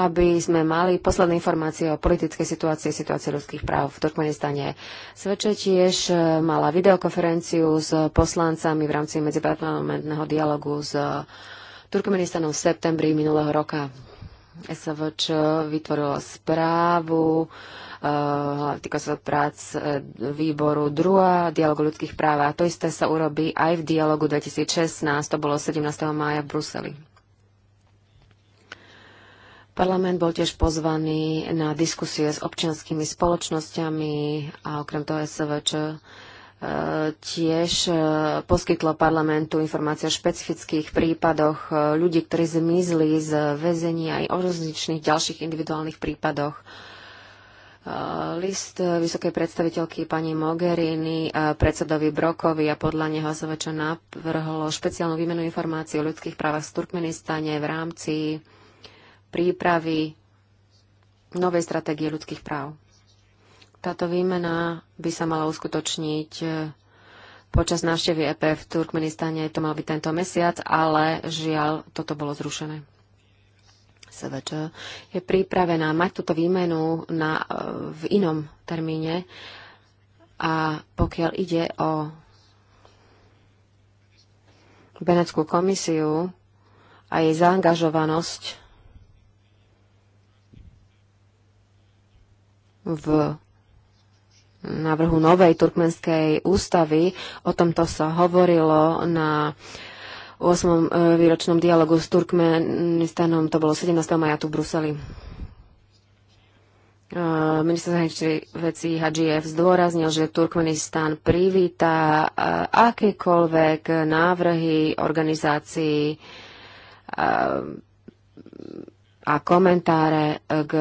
aby sme mali posledné informácie o politickej situácii, situácii ľudských práv v Turkmenistane. SVČ tiež e, mala videokonferenciu s poslancami v rámci medziparlamentného dialogu s Turkmenistanom v septembri minulého roka. SVČ vytvorilo správu, eh, týka sa prác eh, výboru druhá, dialogu ľudských práv a to isté sa urobí aj v dialogu 2016, to bolo 17. mája v Bruseli. Parlament bol tiež pozvaný na diskusie s občianskými spoločnosťami a okrem toho SVČ tiež e, poskytlo parlamentu informácie o špecifických prípadoch e, ľudí, ktorí zmizli z väzení aj o rozličných ďalších individuálnych prípadoch. E, list vysokej predstaviteľky pani Mogherini predsedovi Brokovi a podľa neho SVČ navrhlo špeciálnu výmenu informácií o ľudských právach v Turkmenistane v rámci prípravy novej stratégie ľudských práv. Táto výmena by sa mala uskutočniť e, počas návštevy EP v Turkmenistane. To mal byť tento mesiac, ale žiaľ, toto bolo zrušené. SVČ je pripravená mať túto výmenu na, e, v inom termíne a pokiaľ ide o Benetskú komisiu a jej zaangažovanosť v návrhu novej turkmenskej ústavy. O tomto sa hovorilo na 8. E, výročnom dialogu s Turkmenistanom, to bolo 17. maja tu v Bruseli. E, minister zahraničných vecí Hadžiev zdôraznil, že Turkmenistan privíta e, akékoľvek návrhy organizácií a komentáre k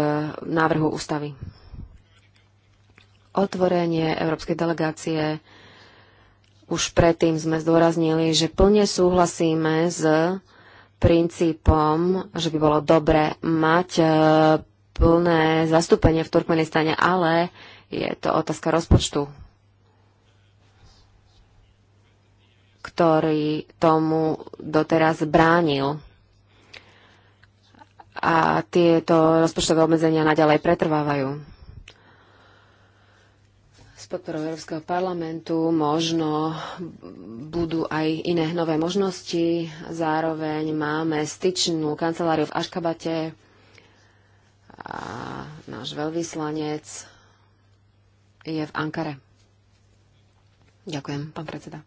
návrhu ústavy otvorenie európskej delegácie. Už predtým sme zdôraznili, že plne súhlasíme s princípom, že by bolo dobre mať e, plné zastúpenie v Turkmenistane, ale je to otázka rozpočtu, ktorý tomu doteraz bránil. A tieto rozpočtové obmedzenia naďalej pretrvávajú podporou Európskeho parlamentu možno budú aj iné nové možnosti. Zároveň máme styčnú kanceláriu v Aškabate a náš veľvyslanec je v Ankare. Ďakujem, pán predseda.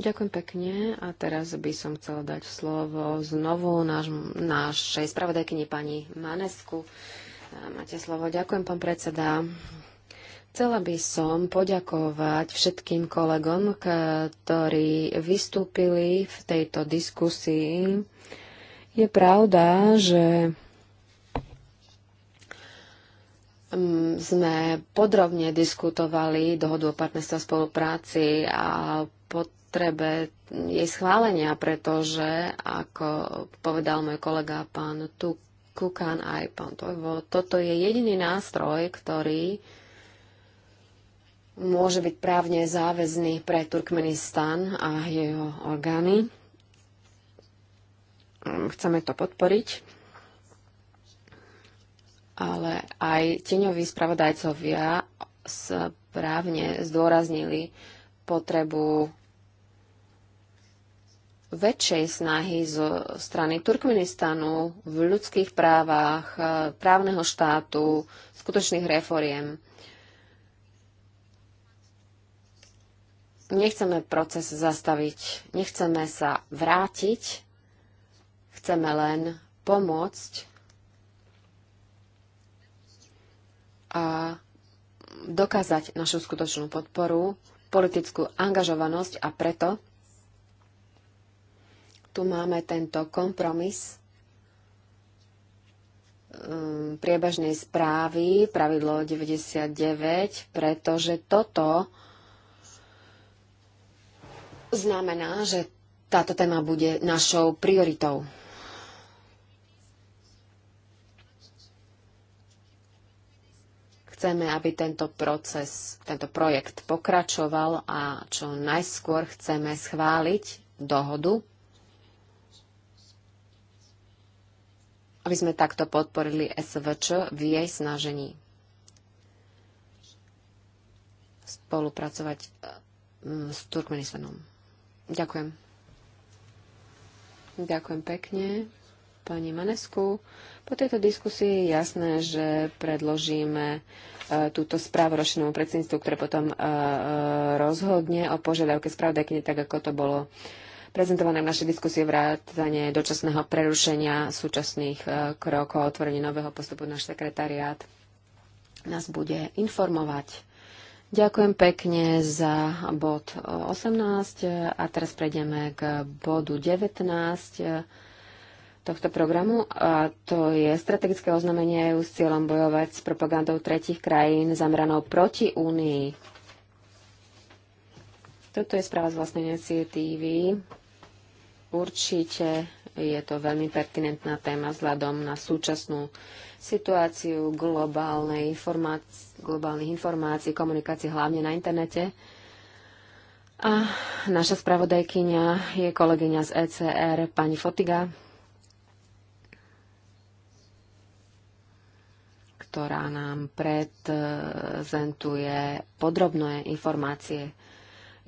Ďakujem pekne a teraz by som chcela dať slovo znovu náš, našej spravodajkyni pani Manesku. Máte slovo. Ďakujem, pán predseda. Chcela by som poďakovať všetkým kolegom, ktorí vystúpili v tejto diskusii. Je pravda, že mm, sme podrobne diskutovali dohodu o partnerstve a spolupráci a potrebe jej schválenia, pretože, ako povedal môj kolega pán Tuk, Kukan, aj pán toto je jediný nástroj, ktorý môže byť právne záväzný pre Turkmenistan a jeho orgány. Hm, chceme to podporiť, ale aj tieňoví spravodajcovia správne zdôraznili potrebu väčšej snahy zo strany Turkmenistanu v ľudských právach, e, právneho štátu, skutočných reforiem. Nechceme proces zastaviť, nechceme sa vrátiť, chceme len pomôcť a dokázať našu skutočnú podporu, politickú angažovanosť a preto tu máme tento kompromis ehm, priebežnej správy, pravidlo 99, pretože toto znamená, že táto téma bude našou prioritou. Chceme, aby tento proces, tento projekt pokračoval a čo najskôr chceme schváliť dohodu aby sme takto podporili SVČ v jej snažení spolupracovať mm, s Turkmenistanom. Ďakujem. Ďakujem pekne pani Manesku. Po tejto diskusii je jasné, že predložíme e, túto správu ročnému predsedníctvu, ktoré potom e, e, rozhodne o požiadavke spravodajkyne, tak ako to bolo prezentované v našej diskusie vrátanie dočasného prerušenia súčasných e, krokov, otvorenie nového postupu náš sekretariát nás bude informovať. Ďakujem pekne za bod 18 e, a teraz prejdeme k bodu 19 e, tohto programu a to je strategické oznamenie EU s cieľom bojovať s propagandou tretich krajín zameranou proti Únii. Toto je správa z vlastnej iniciatívy. Určite je to veľmi pertinentná téma vzhľadom na súčasnú situáciu globálnej informácie, globálnych informácií, komunikácie hlavne na internete. A naša spravodajkyňa je kolegyňa z ECR, pani Fotiga, ktorá nám predzentuje podrobné informácie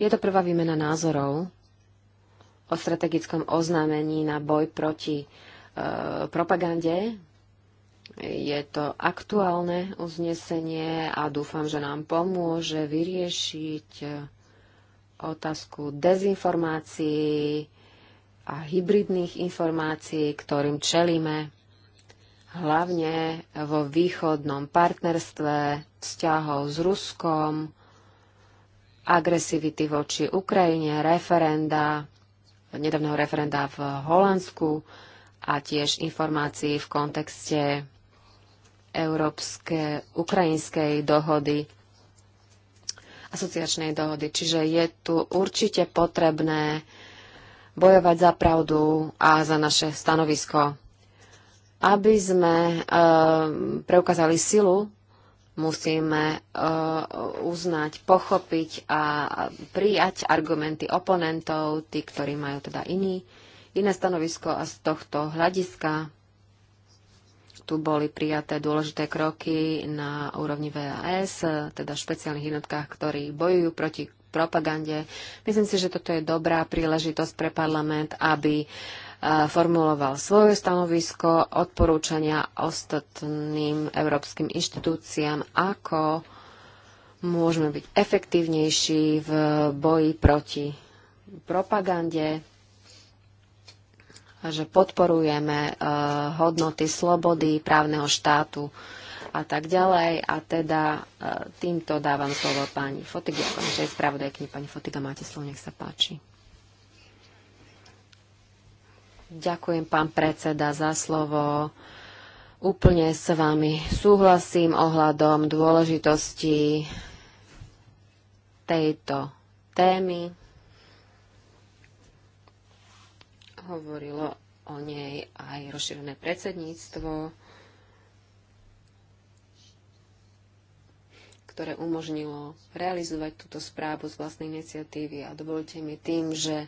je to prvá výmena názorov o strategickom oznámení na boj proti e, propagande. Je to aktuálne uznesenie a dúfam, že nám pomôže vyriešiť e, otázku dezinformácií a hybridných informácií, ktorým čelíme hlavne vo východnom partnerstve vzťahov s Ruskom, agresivity voči Ukrajine, referenda, nedávneho referenda v Holandsku a tiež informácií v kontexte európske, ukrajinskej dohody, asociačnej dohody. Čiže je tu určite potrebné bojovať za pravdu a za naše stanovisko, aby sme e, preukázali silu musíme e, uznať, pochopiť a prijať argumenty oponentov, tí, ktorí majú teda iný, iné stanovisko a z tohto hľadiska tu boli prijaté dôležité kroky na úrovni VAS, teda špeciálnych jednotkách, ktorí bojujú proti propagande. Myslím si, že toto je dobrá príležitosť pre parlament, aby uh, formuloval svoje stanovisko, odporúčania ostatným európskym inštitúciám, ako môžeme byť efektívnejší v boji proti propagande, že podporujeme e, hodnoty slobody, právneho štátu a tak ďalej. A teda e, týmto dávam slovo pani Fotiga, ako našej spravodajkyni. Pani Fotiga, máte slovo, nech sa páči. Ďakujem, pán predseda, za slovo. Úplne s vami súhlasím ohľadom dôležitosti tejto témy. Hovorilo o nej aj rozšírené predsedníctvo, ktoré umožnilo realizovať túto správu z vlastnej iniciatívy. A dovolte mi tým, že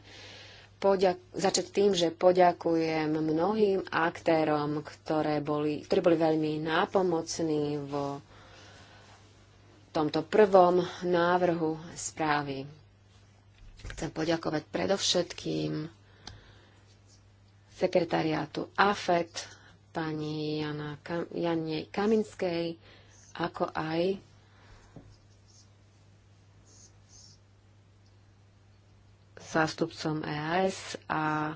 poďak- začať tým, že poďakujem mnohým aktérom, ktoré boli, ktorí boli veľmi nápomocní vo tomto prvom návrhu správy. Chcem poďakovať predovšetkým sekretariátu AFET, pani Jana Kam- Jane Kaminskej, ako aj zástupcom EAS a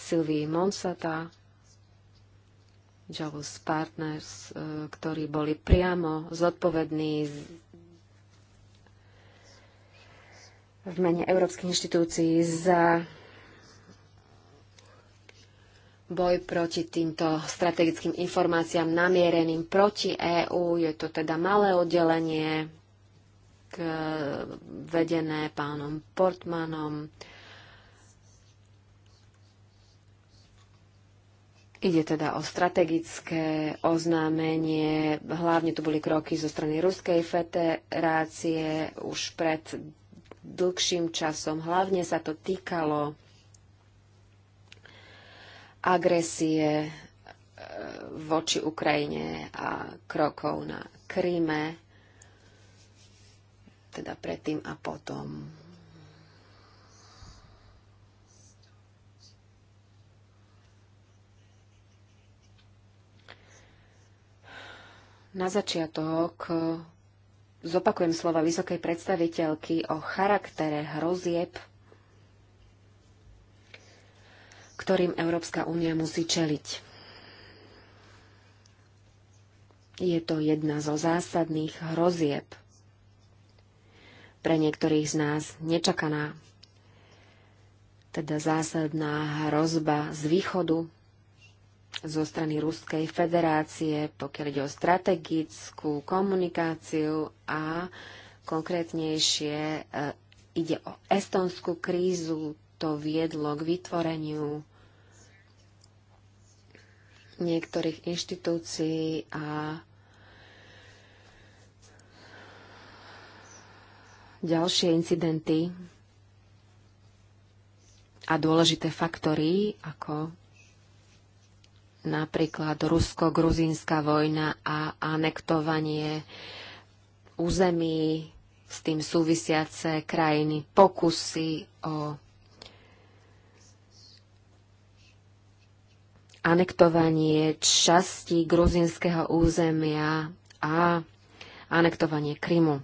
Sylvie Monsata, Javus Partners, e, ktorí boli priamo zodpovední v mene európskych inštitúcií za boj proti týmto strategickým informáciám namiereným proti EÚ. Je to teda malé oddelenie, vedené pánom Portmanom. Ide teda o strategické oznámenie, hlavne to boli kroky zo strany Ruskej federácie už pred dlhším časom. Hlavne sa to týkalo agresie eh, voči Ukrajine a krokov na Kríme teda predtým a potom. Na začiatok eh, zopakujem slova vysokej predstaviteľky o charaktere hrozieb, ktorým Európska únia musí čeliť. Je to jedna zo zásadných hrozieb, pre niektorých z nás nečakaná, teda zásadná hrozba z východu, zo strany Ruskej federácie, pokiaľ ide o strategickú komunikáciu a konkrétnejšie e, ide o estonskú krízu. To viedlo k vytvoreniu niektorých inštitúcií a ďalšie incidenty a dôležité faktory, ako napríklad rusko-gruzínska vojna a anektovanie území s tým súvisiace krajiny, pokusy o anektovanie časti gruzinského územia a anektovanie Krymu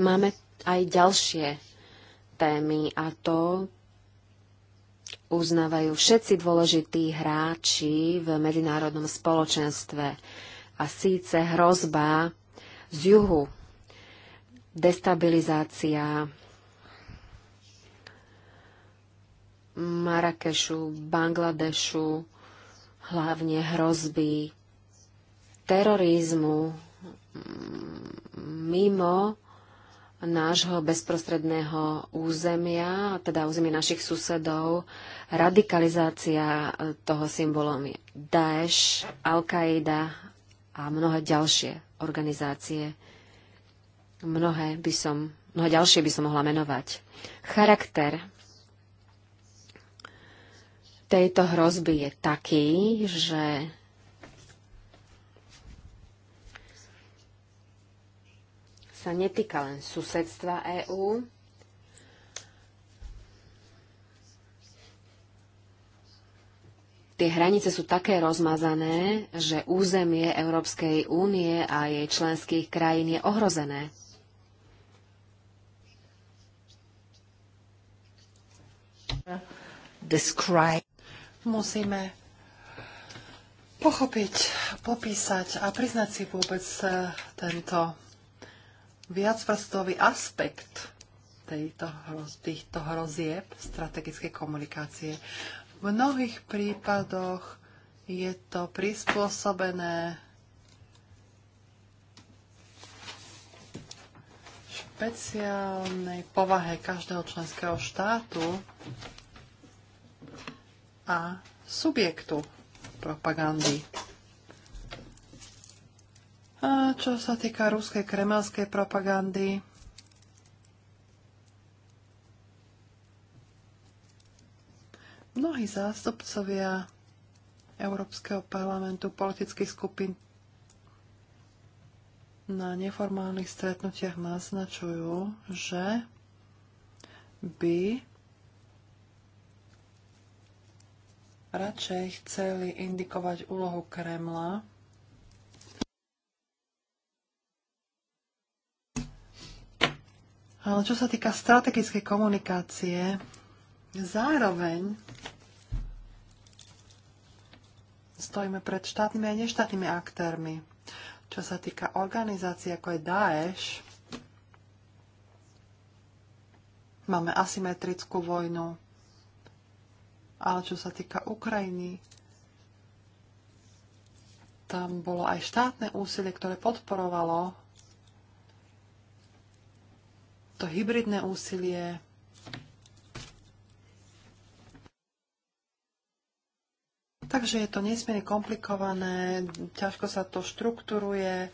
máme aj ďalšie témy a to uznávajú všetci dôležití hráči v medzinárodnom spoločenstve a síce hrozba z juhu, destabilizácia Marakešu, Bangladešu, hlavne hrozby terorizmu mimo nášho bezprostredného územia, teda územie našich susedov, radikalizácia e, toho symbolom je Daesh, Al-Qaida a mnohé ďalšie organizácie. Mnohé by som, mnohé ďalšie by som mohla menovať. Charakter tejto hrozby je taký, že sa netýka len susedstva EÚ, Tie hranice sú také rozmazané, že územie Európskej únie a jej členských krajín je ohrozené. Musíme pochopiť, popísať a priznať si vôbec eh, tento viacvrstový aspekt tejto, týchto hrozieb strategickej komunikácie. V mnohých prípadoch je to prispôsobené špeciálnej povahe každého členského štátu a subjektu propagandy. A čo sa týka ruskej kremelskej propagandy, mnohí zástupcovia Európskeho parlamentu politických skupín na neformálnych stretnutiach naznačujú, že by radšej chceli indikovať úlohu Kremla Ale čo sa týka strategickej komunikácie, zároveň stojíme pred štátnymi a neštátnymi aktérmi. Čo sa týka organizácií ako je Daesh, máme asymetrickú vojnu, ale čo sa týka Ukrajiny, tam bolo aj štátne úsilie, ktoré podporovalo to hybridné úsilie, Takže je to nesmierne komplikované, ťažko sa to štruktúruje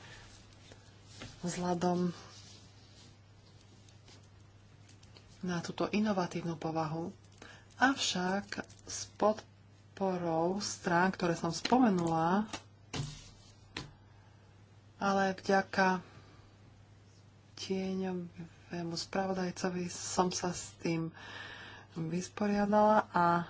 vzhľadom na túto inovatívnu povahu. Avšak s podporou strán, ktoré som spomenula, ale vďaka tieňom svojemu spravodajcovi som sa s tým vysporiadala a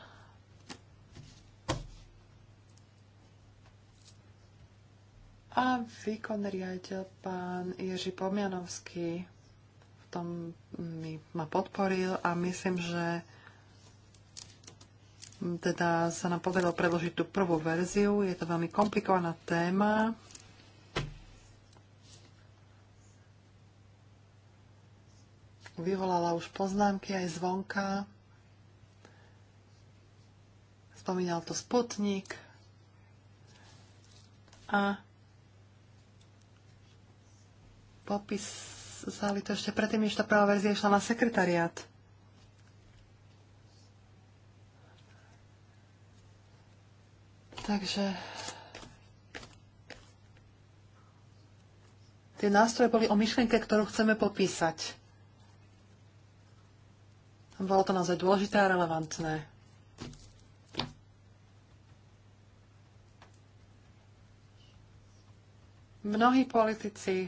a výkonný riaditeľ pán Ježi Pomianovský v tom mi, ma podporil a myslím, že teda sa nám podarilo predložiť tú prvú verziu. Je to veľmi komplikovaná téma, vyvolala už poznámky aj zvonka. Spomínal to Sputnik. A popísali to ešte predtým, než tá prvá verzia išla na sekretariát. Takže tie nástroje boli o myšlienke, ktorú chceme popísať. Bolo to naozaj dôležité a relevantné. Mnohí politici,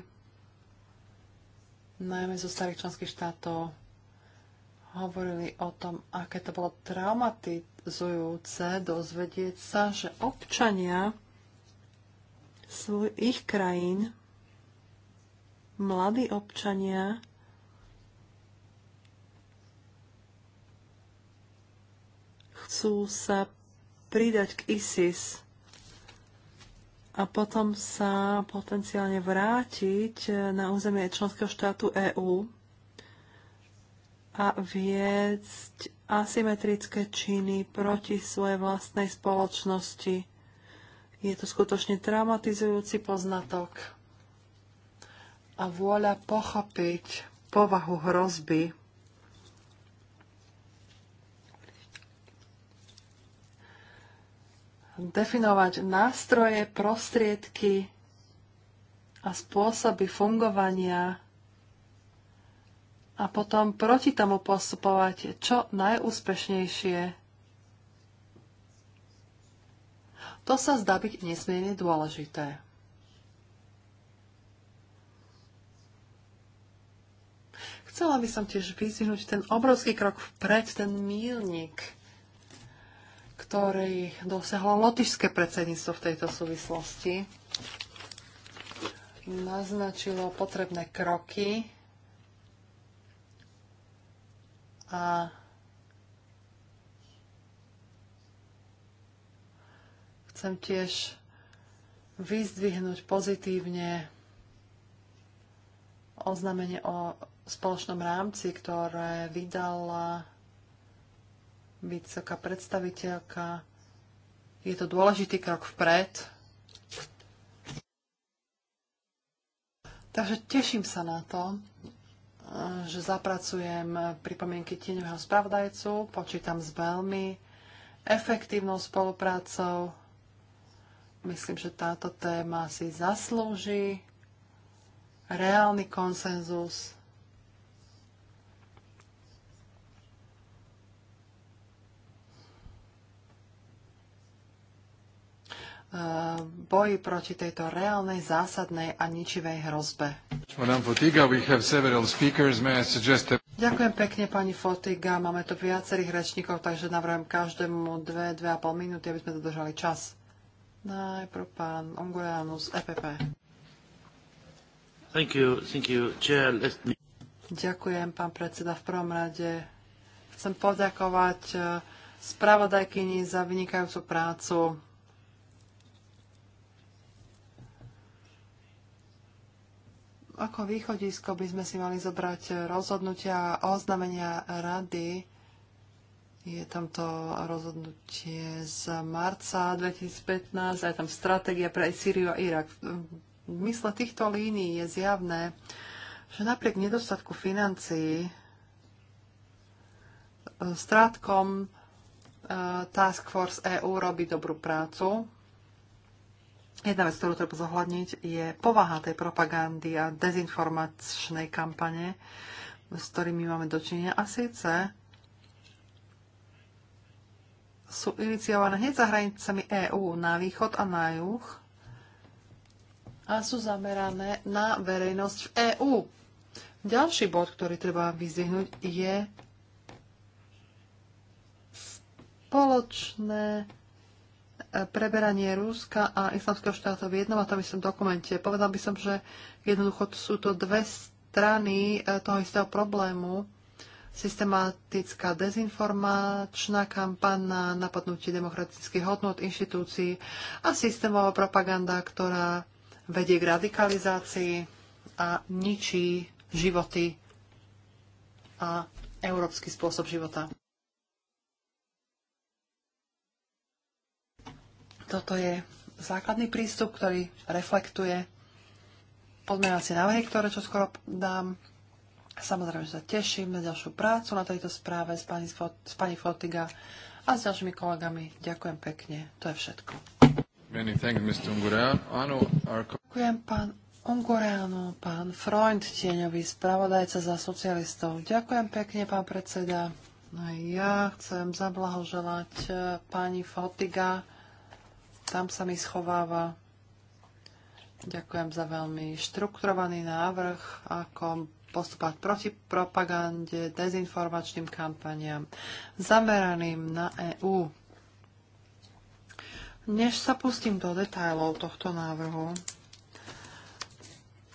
najmä zo starých členských štátov, hovorili o tom, aké to bolo traumatizujúce dozvedieť sa, že občania svojich krajín, mladí občania, chcú sa pridať k ISIS a potom sa potenciálne vrátiť na územie členského štátu EÚ a viesť asymetrické činy proti svojej vlastnej spoločnosti. Je to skutočne traumatizujúci poznatok. A vôľa pochopiť povahu hrozby definovať nástroje, prostriedky a spôsoby fungovania a potom proti tomu postupovať čo najúspešnejšie. To sa zdá byť nesmierne dôležité. Chcela by som tiež vyzvihnúť ten obrovský krok vpred, ten mílnik, ktorý dosiahlo lotišské predsedníctvo v tejto súvislosti, naznačilo potrebné kroky a chcem tiež vyzdvihnúť pozitívne oznámenie o spoločnom rámci, ktoré vydala vysoká predstaviteľka. Je to dôležitý krok vpred. Takže teším sa na to, že zapracujem pripomienky tieňového spravodajcu, počítam s veľmi efektívnou spoluprácou. Myslím, že táto téma si zaslúži reálny konsenzus Eh, boji proti tejto reálnej, zásadnej a ničivej hrozbe. Ďakujem pekne, pani Fotiga. Máme tu viacerých rečníkov, takže navrhujem každému a pol minúty, aby sme dodržali čas. Najprv pán Ongojánu z EPP. Thank you, thank you, chair. Me... Ďakujem, pán predseda. V prvom rade chcem poďakovať eh, spravodajkyni za vynikajúcu prácu ako východisko by sme si mali zobrať rozhodnutia a oznámenia rady. Je tam to rozhodnutie z marca 2015, aj tam stratégia pre Syriu a Irak. V mysle týchto línií je zjavné, že napriek nedostatku financií, eh, strátkom eh, Task Force EU robí dobrú prácu Jedna vec, ktorú treba zohľadniť, je povaha tej propagandy a dezinformačnej kampane, s ktorými máme dočinenia. A síce sú iniciované hneď za hranicami EÚ na východ a na juh a sú zamerané na verejnosť v EÚ. Ďalší bod, ktorý treba vyzdvihnúť, je spoločné preberanie Rúska a Islamského štátu v jednom a tom istom dokumente. Povedal by som, že jednoducho sú to dve strany e, toho istého problému. Systematická dezinformačná kampaň na napadnutie demokratických hodnot inštitúcií a systémová propaganda, ktorá vedie k radikalizácii a ničí životy a európsky spôsob života. Toto je základný prístup, ktorý reflektuje pozmeňovacie návrhy, ktoré čo skoro dám. Samozrejme, že sa teším na ďalšiu prácu na tejto správe s pani, s pani Fotiga a s ďalšími kolegami. Ďakujem pekne. To je všetko. Many thanks, Mr. our... Ďakujem, pán Ungureanu, pán Freund, tieňový spravodajca za socialistov. Ďakujem pekne, pán predseda. Ja chcem zablahoželať eh, pani Fotiga tam sa mi schováva. Ďakujem za veľmi štrukturovaný návrh, ako postupovať proti propagande, dezinformačným kampaniám zameraným na EÚ. Než sa pustím do detajlov tohto návrhu,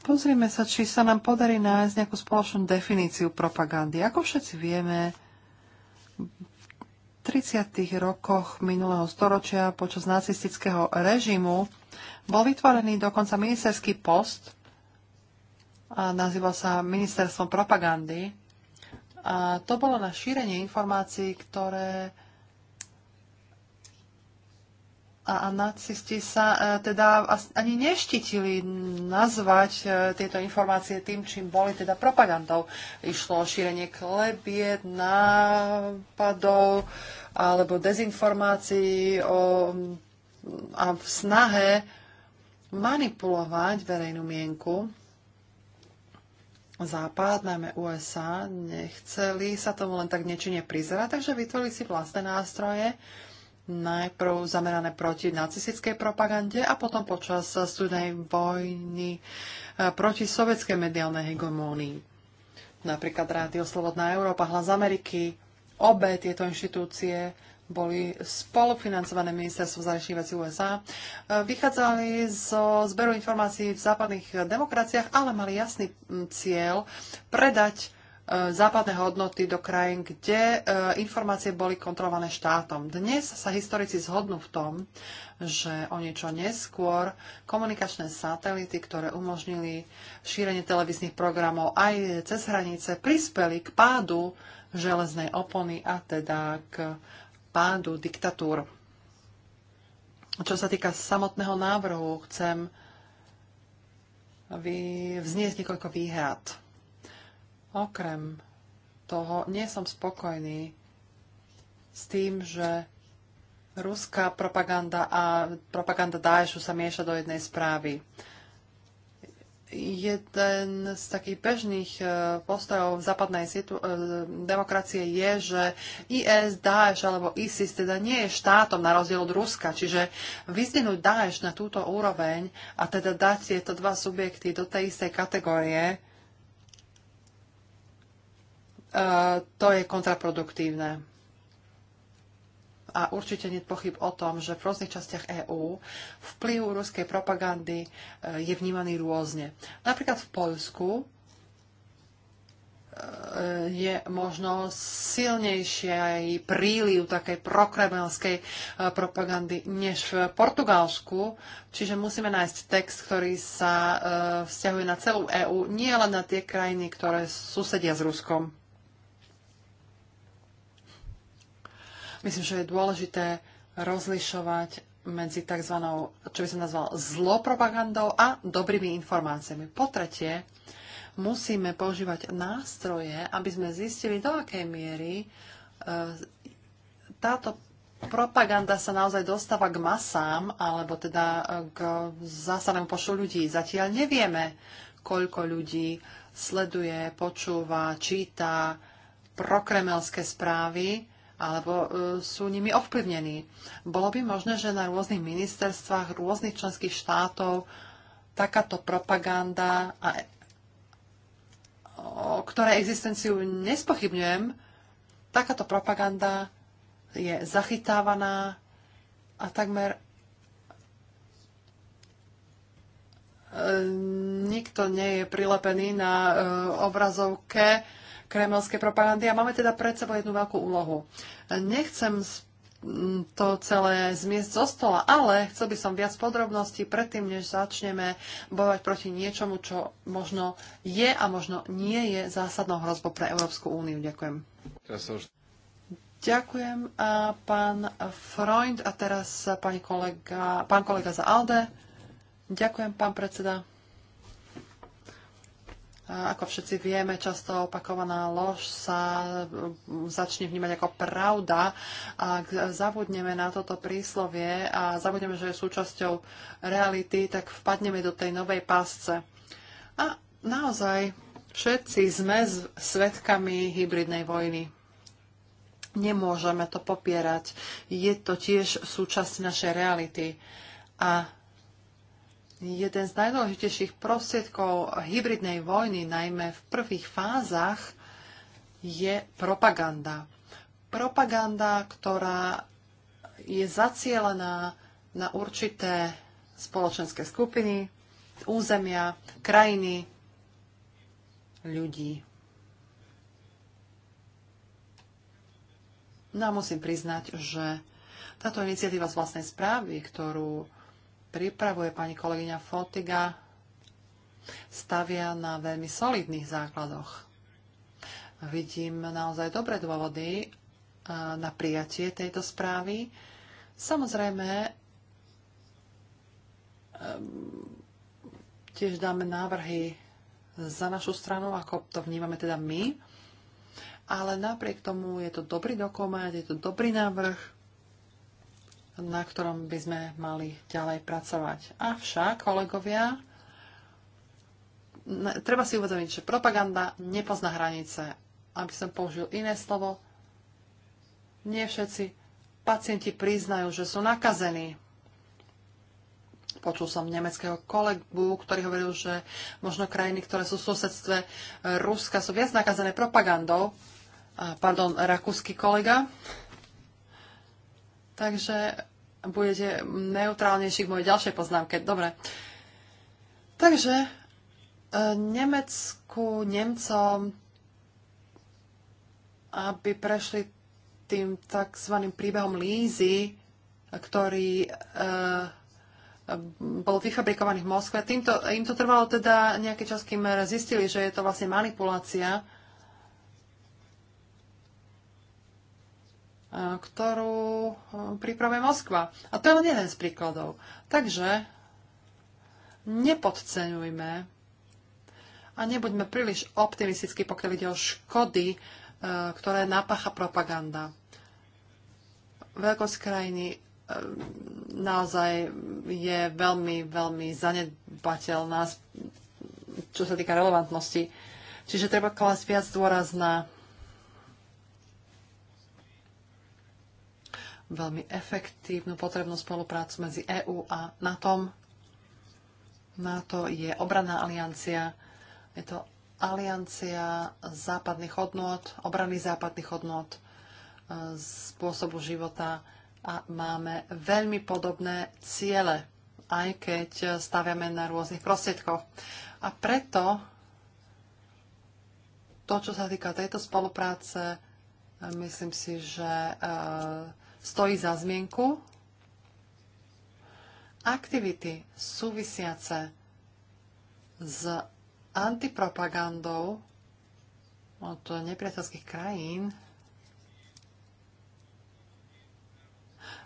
pozrieme sa, či sa nám podarí nájsť nejakú spoločnú definíciu propagandy. Ako všetci vieme, 30. rokoch minulého storočia počas nacistického režimu bol vytvorený dokonca ministerský post a nazýval sa ministerstvom propagandy. A to bolo na šírenie informácií, ktoré a nacisti sa e, teda ani neštitili nazvať e, tieto informácie tým, čím boli teda propagandou. Išlo o šírenie klebiet, nápadov alebo dezinformácií o, a v snahe manipulovať verejnú mienku. Západ, najmä USA, nechceli sa tomu len tak niečo neprizerať, takže vytvorili si vlastné nástroje, najprv zamerané proti nacistickej propagande a potom počas studenej vojny e, proti sovietskej mediálnej hegemónii. Napríklad Rádio Slobodná Európa, Hlas Ameriky, obe tieto inštitúcie boli spolufinancované ministerstvo zahraničných vecí USA, e, vychádzali zo zberu informácií v západných demokraciách, ale mali jasný cieľ predať E, západné hodnoty do krajín, kde e, informácie boli kontrolované štátom. Dnes sa historici zhodnú v tom, že o niečo neskôr komunikačné satelity, ktoré umožnili šírenie televíznych programov aj cez hranice, prispeli k pádu železnej opony a teda k pádu diktatúr. Čo sa týka samotného návrhu, chcem vzniesť niekoľko výhrad Okrem toho nie som spokojný s tým, že ruská propaganda a propaganda Daešu sa mieša do jednej správy. Jeden z takých bežných e, postojov v západnej e, demokracie je, že IS, Daesh alebo ISIS teda nie je štátom na rozdiel od Ruska. Čiže vyzdenúť Daesh na túto úroveň a teda dať tieto dva subjekty do tej istej kategórie, E, to je kontraproduktívne. A určite nie pochyb o tom, že v rôznych častiach EÚ vplyv ruskej propagandy e, je vnímaný rôzne. Napríklad v Poľsku e, je možno silnejší príliv takej prokremelskej propagandy než v Portugalsku. Čiže musíme nájsť text, ktorý sa vzťahuje na celú EÚ, nie len na tie krajiny, ktoré susedia s Ruskom. Myslím, že je dôležité rozlišovať medzi tzv. čo by som nazval zlopropagandou a dobrými informáciami. Po tretie, musíme používať nástroje, aby sme zistili, do akej miery e, táto propaganda sa naozaj dostáva k masám, alebo teda e, k zásadnému počtu ľudí. Zatiaľ nevieme, koľko ľudí sleduje, počúva, číta prokremelské správy, alebo e, sú nimi ovplyvnení. Bolo by možné, že na rôznych ministerstvách rôznych členských štátov takáto propaganda, a, o ktorej existenciu nespochybňujem, takáto propaganda je zachytávaná a takmer e, nikto nie je prilepený na e, obrazovke kremelskej propagandy a máme teda pred sebou jednu veľkú úlohu. Nechcem to celé zmiesť zo stola, ale chcel by som viac podrobností predtým, než začneme bojovať proti niečomu, čo možno je a možno nie je zásadnou hrozbou pre Európsku úniu. Ďakujem. Ďakujem a pán Freund a teraz pani kolega, pán kolega za Alde. Ďakujem, pán predseda. Ako všetci vieme, často opakovaná lož sa e, začne vnímať ako pravda. Ak zabudneme na toto príslovie a zabudneme, že je súčasťou reality, tak vpadneme do tej novej pásce. A naozaj všetci sme svetkami hybridnej vojny. Nemôžeme to popierať. Je to tiež súčasť našej reality. A jeden z najdôležitejších prostriedkov hybridnej vojny, najmä v prvých fázach, je propaganda. Propaganda, ktorá je zacielená na určité spoločenské skupiny, územia, krajiny, ľudí. No a musím priznať, že táto iniciatíva z vlastnej správy, ktorú pripravuje pani kolegyňa Fotiga, stavia na veľmi solidných základoch. Vidím naozaj dobré dôvody e, na prijatie tejto správy. Samozrejme, e, tiež dáme návrhy za našu stranu, ako to vnímame teda my. Ale napriek tomu je to dobrý dokument, je to dobrý návrh na ktorom by sme mali ďalej pracovať. Avšak, kolegovia, treba si uvedomiť, že propaganda nepozná hranice. Aby som použil iné slovo, nie všetci pacienti priznajú, že sú nakazení. Počul som nemeckého kolegu, ktorý hovoril, že možno krajiny, ktoré sú v susedstve Ruska, sú viac nakazené propagandou. Pardon, rakúsky kolega. Takže budete neutrálnejší k mojej ďalšej poznámke. Dobre. Takže e, Nemecku, Nemcom, aby prešli tým tzv. príbehom Lízy, ktorý e, bol vyfabrikovaný v Moskve. Týmto, im to trvalo teda nejaký čas, kým zistili, že je to vlastne manipulácia E, ktorú e, pripravuje Moskva. A to je len jeden z príkladov. Takže nepodceňujme a nebuďme príliš optimistickí, pokiaľ ide o škody, e, ktoré napácha propaganda. Veľkosť krajiny naozaj je veľmi, veľmi zanedbateľná, čo sa týka relevantnosti. Čiže treba klásť viac dôraz na veľmi efektívnu potrebnú spoluprácu medzi EÚ a NATO. NATO je obranná aliancia. Je to aliancia západných hodnot, obrany západných hodnot, e, spôsobu života a máme veľmi podobné ciele, aj keď staviame na rôznych prostriedkoch. A preto to, čo sa týka tejto spolupráce, e, myslím si, že e, stojí za zmienku. Aktivity súvisiace s antipropagandou od no nepriateľských krajín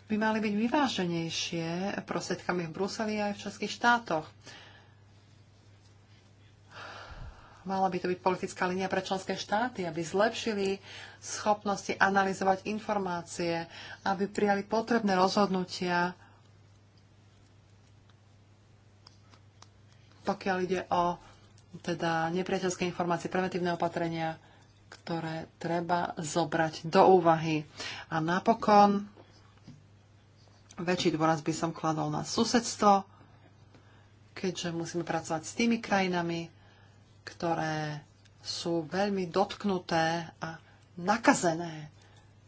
by mali byť vyváženejšie prostriedkami v Bruseli aj v českých štátoch. Mala by to byť politická línia pre členské štáty, aby zlepšili schopnosti analyzovať informácie, aby prijali potrebné rozhodnutia, pokiaľ ide o teda nepriateľské informácie, preventívne opatrenia, ktoré treba zobrať do úvahy. A napokon väčší dôraz by som kladol na susedstvo, keďže musíme pracovať s tými krajinami, ktoré sú veľmi dotknuté a nakazené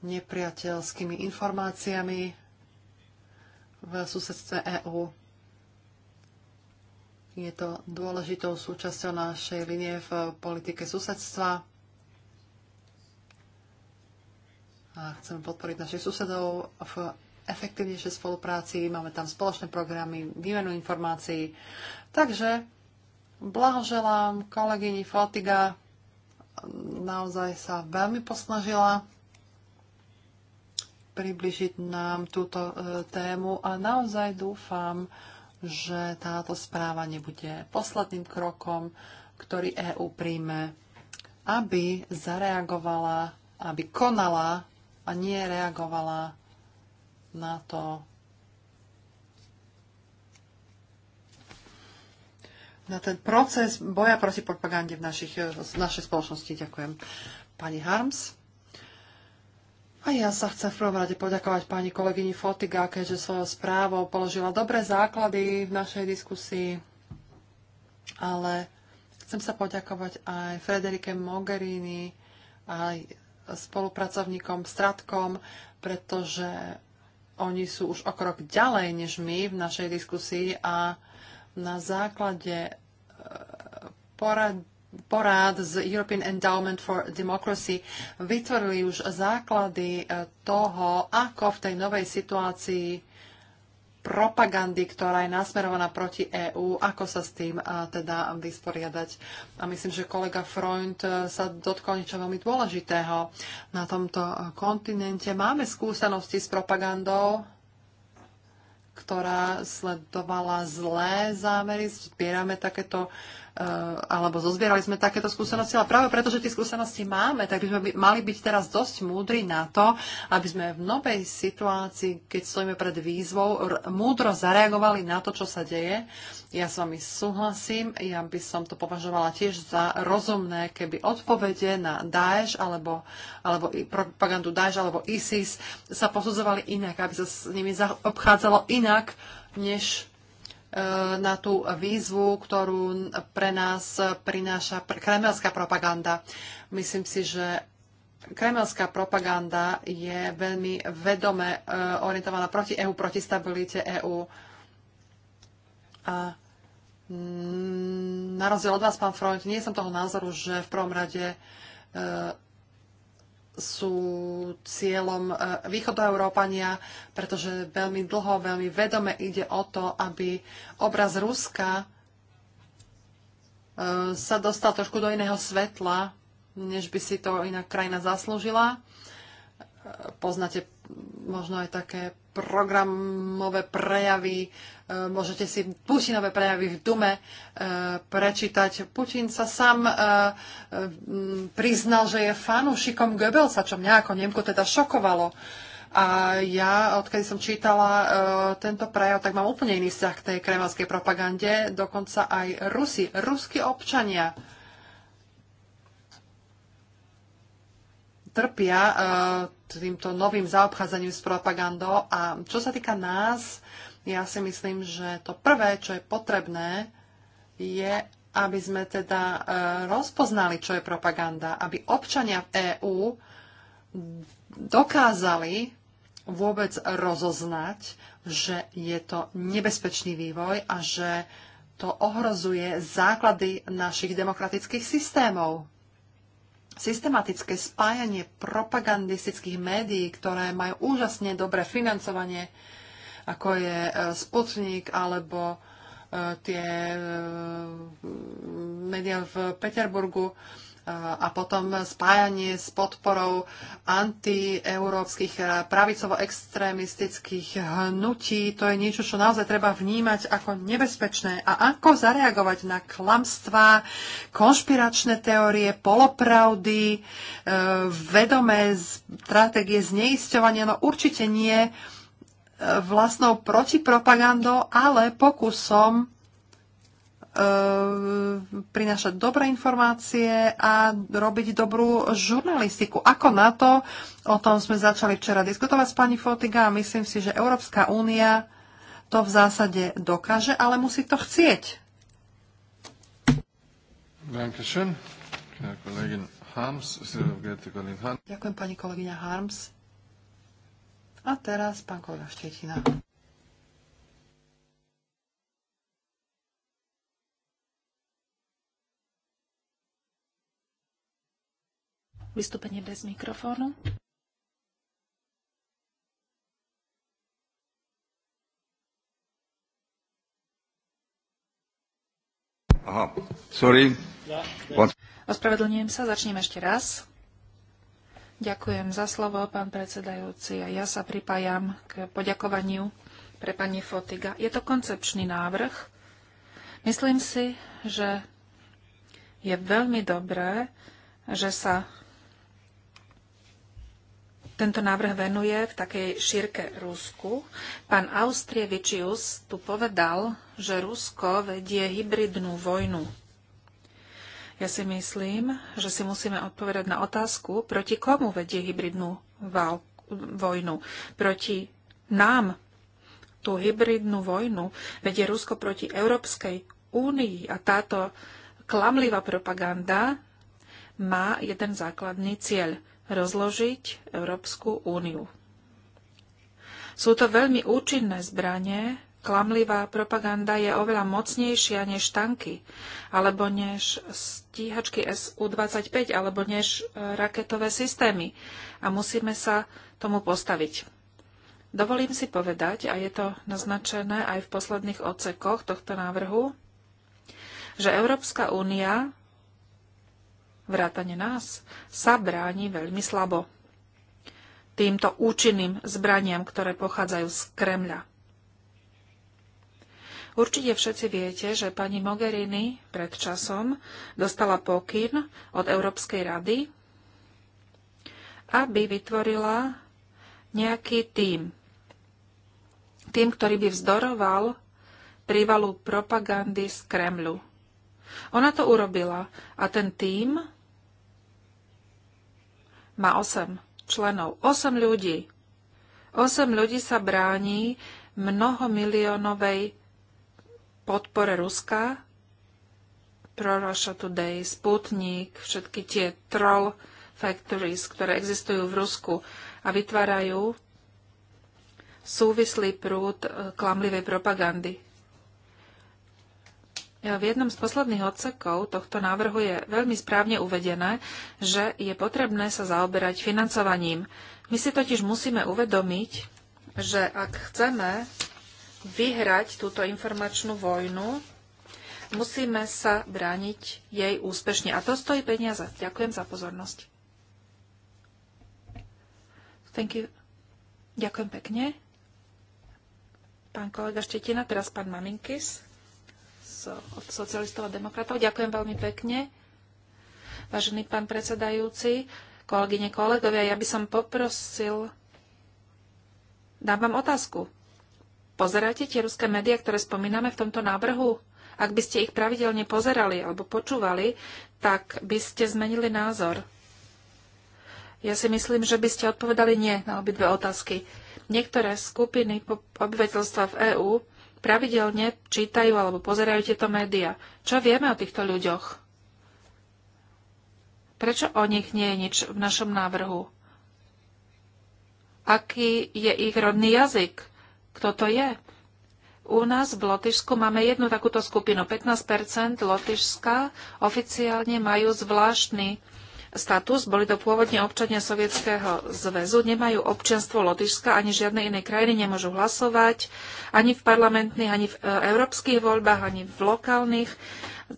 nepriateľskými informáciami v susedstve EÚ. Je to dôležitou súčasťou našej linie v politike susedstva. A chceme podporiť našich susedov v efektívnejšej spolupráci, máme tam spoločné programy, výmenu informácií. Takže blahoželám kolegyni Fotiga naozaj sa veľmi posnažila približiť nám túto e, tému a naozaj dúfam, že táto správa nebude posledným krokom, ktorý EÚ príjme, aby zareagovala, aby konala a nie reagovala na to, na ten proces boja proti propagande v, našich, v našej spoločnosti. Ďakujem. Pani Harms. A ja sa chcem v prvom rade poďakovať pani kolegyni Fotiga, keďže svojou správou položila dobré základy v našej diskusii, ale chcem sa poďakovať aj Frederike Mogherini, aj spolupracovníkom Stratkom, pretože oni sú už o krok ďalej než my v našej diskusii a na základe porad, porád z European Endowment for Democracy vytvorili už základy e, toho, ako v tej novej situácii propagandy, ktorá je nasmerovaná proti EÚ, ako sa s tým a, e, teda vysporiadať. A myslím, že kolega Freund e, sa dotkol niečo veľmi dôležitého. Na tomto kontinente máme skúsenosti s propagandou, ktorá sledovala zlé zámery. Zbierame takéto uh, Eh, alebo zozbierali sme takéto skúsenosti, ale práve preto, že tie skúsenosti máme, tak by sme by, mali byť teraz dosť múdri na to, aby sme v novej situácii, keď stojíme pred výzvou, múdro zareagovali na to, čo sa deje. Ja s vami súhlasím, ja by som to považovala tiež za rozumné, keby odpovede na Daesh alebo, alebo propagandu Daesh alebo ISIS sa posudzovali inak, aby sa s nimi obchádzalo inak, než E, na tú výzvu, ktorú pre nás prináša kremelská propaganda. Myslím si, že kremelská propaganda je veľmi vedome e, orientovaná proti EÚ, proti stabilite EÚ. A mm, na rozdiel od vás, pán Freund, nie som toho názoru, že v prvom rade e, sú cieľom e, východoeurópania, pretože veľmi dlho, veľmi vedome ide o to, aby obraz Ruska e, sa dostal trošku do iného svetla, než by si to iná krajina zaslúžila. E, poznáte možno aj také programové prejavy, e, môžete si Putinové prejavy v Dume e, prečítať. Putin sa sám e, priznal, že je fanúšikom Goebbelsa, čo mňa ako Nemku teda šokovalo. A ja, odkedy som čítala tento prejav, tak mám úplne iný vzťah k tej kremalskej propagande, dokonca aj Rusi, ruskí občania trpia e, týmto novým zaobchádzaním s propagandou. A čo sa týka nás, ja si myslím, že to prvé, čo je potrebné, je, aby sme teda e, rozpoznali, čo je propaganda, aby občania v EÚ dokázali vôbec rozoznať, že je to nebezpečný vývoj a že to ohrozuje základy našich demokratických systémov systematické spájanie propagandistických médií, ktoré majú úžasne dobré financovanie, ako je e, Sputnik alebo e, tie e, médiá v Peterburgu, a potom spájanie s podporou antieurópskych pravicovo-extrémistických hnutí. To je niečo, čo naozaj treba vnímať ako nebezpečné. A ako zareagovať na klamstvá, konšpiračné teórie, polopravdy, e, vedomé stratégie zneisťovania? No určite nie e, vlastnou protipropagandou, ale pokusom E, prinášať dobré informácie a robiť dobrú žurnalistiku. Ako na to? O tom sme začali včera diskutovať s pani Fotiga a myslím si, že Európska únia to v zásade dokáže, ale musí to chcieť. Ďakujem pani kolegyňa Harms. A teraz pán kolega Štetina. Vystúpenie bez mikrofónu. Aha, sorry. Ospravedlňujem sa, začnem ešte raz. Ďakujem za slovo, pán predsedajúci. A ja sa pripájam k poďakovaniu pre pani Fotiga. Je to koncepčný návrh. Myslím si, že je veľmi dobré, že sa tento návrh venuje v takej šírke Rusku. Pán Austrievičius tu povedal, že Rusko vedie hybridnú vojnu. Ja si myslím, že si musíme odpovedať na otázku, proti komu vedie hybridnú vojnu. Proti nám. Tú hybridnú vojnu vedie Rusko proti Európskej únii a táto klamlivá propaganda má jeden základný cieľ rozložiť Európsku úniu. Sú to veľmi účinné zbranie, klamlivá propaganda je oveľa mocnejšia než tanky, alebo než stíhačky SU-25, alebo než e, raketové systémy. A musíme sa tomu postaviť. Dovolím si povedať, a je to naznačené aj v posledných odsekoch tohto návrhu, že Európska únia vrátane nás, sa bráni veľmi slabo týmto účinným zbraniam, ktoré pochádzajú z Kremľa. Určite všetci viete, že pani Mogherini pred časom dostala pokyn od Európskej rady, aby vytvorila nejaký tím. Tým, ktorý by vzdoroval prívalu propagandy z Kremľu. Ona to urobila a ten tím má 8 členov. 8 ľudí. 8 ľudí sa bráni mnohomilionovej podpore Ruska, Russia Today, Sputnik, všetky tie troll factories, ktoré existujú v Rusku a vytvárajú súvislý prúd e, klamlivej propagandy v jednom z posledných odsekov tohto návrhu je veľmi správne uvedené, že je potrebné sa zaoberať financovaním. My si totiž musíme uvedomiť, že ak chceme vyhrať túto informačnú vojnu, musíme sa brániť jej úspešne. A to stojí peniaze. Ďakujem za pozornosť. Thank you. Ďakujem pekne. Pán kolega Štetina, teraz pán Maminkis od socialistov a demokratov. Ďakujem veľmi pekne. Vážený pán predsedajúci, kolegyne, kolegovia, ja by som poprosil... Dám vám otázku. Pozeráte tie ruské médiá, ktoré spomíname v tomto návrhu? Ak by ste ich pravidelne pozerali alebo počúvali, tak by ste zmenili názor. Ja si myslím, že by ste odpovedali nie na obidve otázky. Niektoré skupiny obyvateľstva v EÚ pravidelne čítajú alebo pozerajú tieto médiá. Čo vieme o týchto ľuďoch? Prečo o nich nie je nič v našom návrhu? Aký je ich rodný jazyk? Kto to je? U nás v Lotyšsku máme jednu takúto skupinu. 15 Lotyšska oficiálne majú zvláštny status, boli to pôvodne občania Sovietskeho zväzu, nemajú občianstvo Lotyšska ani žiadnej inej krajiny, nemôžu hlasovať ani v parlamentných, ani v e, európskych voľbách, ani v lokálnych.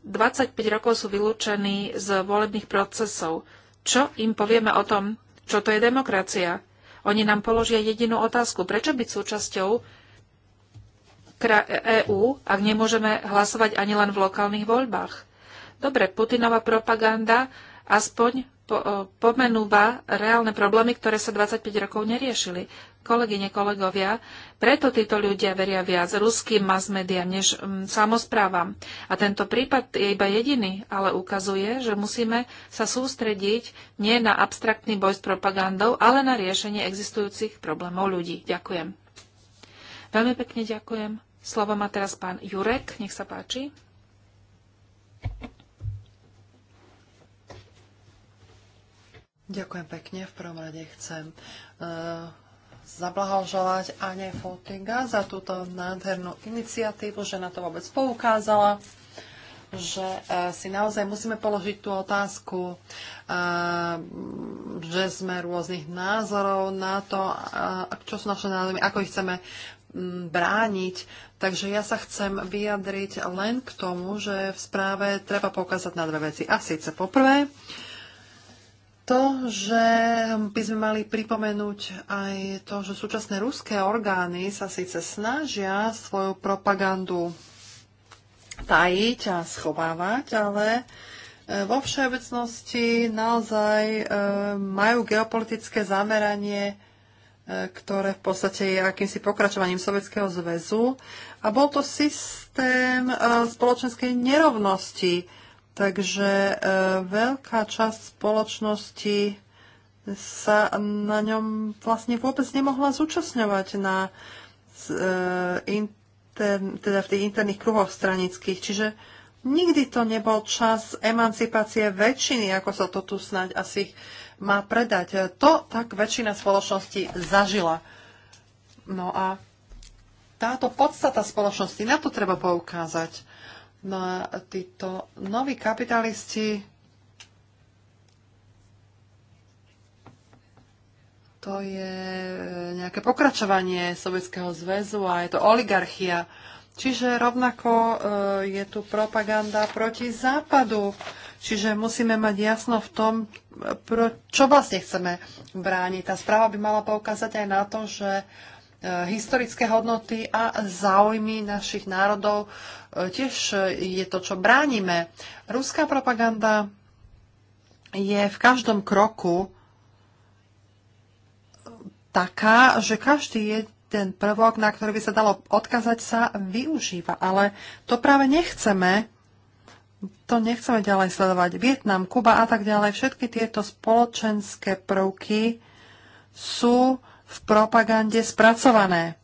25 rokov sú vylúčení z volebných procesov. Čo im povieme o tom, čo to je demokracia? Oni nám položia jedinú otázku. Prečo byť súčasťou EÚ, e ak nemôžeme hlasovať ani len v lokálnych voľbách? Dobre, Putinová propaganda aspoň po, e, pomenúva reálne problémy, ktoré sa 25 rokov neriešili. Kolegyne, kolegovia, preto títo ľudia veria viac ruským mass médiám než mm, samozprávam. A tento prípad je iba jediný, ale ukazuje, že musíme sa sústrediť nie na abstraktný boj s propagandou, ale na riešenie existujúcich problémov ľudí. Ďakujem. Veľmi pekne ďakujem. Slovo má teraz pán Jurek, nech sa páči. Ďakujem pekne. V prvom rade chcem uh, zablahoželať Ane Fotinga za túto nádhernú iniciatívu, že na to vôbec poukázala že eh, si naozaj musíme položiť tú otázku, eh, že sme rôznych názorov na to, čo sú naše názory, ako ich chceme mm, brániť. Takže ja sa chcem vyjadriť len k tomu, že v správe treba poukázať na dve veci. A síce poprvé, uh, to, že by sme mali pripomenúť aj to, že súčasné ruské orgány sa síce snažia svoju propagandu tajiť a schovávať, ale e, vo všeobecnosti naozaj e, majú geopolitické zameranie, e, ktoré v podstate je akýmsi pokračovaním Sovietskeho zväzu. A bol to systém spoločenskej nerovnosti, Takže e, veľká časť spoločnosti sa na ňom vlastne vôbec nemohla zúčastňovať na, e, inter, teda v tých interných kruhoch stranických. Čiže nikdy to nebol čas emancipácie väčšiny, ako sa to tu snáď asi má predať. To tak väčšina spoločnosti zažila. No a táto podstata spoločnosti, na to treba poukázať No a títo noví kapitalisti to je nejaké pokračovanie Sovietskeho zväzu a je to oligarchia. Čiže rovnako e, je tu propaganda proti západu. Čiže musíme mať jasno v tom, e, čo vlastne chceme brániť. Tá správa by mala poukázať aj na to, že Eh, historické hodnoty a záujmy našich národov. Eh, tiež eh, je to, čo bránime. Ruská propaganda je v každom kroku taká, že každý jeden prvok, na ktorý by sa dalo odkazať, sa využíva. Ale to práve nechceme. To nechceme ďalej sledovať. Vietnam, Kuba a tak ďalej, všetky tieto spoločenské prvky sú v propagande spracované.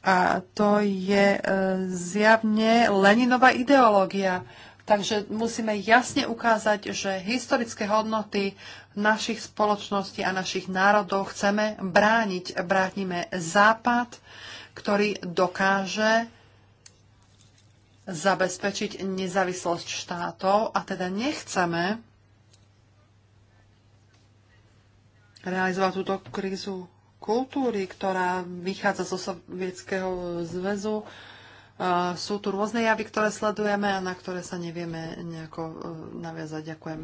A to je e, zjavne Leninová ideológia. Takže musíme jasne ukázať, že historické hodnoty našich spoločností a našich národov chceme brániť. Bránime Západ, ktorý dokáže zabezpečiť nezávislosť štátov a teda nechceme, realizoval túto krízu kultúry, ktorá vychádza zo Sovietskeho zväzu. E, sú tu rôzne javy, ktoré sledujeme a na ktoré sa nevieme nejako e, naviazať. Ďakujem.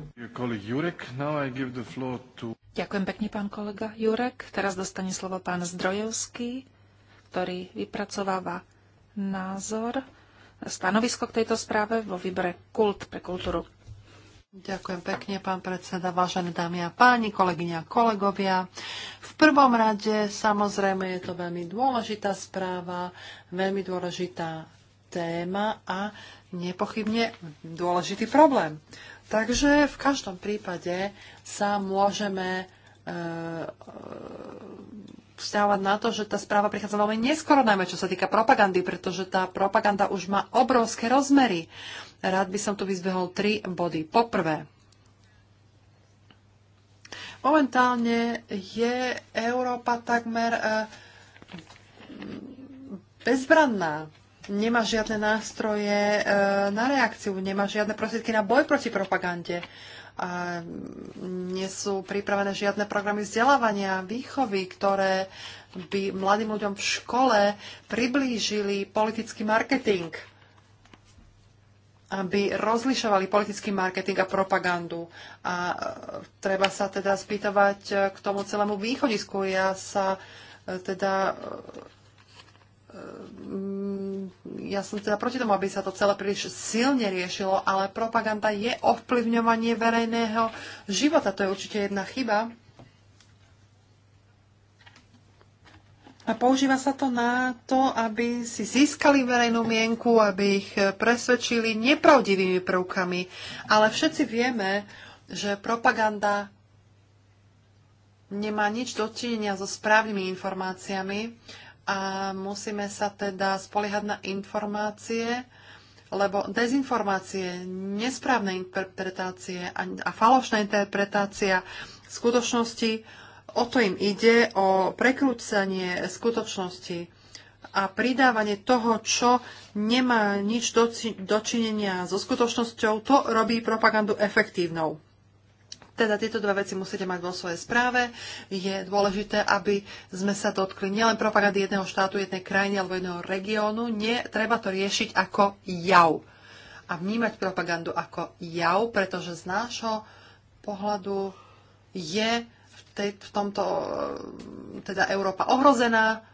Ďakujem pekne, pán kolega Jurek. Teraz dostane slovo pán Zdrojovský, ktorý vypracováva názor, stanovisko k tejto správe vo výbere Kult pre kultúru. Ďakujem pekne, pán predseda, vážené dámy a páni, kolegyne a kolegovia. V prvom rade samozrejme je to veľmi dôležitá správa, veľmi dôležitá téma a nepochybne dôležitý problém. Takže v každom prípade sa môžeme e, e vzťahovať na to, že tá správa prichádza veľmi neskoro, najmä čo sa týka propagandy, pretože tá propaganda už má obrovské rozmery. Rád by som tu vyzbehol tri body. Poprvé, momentálne je Európa takmer e, bezbranná. Nemá žiadne nástroje e, na reakciu, nemá žiadne prostriedky na boj proti propagande. A nie sú pripravené žiadne programy vzdelávania, výchovy, ktoré by mladým ľuďom v škole priblížili politický marketing aby rozlišovali politický marketing a propagandu. A e, treba sa teda spýtovať e, k tomu celému východisku. Ja sa e, teda ja som teda proti tomu, aby sa to celé príliš silne riešilo, ale propaganda je ovplyvňovanie verejného života. To je určite jedna chyba. A používa sa to na to, aby si získali verejnú mienku, aby ich e, presvedčili nepravdivými prvkami. Ale všetci vieme, že propaganda nemá nič dočinenia so správnymi informáciami a musíme sa teda spoliehať na informácie, lebo dezinformácie, nesprávne interpretácie a, falošná interpretácia skutočnosti o to im ide, o prekrúcanie skutočnosti a pridávanie toho, čo nemá nič dočinenia so skutočnosťou, to robí propagandu efektívnou. Teda tieto dve veci musíte mať vo svojej správe. Je dôležité, aby sme sa dotkli nielen propagandy jedného štátu, jednej krajiny alebo jedného regiónu. Nie, treba to riešiť ako jav. A vnímať propagandu ako jav, pretože z nášho pohľadu je tej, v tomto e, teda Európa ohrozená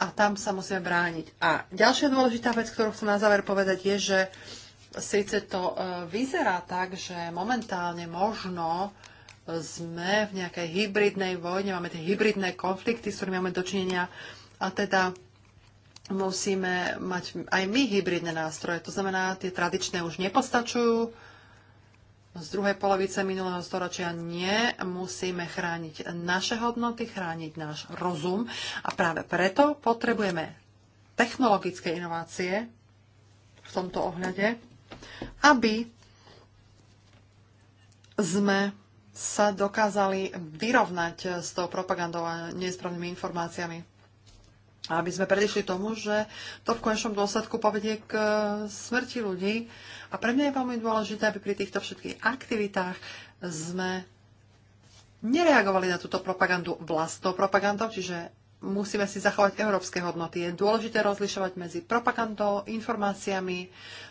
a tam sa musíme brániť. A ďalšia dôležitá vec, ktorú chcem na záver povedať, je, že síce to e, vyzerá tak, že momentálne možno e, sme v nejakej hybridnej vojne, máme tie hybridné konflikty, s ktorými máme dočinenia a teda musíme mať aj my hybridné nástroje. To znamená, tie tradičné už nepostačujú, z druhej polovice minulého storočia. Nie, musíme chrániť naše hodnoty, chrániť náš rozum a práve preto potrebujeme technologické inovácie v tomto ohľade, aby sme sa dokázali vyrovnať s tou propagandou a nesprávnymi informáciami aby sme predišli tomu, že to v konečnom dôsledku povedie k e, smrti ľudí. A pre mňa je veľmi dôležité, aby pri týchto všetkých aktivitách sme nereagovali na túto propagandu vlastnou propagandou, čiže musíme si zachovať európske hodnoty. Je dôležité rozlišovať medzi propagandou, informáciami,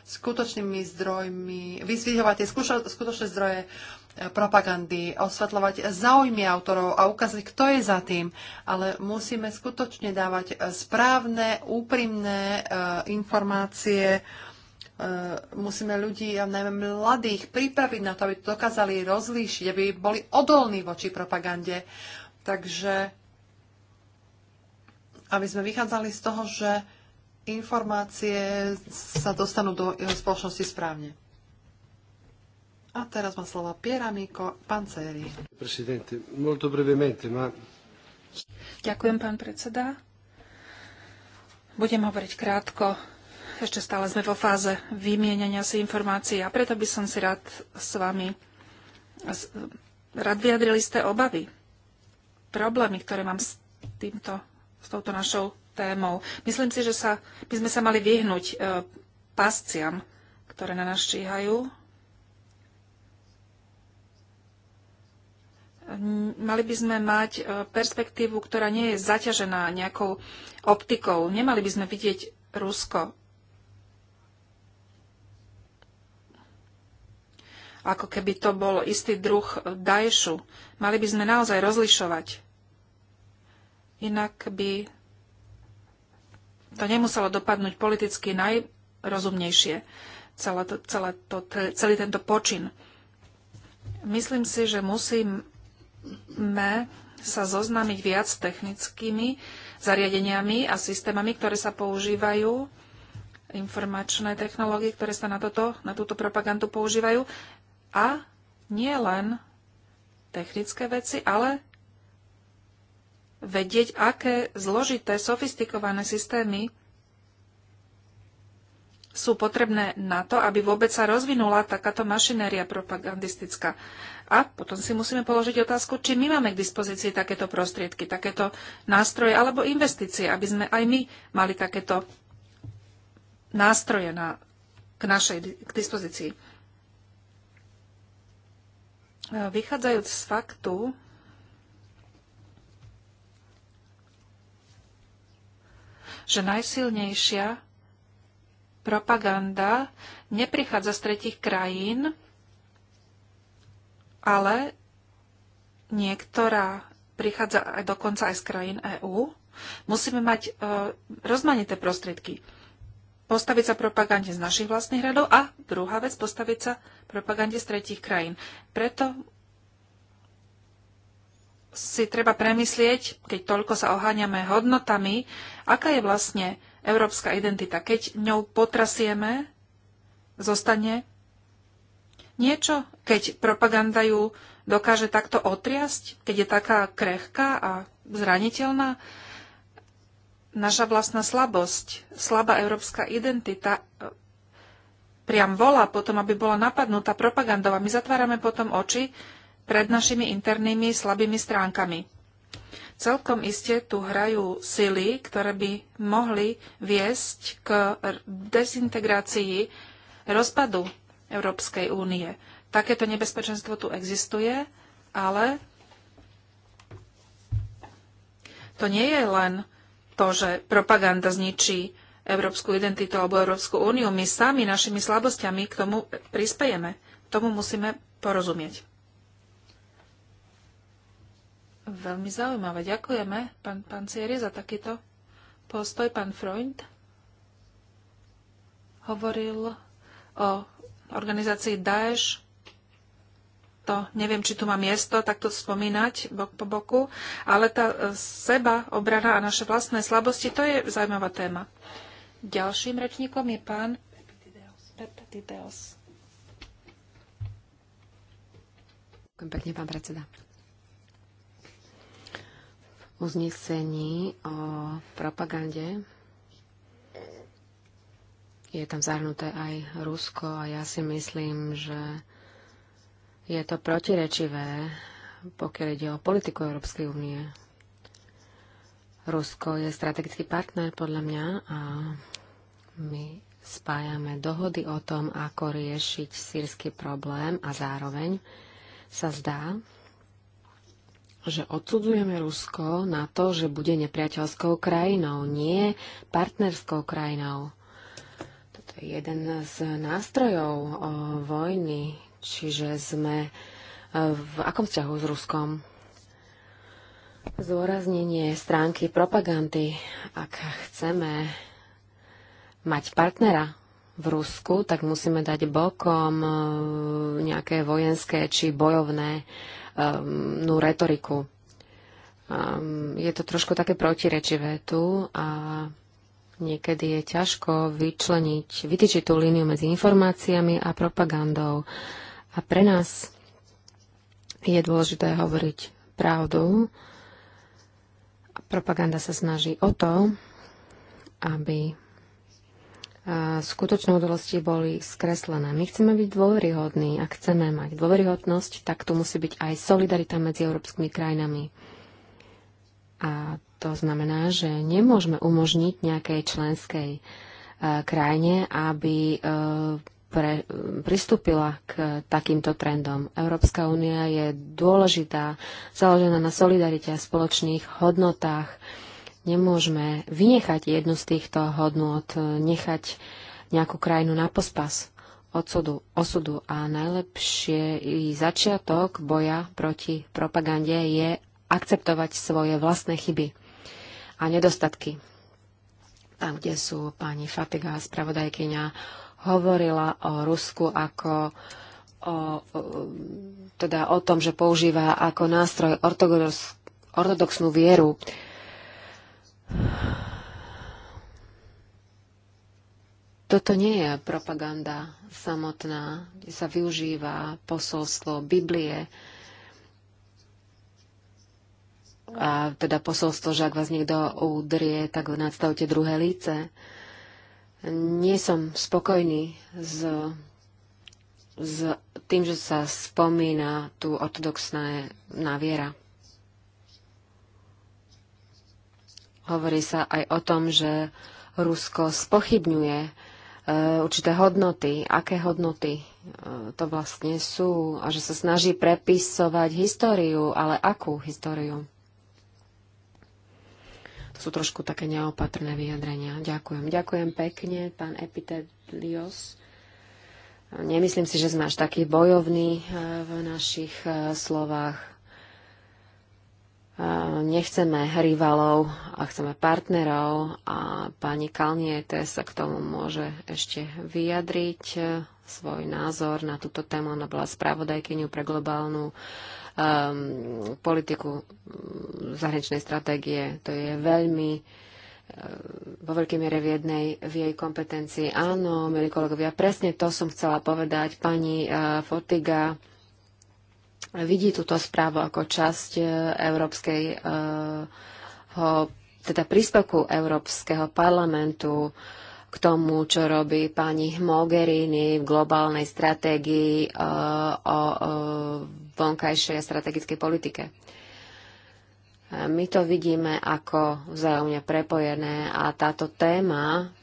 skutočnými zdrojmi, vyzvihovať tie skutočné zdroje, propagandy, osvetľovať záujmy autorov a ukázať, kto je za tým. Ale musíme skutočne dávať správne, úprimné e, informácie. E, musíme ľudí, a najmä mladých, pripraviť na to, aby to dokázali rozlíšiť, aby boli odolní voči propagande. Takže aby sme vychádzali z toho, že informácie sa dostanú do spoločnosti správne. A teraz má slova Pieramiko Pancéry. Ma... Ďakujem, pán predseda. Budem hovoriť krátko. Ešte stále sme vo fáze vymienania si informácií a preto by som si rád s vami rád vyjadrili ste obavy, problémy, ktoré mám s týmto, s touto našou témou. Myslím si, že sa, by sme sa mali vyhnúť e, pasciam, ktoré na nás číhajú, mali by sme mať e, perspektívu, ktorá nie je zaťažená nejakou optikou. Nemali by sme vidieť Rusko ako keby to bol istý druh Dajšu. Mali by sme naozaj rozlišovať. Inak by to nemuselo dopadnúť politicky najrozumnejšie, celé to, celé to, celý tento počin. Myslím si, že musím Musíme sa zoznámiť viac s technickými zariadeniami a systémami, ktoré sa používajú, informačné technológie, ktoré sa na, toto, na túto propagandu používajú a nie len technické veci, ale vedieť, aké zložité, sofistikované systémy sú potrebné na to, aby vôbec sa rozvinula takáto mašinéria propagandistická. A potom si musíme položiť otázku, či my máme k dispozícii takéto prostriedky, takéto nástroje alebo investície, aby sme aj my mali takéto nástroje na, k našej k dispozícii. E, vychádzajúc z faktu, že najsilnejšia propaganda neprichádza z tretich krajín, ale niektorá prichádza aj dokonca aj z krajín EÚ. Musíme mať e, rozmanité prostriedky. Postaviť sa propagande z našich vlastných radov a druhá vec, postaviť sa propagande z tretich krajín. Preto si treba premyslieť, keď toľko sa oháňame hodnotami, aká je vlastne európska identita. Keď ňou potrasieme, zostane niečo, keď propaganda ju dokáže takto otriasť, keď je taká krehká a zraniteľná? Naša vlastná slabosť, slabá európska identita e, priam volá potom, aby bola napadnutá propagandou a my zatvárame potom oči pred našimi internými slabými stránkami. Celkom iste tu hrajú sily, ktoré by mohli viesť k dezintegrácii rozpadu Európskej únie. Takéto nebezpečenstvo tu existuje, ale to nie je len to, že propaganda zničí európsku identitu alebo Európsku úniu. My sami našimi slabosťami k tomu prispejeme. Tomu musíme porozumieť. Veľmi zaujímavé. Ďakujeme, pán, pán Cieri, za takýto postoj. Pán Freund hovoril o organizácii Daesh. To neviem, či tu má miesto takto spomínať bok po boku, ale tá e, seba, obrana a naše vlastné slabosti, to je zaujímavá téma. Ďalším rečníkom je pán Pepetideos. Ďakujem pekne, pán predseda uznesení o propagande je tam zahrnuté aj Rusko a ja si myslím, že je to protirečivé, pokiaľ ide o politiku Európskej únie. Rusko je strategický partner podľa mňa a my spájame dohody o tom, ako riešiť sírsky problém a zároveň sa zdá, že odsudzujeme Rusko na to, že bude nepriateľskou krajinou, nie partnerskou krajinou. To je jeden z nástrojov eh, vojny, čiže sme eh, v akom vzťahu s Ruskom? Zôraznenie stránky propagandy. Ak chceme mať partnera v Rusku, tak musíme dať bokom eh, nejaké vojenské či bojovné no, retoriku. Ehm, je to trošku také protirečivé tu a Niekedy je ťažko vyčleniť, vytýčiť tú líniu medzi informáciami a propagandou. A pre nás je dôležité hovoriť pravdu. Propaganda sa snaží o to, aby e, skutočné udalosti boli skreslené. My chceme byť dôveryhodní. Ak chceme mať dôveryhodnosť, tak tu musí byť aj solidarita medzi európskymi krajinami. A to znamená, že nemôžeme umožniť nejakej členskej e, krajine, aby e, pre, pristúpila k takýmto trendom. Európska únia je dôležitá, založená na solidarite a spoločných hodnotách. Nemôžeme vynechať jednu z týchto hodnot, e, nechať nejakú krajinu na pospas odsudu, osudu a najlepšie začiatok boja proti propagande je akceptovať svoje vlastné chyby a nedostatky. Tam, kde sú pani Fatiga, spravodajkyňa, hovorila o Rusku ako o, o, teda o tom, že používa ako nástroj ortodoxnú vieru. Toto nie je propaganda samotná, kde sa využíva posolstvo Biblie, a teda posolstvo, že ak vás niekto udrie, tak nadstavte druhé líce. Nie som spokojný s, s tým, že sa spomína tu ortodoxná naviera. Hovorí sa aj o tom, že Rusko spochybňuje e, určité hodnoty, aké hodnoty e, to vlastne sú a že sa snaží prepisovať históriu, ale akú históriu? sú trošku také neopatrné vyjadrenia. Ďakujem. Ďakujem pekne, pán Epitelios. Nemyslím si, že sme až takí bojovní eh, v našich eh, slovách. Eh, nechceme rivalov a chceme partnerov a pani Kalniete sa k tomu môže ešte vyjadriť svoj názor na túto tému. Ona bola spravodajkyňou pre globálnu um, politiku zahraničnej stratégie. To je veľmi uh, vo veľkej miere v jednej v jej kompetencii. Áno, milí kolegovia, presne to som chcela povedať. Pani uh, Fotiga vidí túto správu ako časť uh, európskej teda príspevku Európskeho parlamentu k tomu, čo robí pani Mogherini v globálnej stratégii e, o vonkajšej a strategickej politike. My to vidíme ako vzájomne prepojené a táto téma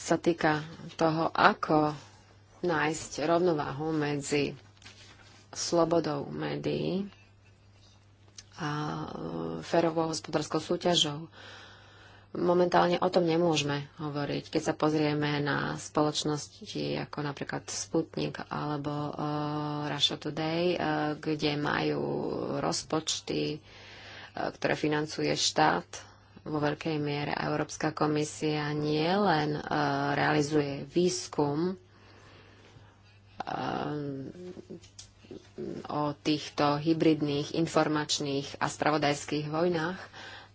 sa týka toho, ako nájsť rovnováhu medzi slobodou médií a e, férovou hospodárskou súťažou momentálne o tom nemôžeme hovoriť. Keď sa pozrieme na spoločnosti ako napríklad Sputnik alebo uh, Russia Today, uh, kde majú rozpočty, uh, ktoré financuje štát vo veľkej miere a Európska komisia nielen uh, realizuje výskum o týchto hybridných informačných a spravodajských vojnách,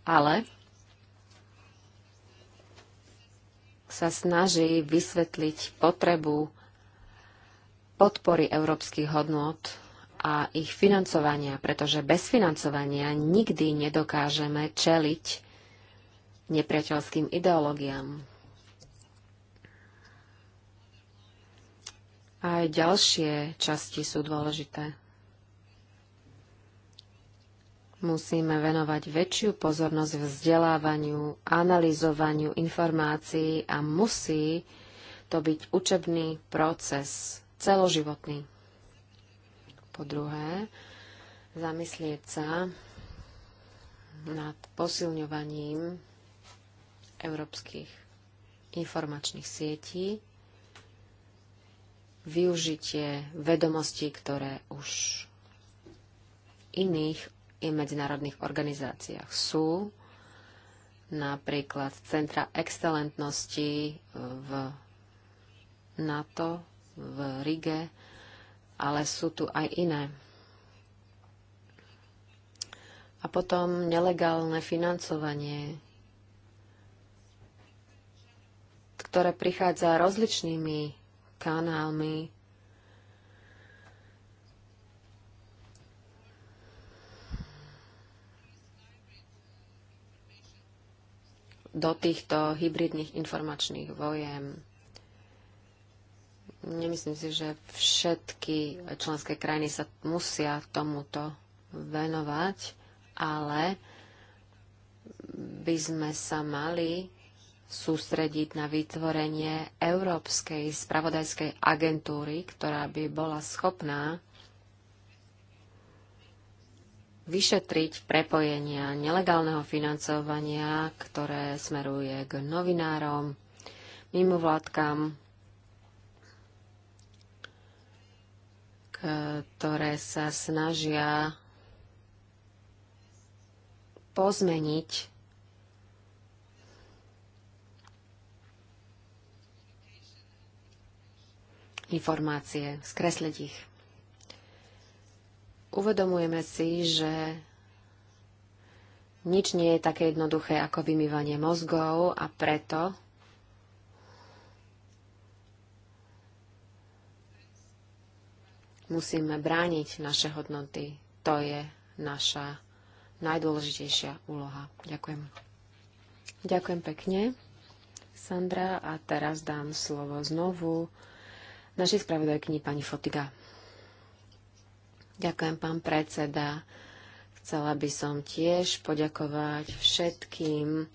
ale sa snaží vysvetliť potrebu podpory európskych hodnot a ich financovania, pretože bez financovania nikdy nedokážeme čeliť nepriateľským ideológiám. Aj ďalšie časti sú dôležité musíme venovať väčšiu pozornosť vzdelávaniu, analyzovaniu informácií a musí to byť učebný proces, celoživotný. Po druhé, zamyslieť sa nad posilňovaním európskych informačných sietí, využitie vedomostí, ktoré už iných i medzinárodných organizáciách. Sú napríklad Centra excelentnosti e, v NATO, v Rige, ale sú tu aj iné. A potom nelegálne financovanie, ktoré prichádza rozličnými kanálmi do týchto hybridných informačných vojen. Nemyslím si, že všetky členské krajiny sa musia tomuto venovať, ale by sme sa mali sústrediť na vytvorenie Európskej spravodajskej agentúry, ktorá by bola schopná vyšetriť prepojenia nelegálneho financovania, ktoré smeruje k novinárom, mimovládkam, ktoré sa snažia pozmeniť informácie, skresliť ich. Uvedomujeme si, že nič nie je také jednoduché ako vymývanie mozgov a preto musíme brániť naše hodnoty. To je naša najdôležitejšia úloha. Ďakujem. Ďakujem pekne, Sandra. A teraz dám slovo znovu našej spravodajkyni pani Fotiga. Ďakujem, pán predseda. Chcela by som tiež poďakovať všetkým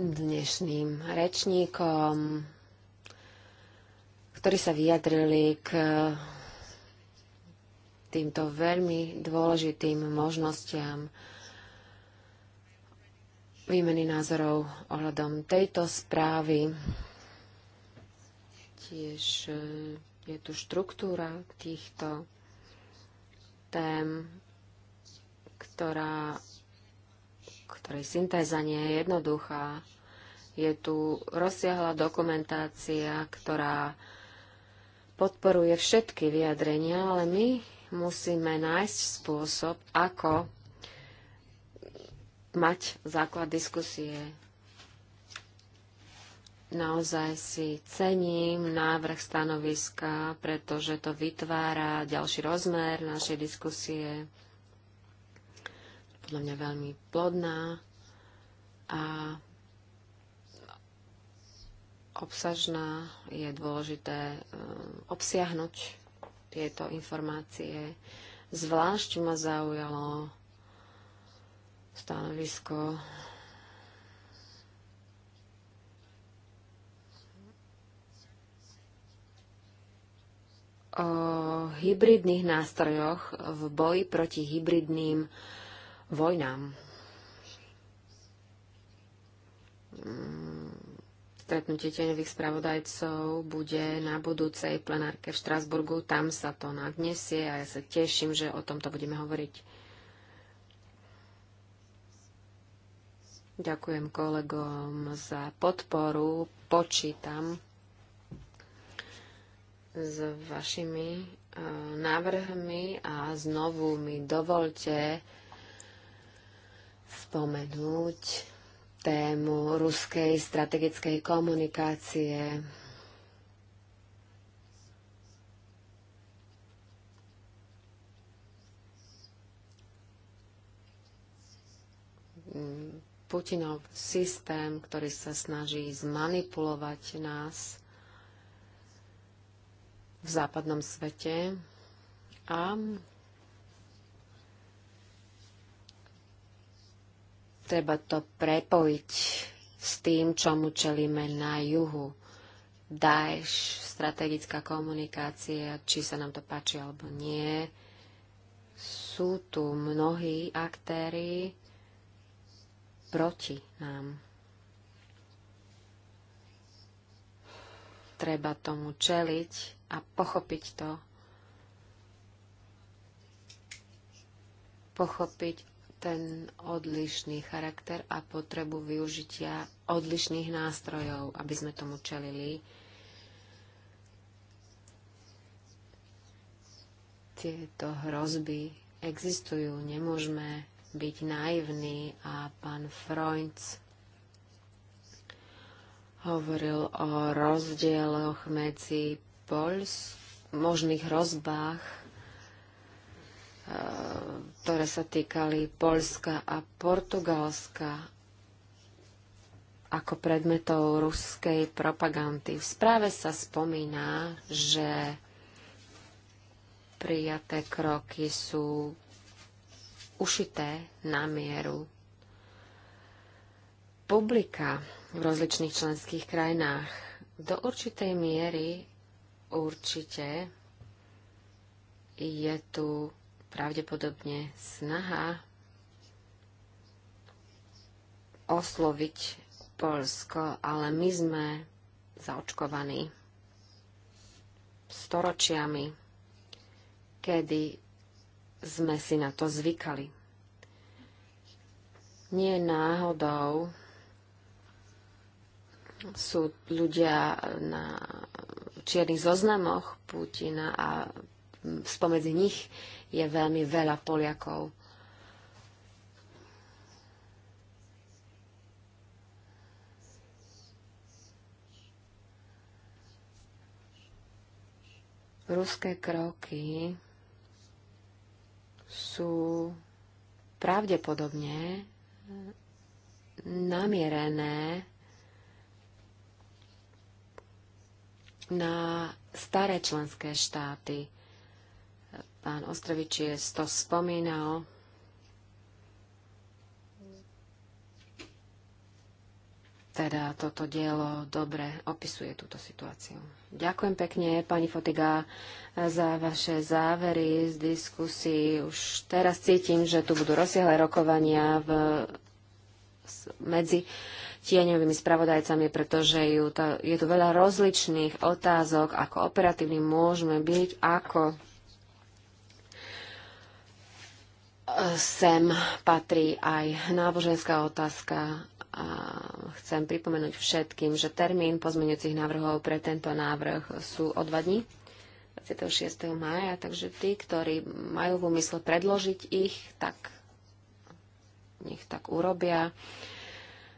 dnešným rečníkom, ktorí sa vyjadrili k týmto veľmi dôležitým možnostiam výmeny názorov ohľadom tejto správy. Tiež je tu štruktúra týchto tém, ktorá, ktorej syntéza nie je jednoduchá. Je tu rozsiahla dokumentácia, ktorá podporuje všetky vyjadrenia, ale my musíme nájsť spôsob, ako mať základ diskusie. Naozaj si cením návrh stanoviska, pretože to vytvára ďalší rozmer našej diskusie. Podľa mňa veľmi plodná a obsažná. Je dôležité eh, obsiahnuť tieto informácie. Zvlášť ma zaujalo stanovisko o hybridných nástrojoch v boji proti hybridným vojnám. Mm, stretnutie tieňových spravodajcov bude na budúcej plenárke v Štrásburgu. Tam sa to nadnesie a ja sa teším, že o tomto budeme hovoriť. Ďakujem kolegom za podporu. Počítam s vašimi e, návrhmi a znovu mi dovolte spomenúť tému ruskej strategickej komunikácie. Putinov systém, ktorý sa snaží zmanipulovať nás v západnom svete a treba to prepojiť s tým, čomu čelíme na juhu. Daesh, strategická komunikácia, či sa nám to páči alebo nie. Sú tu mnohí aktéry proti nám. treba tomu čeliť a pochopiť to. Pochopiť ten odlišný charakter a potrebu využitia odlišných nástrojov, aby sme tomu čelili. Tieto hrozby existujú, nemôžeme byť naivní a pán Freund hovoril o rozdieloch medzi poľs, možných rozbách, e, ktoré sa týkali Polska a Portugalska ako predmetov ruskej propagandy. V správe sa spomína, že prijaté kroky sú ušité na mieru publika v rozličných členských krajinách. Do určitej miery určite je tu pravdepodobne snaha osloviť Polsko, ale my sme zaočkovaní storočiami, kedy sme si na to zvykali. Nie náhodou sú ľudia na čiernych zoznamoch Putina a spomedzi nich je veľmi veľa Poliakov. Ruské kroky sú pravdepodobne namierené na staré členské štáty. Pán Ostrovičiec to spomínal. Teda toto dielo dobre opisuje túto situáciu. Ďakujem pekne, pani Fotiga, za vaše závery z diskusí. Už teraz cítim, že tu budú rozsiahle rokovania v, medzi tieňovými spravodajcami, pretože ju to, je tu veľa rozličných otázok, ako operatívny môžeme byť, ako sem patrí aj náboženská otázka. A chcem pripomenúť všetkým, že termín pozmeňujúcich návrhov pre tento návrh sú o dva dní, 26. mája, takže tí, ktorí majú v úmysle predložiť ich, tak nech tak urobia.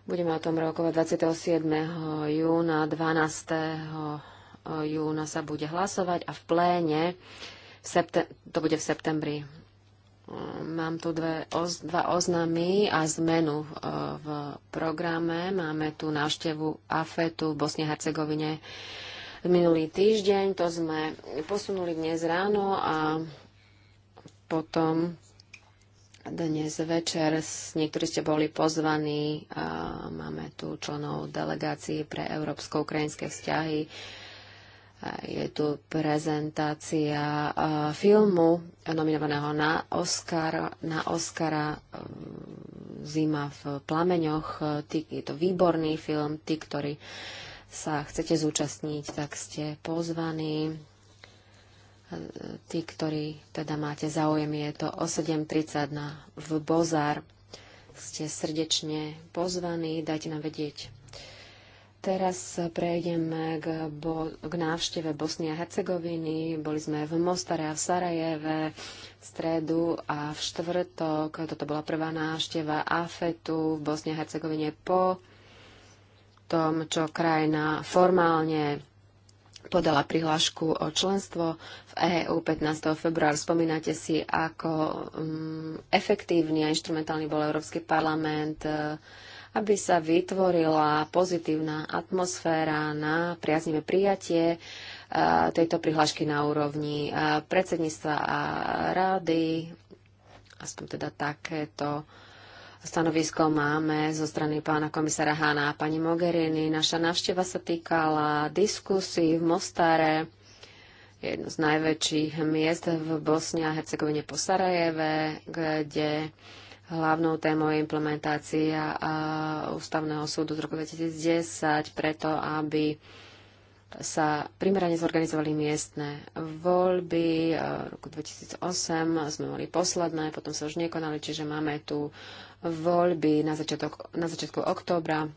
Budeme o tom rokovať 27. júna, 12. júna sa bude hlasovať a v pléne v to bude v septembri. Mm, mám tu dve, oz, dva oznamy a zmenu e, v programe. Máme tu návštevu AFETu v Bosne Hercegovine minulý týždeň. To sme posunuli dnes ráno a potom dnes večer niektorí ste boli pozvaní. A máme tu členov delegácií pre európsko-ukrajinské vzťahy. Je tu prezentácia filmu nominovaného na, Oscar, na Oscara mm, Zima v plameňoch. Je to výborný film. Tí, ktorí sa chcete zúčastniť, tak ste pozvaní. Tí, ktorí teda máte záujem, je to o 7.30 na v Bozar. Ste srdečne pozvaní, dajte nám vedieť. Teraz prejdeme k, bo- k návšteve Bosny a Hercegoviny. Boli sme v Mostare a v Sarajeve v stredu a v štvrtok. Toto bola prvá návšteva AFETu v Bosne a Hercegovine po tom, čo krajina formálne podala prihlášku o členstvo v EÚ 15. február. Spomínate si, ako um, efektívny a instrumentálny bol Európsky parlament, e, aby sa vytvorila pozitívna atmosféra na priaznivé prijatie e, tejto prihlášky na úrovni e, predsedníctva a rády, aspoň teda takéto Stanovisko máme zo strany pána komisára Hána a pani Mogherini. Naša návšteva sa týkala diskusí v Mostare, jedno z najväčších miest v Bosne a Hercegovine po Sarajeve, kde hlavnou témou je implementácia ústavného súdu z roku 2010 preto, aby sa primerane zorganizovali miestne voľby. V roku 2008 sme boli posledné, potom sa už nekonali, čiže máme tu voľby na, začiatok, na začiatku októbra.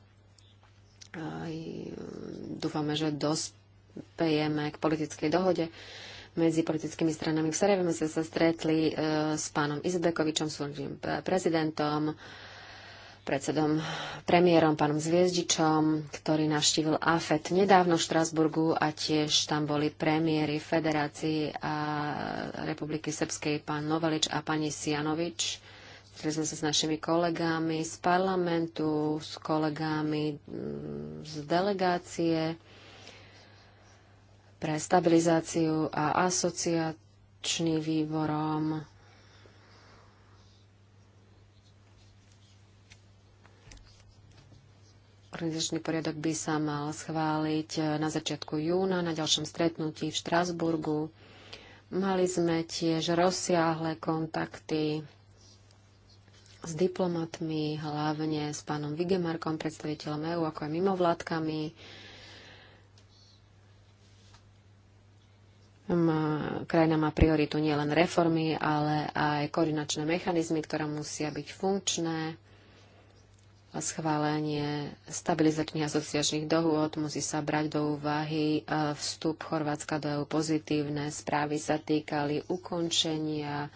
Dúfame, že dospejeme k politickej dohode medzi politickými stranami. V Sarajeve sme sa stretli e, s pánom Izbekovičom, svojím prezidentom, predsedom, premiérom, pánom Zviezdičom, ktorý navštívil AFET nedávno v Štrasburgu a tiež tam boli premiéry Federácii a Republiky Srbskej, pán Novalič a pani Sianovič Stretli sme sa s našimi kolegami z parlamentu, s kolegami mm, z delegácie pre stabilizáciu a asociačný výborom. Organizačný poriadok by sa mal schváliť eh, na začiatku júna na ďalšom stretnutí v Štrásburgu. Mali sme tiež rozsiahle kontakty s diplomatmi, hlavne s pánom Vigemarkom, predstaviteľom EÚ, ako aj mimovládkami. Krajina má prioritu nielen reformy, ale aj koordinačné mechanizmy, ktoré musia byť funkčné. Schválenie stabilizačných asociačných dohôd musí sa brať do úvahy. Vstup Chorvátska do EU pozitívne správy sa týkali ukončenia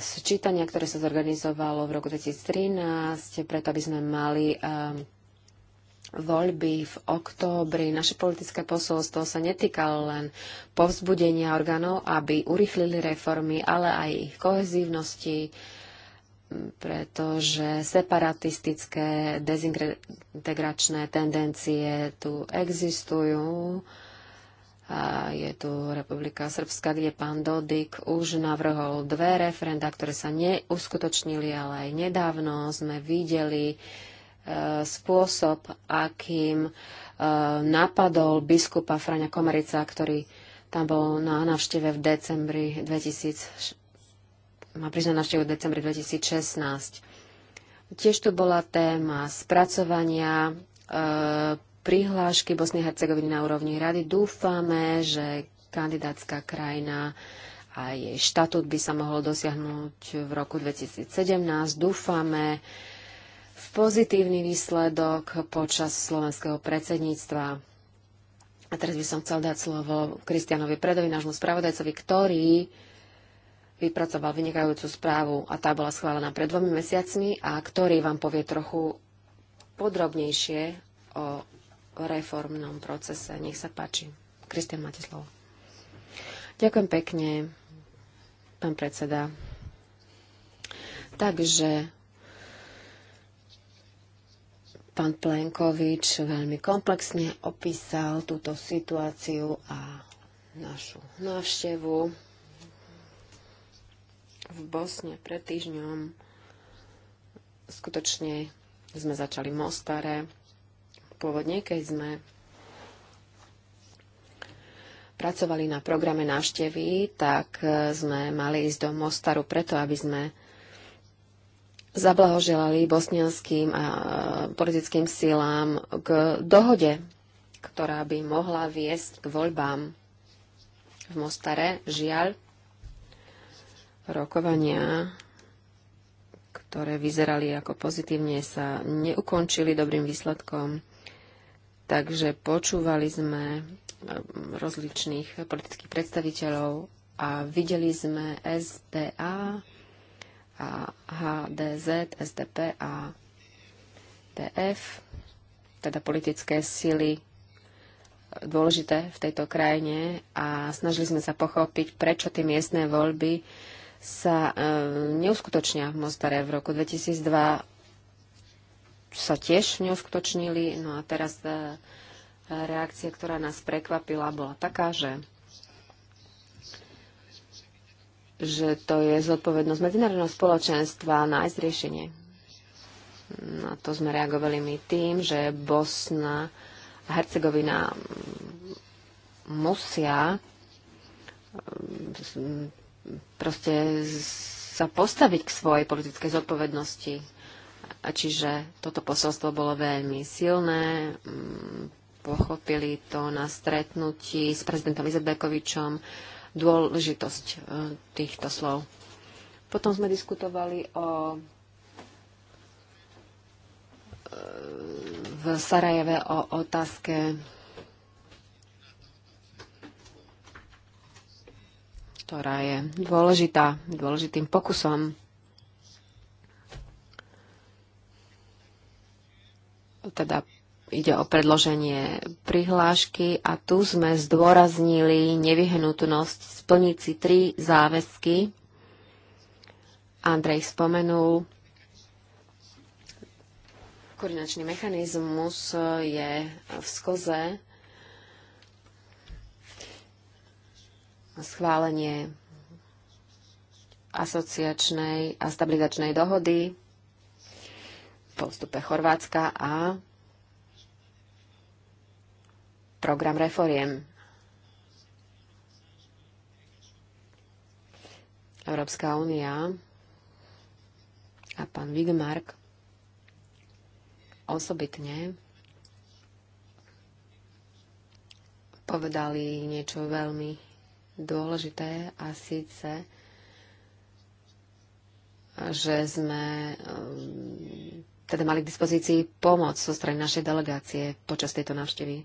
sčítania, ktoré sa zorganizovalo v roku 2013, preto aby sme mali ehm, voľby v októbri. Naše politické posolstvo sa netýkalo len povzbudenia orgánov, aby urychlili reformy, ale aj ich kohezívnosti, pretože separatistické, dezintegračné tendencie tu existujú. A je tu Republika Srbska, kde pán Dodik už navrhol dve referenda, ktoré sa neuskutočnili, ale aj nedávno sme videli e, spôsob, akým e, napadol biskupa Frania Komerica, ktorý tam bol na návšteve v decembri 2000, má priznať v decembri 2016. Tiež tu bola téma spracovania e, prihlášky Bosny a Hercegoviny na úrovni rady. Dúfame, že kandidátska krajina a jej štatút by sa mohol dosiahnuť v roku 2017. Dúfame v pozitívny výsledok počas slovenského predsedníctva. A teraz by som chcel dať slovo Kristianovi Predovi, nášmu spravodajcovi, ktorý vypracoval vynikajúcu správu a tá bola schválená pred dvomi mesiacmi a ktorý vám povie trochu podrobnejšie o reformnom procese. Nech sa páči. Kristian, máte slovo. Ďakujem pekne, pán predseda. Takže pán Plenkovič veľmi komplexne opísal túto situáciu a našu návštevu v Bosne pred týždňom. Skutočne sme začali v Mostare pôvodne, keď sme pracovali na programe návštevy, tak e, sme mali ísť do Mostaru preto, aby sme zablahoželali bosnianským a e, politickým silám k dohode, ktorá by mohla viesť k voľbám v Mostare. Žiaľ, rokovania, ktoré vyzerali ako pozitívne, sa neukončili dobrým výsledkom. Takže počúvali sme um, rozličných politických predstaviteľov a videli sme SDA a HDZ, SDP a TF, teda politické sily e, dôležité v tejto krajine a snažili sme sa pochopiť, prečo tie miestne voľby sa e, neuskutočnia v Mostare v roku 2002 sa tiež neuskutočnili. No a teraz e, reakcia, ktorá nás prekvapila, bola taká, že že to je zodpovednosť medzinárodného spoločenstva nájsť riešenie. Na to sme reagovali my tým, že Bosna a Hercegovina musia e, proste sa postaviť k svojej politickej zodpovednosti Čiže toto posolstvo bolo veľmi silné. Mm, pochopili to na stretnutí s prezidentom Izebekovičom dôležitosť e, týchto slov. Potom sme diskutovali o e, v Sarajeve o otázke ktorá je dôležitá, dôležitým pokusom teda ide o predloženie prihlášky a tu sme zdôraznili nevyhnutnosť splniť si tri záväzky. Andrej spomenul, koordinačný mechanizmus je v skoze schválenie asociačnej a stabilizačnej dohody vstupe Chorvátska a program reforiem. Európska únia a pán Wigmark osobitne povedali niečo veľmi dôležité a síce, že sme um, teda mali k dispozícii pomoc zo strany našej delegácie počas tejto návštevy.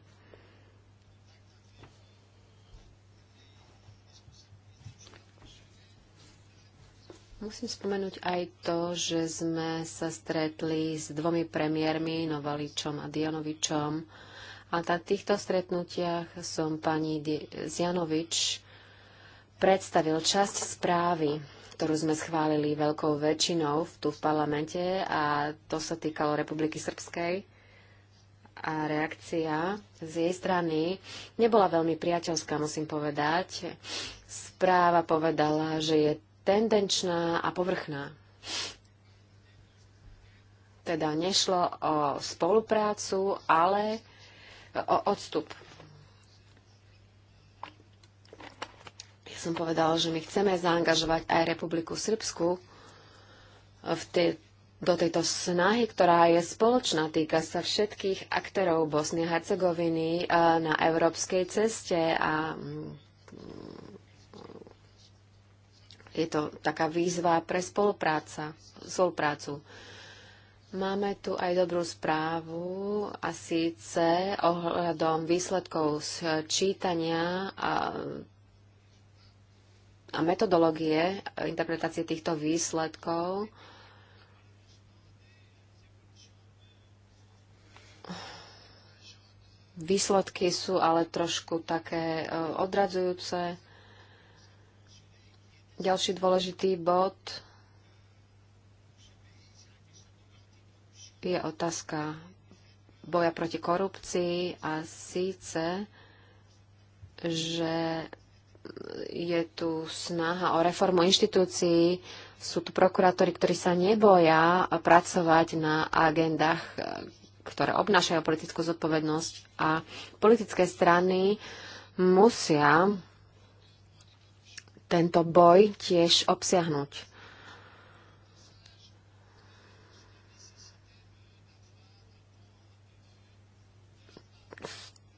Musím spomenúť aj to, že sme sa stretli s dvomi premiérmi, Novaličom a Dianovičom. A na týchto stretnutiach som pani Zianovič predstavil časť správy ktorú sme schválili veľkou väčšinou tu v parlamente a to sa týkalo Republiky Srbskej. A reakcia z jej strany nebola veľmi priateľská, musím povedať. Správa povedala, že je tendenčná a povrchná. Teda nešlo o spoluprácu, ale o odstup som povedal, že my chceme zaangažovať aj Republiku Srbsku v tej, do tejto snahy, ktorá je spoločná, týka sa všetkých aktérov Bosny a Hercegoviny e, na európskej ceste a mm, je to taká výzva pre spolupráca, spoluprácu. Máme tu aj dobrú správu a síce ohľadom výsledkov sčítania a a metodológie interpretácie týchto výsledkov výsledky sú ale trošku také e, odradzujúce. Ďalší dôležitý bod je otázka boja proti korupcii a síce, že je tu snaha o reformu inštitúcií, sú tu prokurátori, ktorí sa neboja pracovať na agendách, ktoré obnášajú politickú zodpovednosť a politické strany musia tento boj tiež obsiahnuť.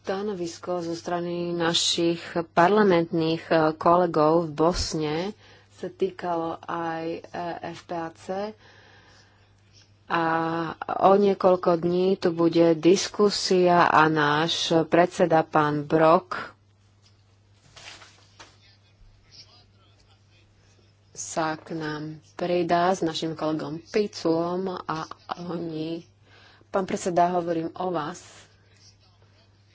stanovisko zo strany našich parlamentných eh, kolegov v Bosne sa týkalo aj eh, FPAC. A o niekoľko dní tu bude diskusia a náš predseda pán Brok sa k nám pridá s našim kolegom Piculom a oni... Pán predseda, hovorím o vás.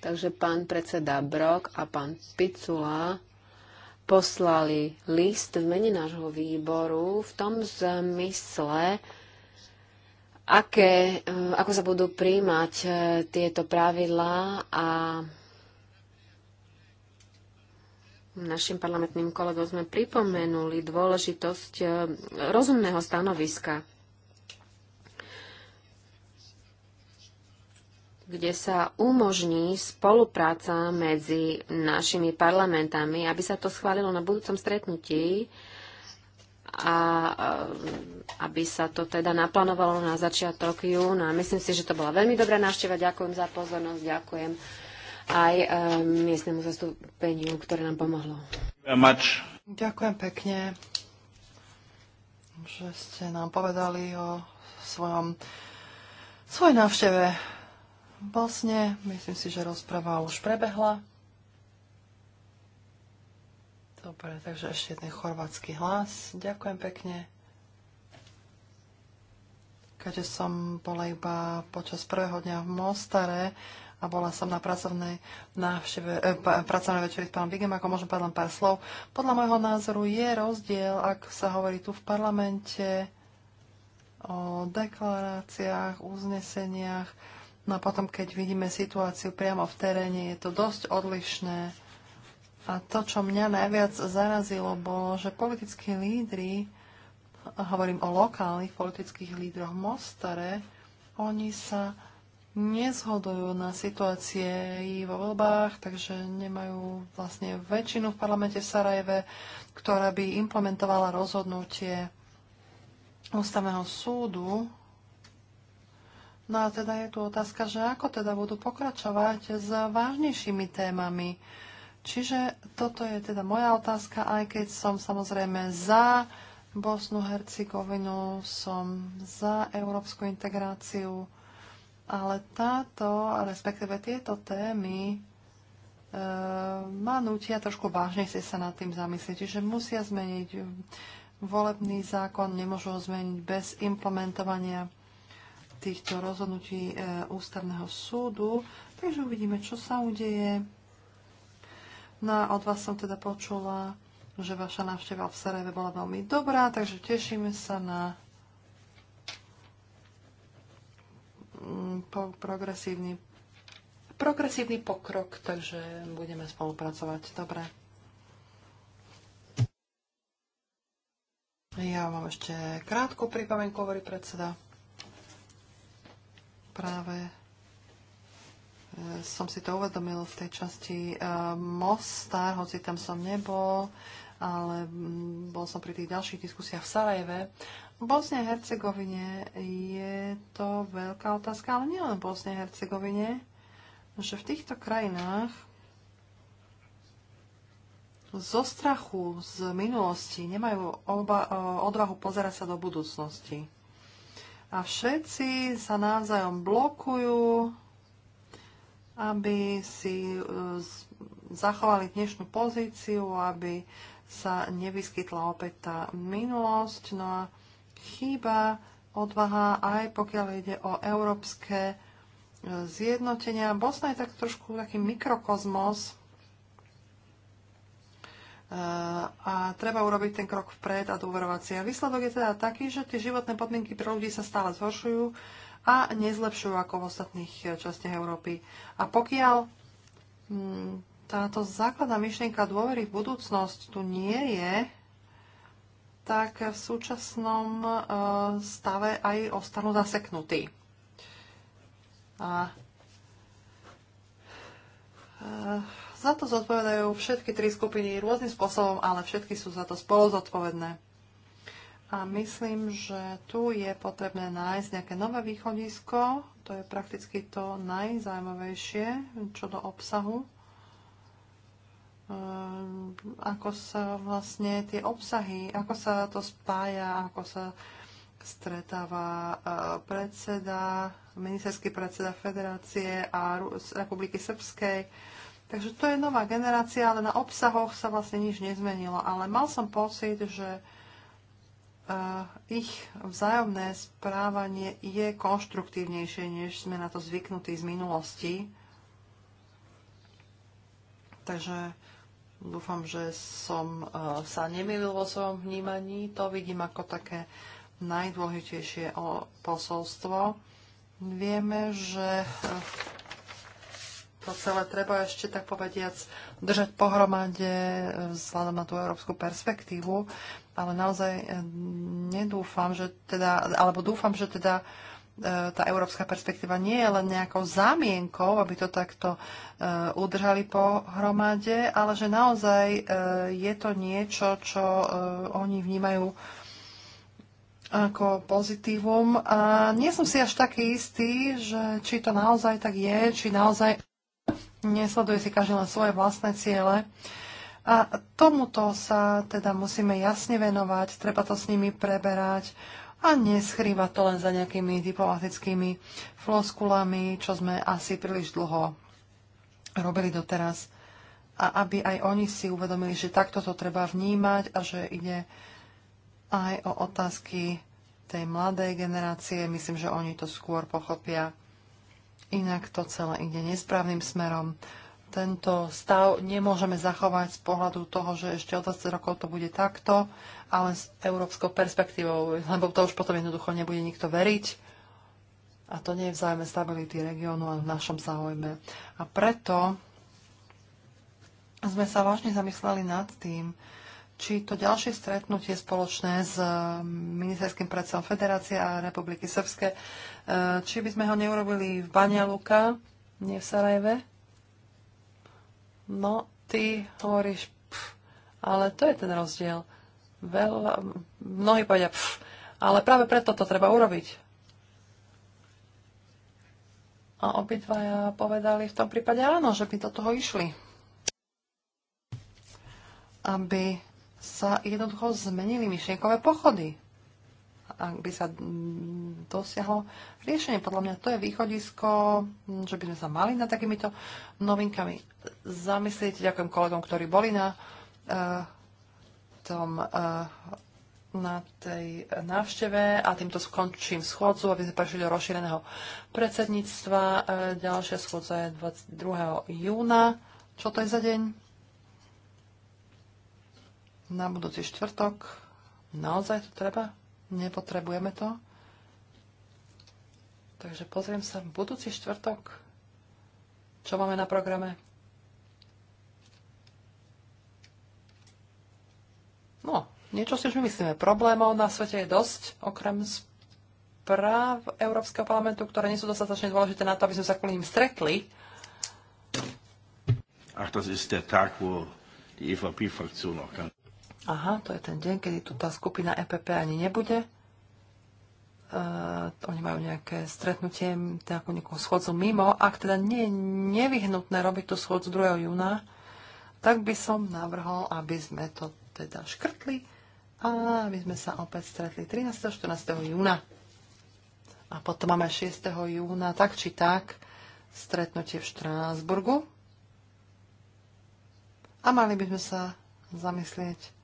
Takže pán predseda Brok a pán Picula poslali list v mene nášho výboru v tom zmysle, aké, eh, ako sa budú príjmať eh, tieto pravidlá a Našim parlamentným kolegom sme pripomenuli dôležitosť eh, rozumného stanoviska. kde sa umožní spolupráca medzi našimi parlamentami, aby sa to schválilo na budúcom stretnutí a eh, aby sa to teda naplánovalo na začiatok júna. Myslím si, že to bola veľmi dobrá návšteva. Ďakujem za pozornosť, ďakujem aj eh, miestnemu zastúpeniu, ktoré nám pomohlo. Ďakujem pekne, že ste nám povedali o svojom, svojej návšteve Bosne. Vlastne, myslím si, že rozprava už prebehla. Dobre, takže ešte jeden chorvátsky hlas. Ďakujem pekne. Keďže som bola iba počas prvého dňa v Mostare a bola som na pracovnej, návšteve, eh, pracovnej večeri s pánom Bigem, ako možno povedať pár slov. Podľa môjho názoru je rozdiel, ak sa hovorí tu v parlamente o deklaráciách, uzneseniach, No a potom, keď vidíme situáciu priamo v teréne, je to dosť odlišné. A to, čo mňa najviac zarazilo, bolo, že politickí lídry, hovorím o lokálnych politických lídroch Mostare, oni sa nezhodujú na situácie i vo voľbách, takže nemajú vlastne väčšinu v parlamente v Sarajeve, ktorá by implementovala rozhodnutie ústavného súdu No a teda je tu otázka, že ako teda budú pokračovať s vážnejšími témami. Čiže toto je teda moja otázka, aj keď som samozrejme za Bosnu, Hercegovinu, som za európsku integráciu, ale táto, respektíve tieto témy e, ma nutia trošku vážnejšie sa nad tým zamyslieť. Čiže musia zmeniť volebný zákon, nemôžu ho zmeniť bez implementovania týchto rozhodnutí e, ústavného súdu. Takže uvidíme, čo sa udeje. No a od vás som teda počula, že vaša návšteva v Sarajeve bola veľmi dobrá, takže tešíme sa na mm, progresívny, progresívny pokrok, takže budeme spolupracovať. Dobre. Ja mám ešte krátku pripomienku, hovorí predseda práve e, som si to uvedomil v tej časti e, Mostar, hoci tam som nebol, ale bol som pri tých ďalších diskusiách v Sarajeve. V Bosne a Hercegovine je to veľká otázka, ale nielen v Bosne a Hercegovine, že v týchto krajinách zo strachu z minulosti nemajú oba, e, odvahu pozerať sa do budúcnosti a všetci sa navzájom blokujú, aby si e, zachovali dnešnú pozíciu, aby sa nevyskytla opäť tá minulosť. No a chýba odvaha aj pokiaľ ide o európske e, zjednotenia. Bosna je tak trošku taký mikrokozmos, Eh, a treba urobiť ten krok vpred a dôverovať si. A výsledok je teda taký, že tie životné podmienky pre ľudí sa stále zhoršujú a nezlepšujú ako v ostatných eh, častiach Európy. A pokiaľ mm, táto základná myšlienka dôvery v budúcnosť tu nie je, tak v súčasnom eh, stave aj ostanú zaseknutí. A za to zodpovedajú všetky tri skupiny rôznym spôsobom, ale všetky sú za to spolu zodpovedné. A myslím, že tu je potrebné nájsť nejaké nové východisko. To je prakticky to najzajímavejšie čo do obsahu. Ehm, ako sa vlastne tie obsahy, ako sa to spája, ako sa stretáva e, predseda, ministerský predseda federácie a Republiky Srbskej Takže to je nová generácia, ale na obsahoch sa vlastne nič nezmenilo. Ale mal som pocit, že uh, ich vzájomné správanie je konštruktívnejšie, než sme na to zvyknutí z minulosti. Takže dúfam, že som uh, sa nemýlil vo svojom vnímaní. To vidím ako také najdôležitejšie posolstvo. Vieme, že eh, to celé treba ešte tak povediac držať pohromade e, vzhľadom na tú európsku perspektívu, ale naozaj e, nedúfam, že teda, alebo dúfam, že teda e, tá európska perspektíva nie je len nejakou zámienkou, aby to takto udržali pohromade, ale že naozaj je to niečo, čo oni vnímajú ako pozitívum. A nie som si až taký istý, že či to naozaj tak je, či naozaj Nesleduje si každý len svoje vlastné ciele. A tomuto sa teda musíme jasne venovať, treba to s nimi preberať a neschrýva to len za nejakými diplomatickými floskulami, čo sme asi príliš dlho robili doteraz. A aby aj oni si uvedomili, že takto to treba vnímať a že ide aj o otázky tej mladej generácie. Myslím, že oni to skôr pochopia. Inak to celé ide nesprávnym smerom. Tento stav nemôžeme zachovať z pohľadu toho, že ešte o 20 rokov to bude takto, ale s európskou perspektívou, lebo to už potom jednoducho nebude nikto veriť. A to nie je v záujme stability regiónu, a v našom záujme. A preto sme sa vážne zamysleli nad tým, či to ďalšie stretnutie spoločné s um, ministerským predsedom Federácie a Republiky Srbske, uh, či by sme ho neurobili v Bania Luka, nie v Sarajeve? No, ty hovoríš, pf, ale to je ten rozdiel. Veľa, mnohí povedia, pf, ale práve preto to treba urobiť. A obidvaja povedali v tom prípade áno, že by do toho išli. Aby sa jednoducho zmenili myšlienkové pochody. Ak by sa mm, dosiahlo riešenie, podľa mňa to je východisko, mm, že by sme sa mali na takýmito novinkami zamyslieť. Ďakujem kolegom, ktorí boli na uh, tom uh, na tej návšteve a týmto skončím schôdzu, aby sme prešli do rozšíreného predsedníctva. Eh, ďalšia schôdza je 22. júna. Čo to je za deň? na budúci štvrtok. Naozaj to treba? Nepotrebujeme to? Takže pozriem sa budúci štvrtok, čo máme na programe. No, niečo si už myslíme. Problémov na svete je dosť, okrem správ Európskeho parlamentu, ktoré nie sú dostatočne dôležité na to, aby sme sa kvôli ním stretli. Ach, das ist der Tag, wo die EVP-Fraktion auch kann. Aha, to je ten deň, kedy tu tá skupina EPP ani nebude. Uh, oni majú nejaké stretnutie, nejakú, nejakú schodzu mimo. Ak teda nie je nevyhnutné robiť tú schodzu 2. júna, tak by som navrhol, aby sme to teda škrtli a aby sme sa opäť stretli 13. a 14. júna. A potom máme 6. júna, tak či tak, stretnutie v Štrásburgu. A mali by sme sa zamyslieť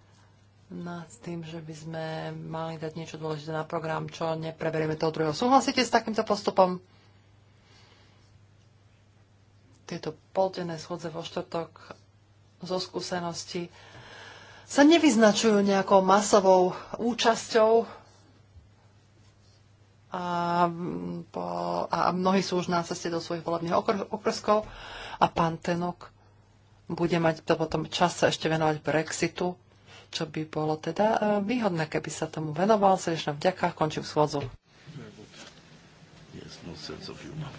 nad tým, že by sme mali dať niečo dôležité na program, čo nepreberieme toho druhého. Súhlasíte s takýmto postupom? Tieto poltené schodze vo štvrtok zo skúsenosti sa nevyznačujú nejakou masovou účasťou a, po, a mnohí sú už na ceste do svojich volebných okr- okrskov a pán Tenok bude mať to potom čas sa ešte venovať Brexitu čo by bolo teda e, výhodné, keby sa tomu venoval. Srdečná vďaka, končím svozu. Yes, no sense of humor.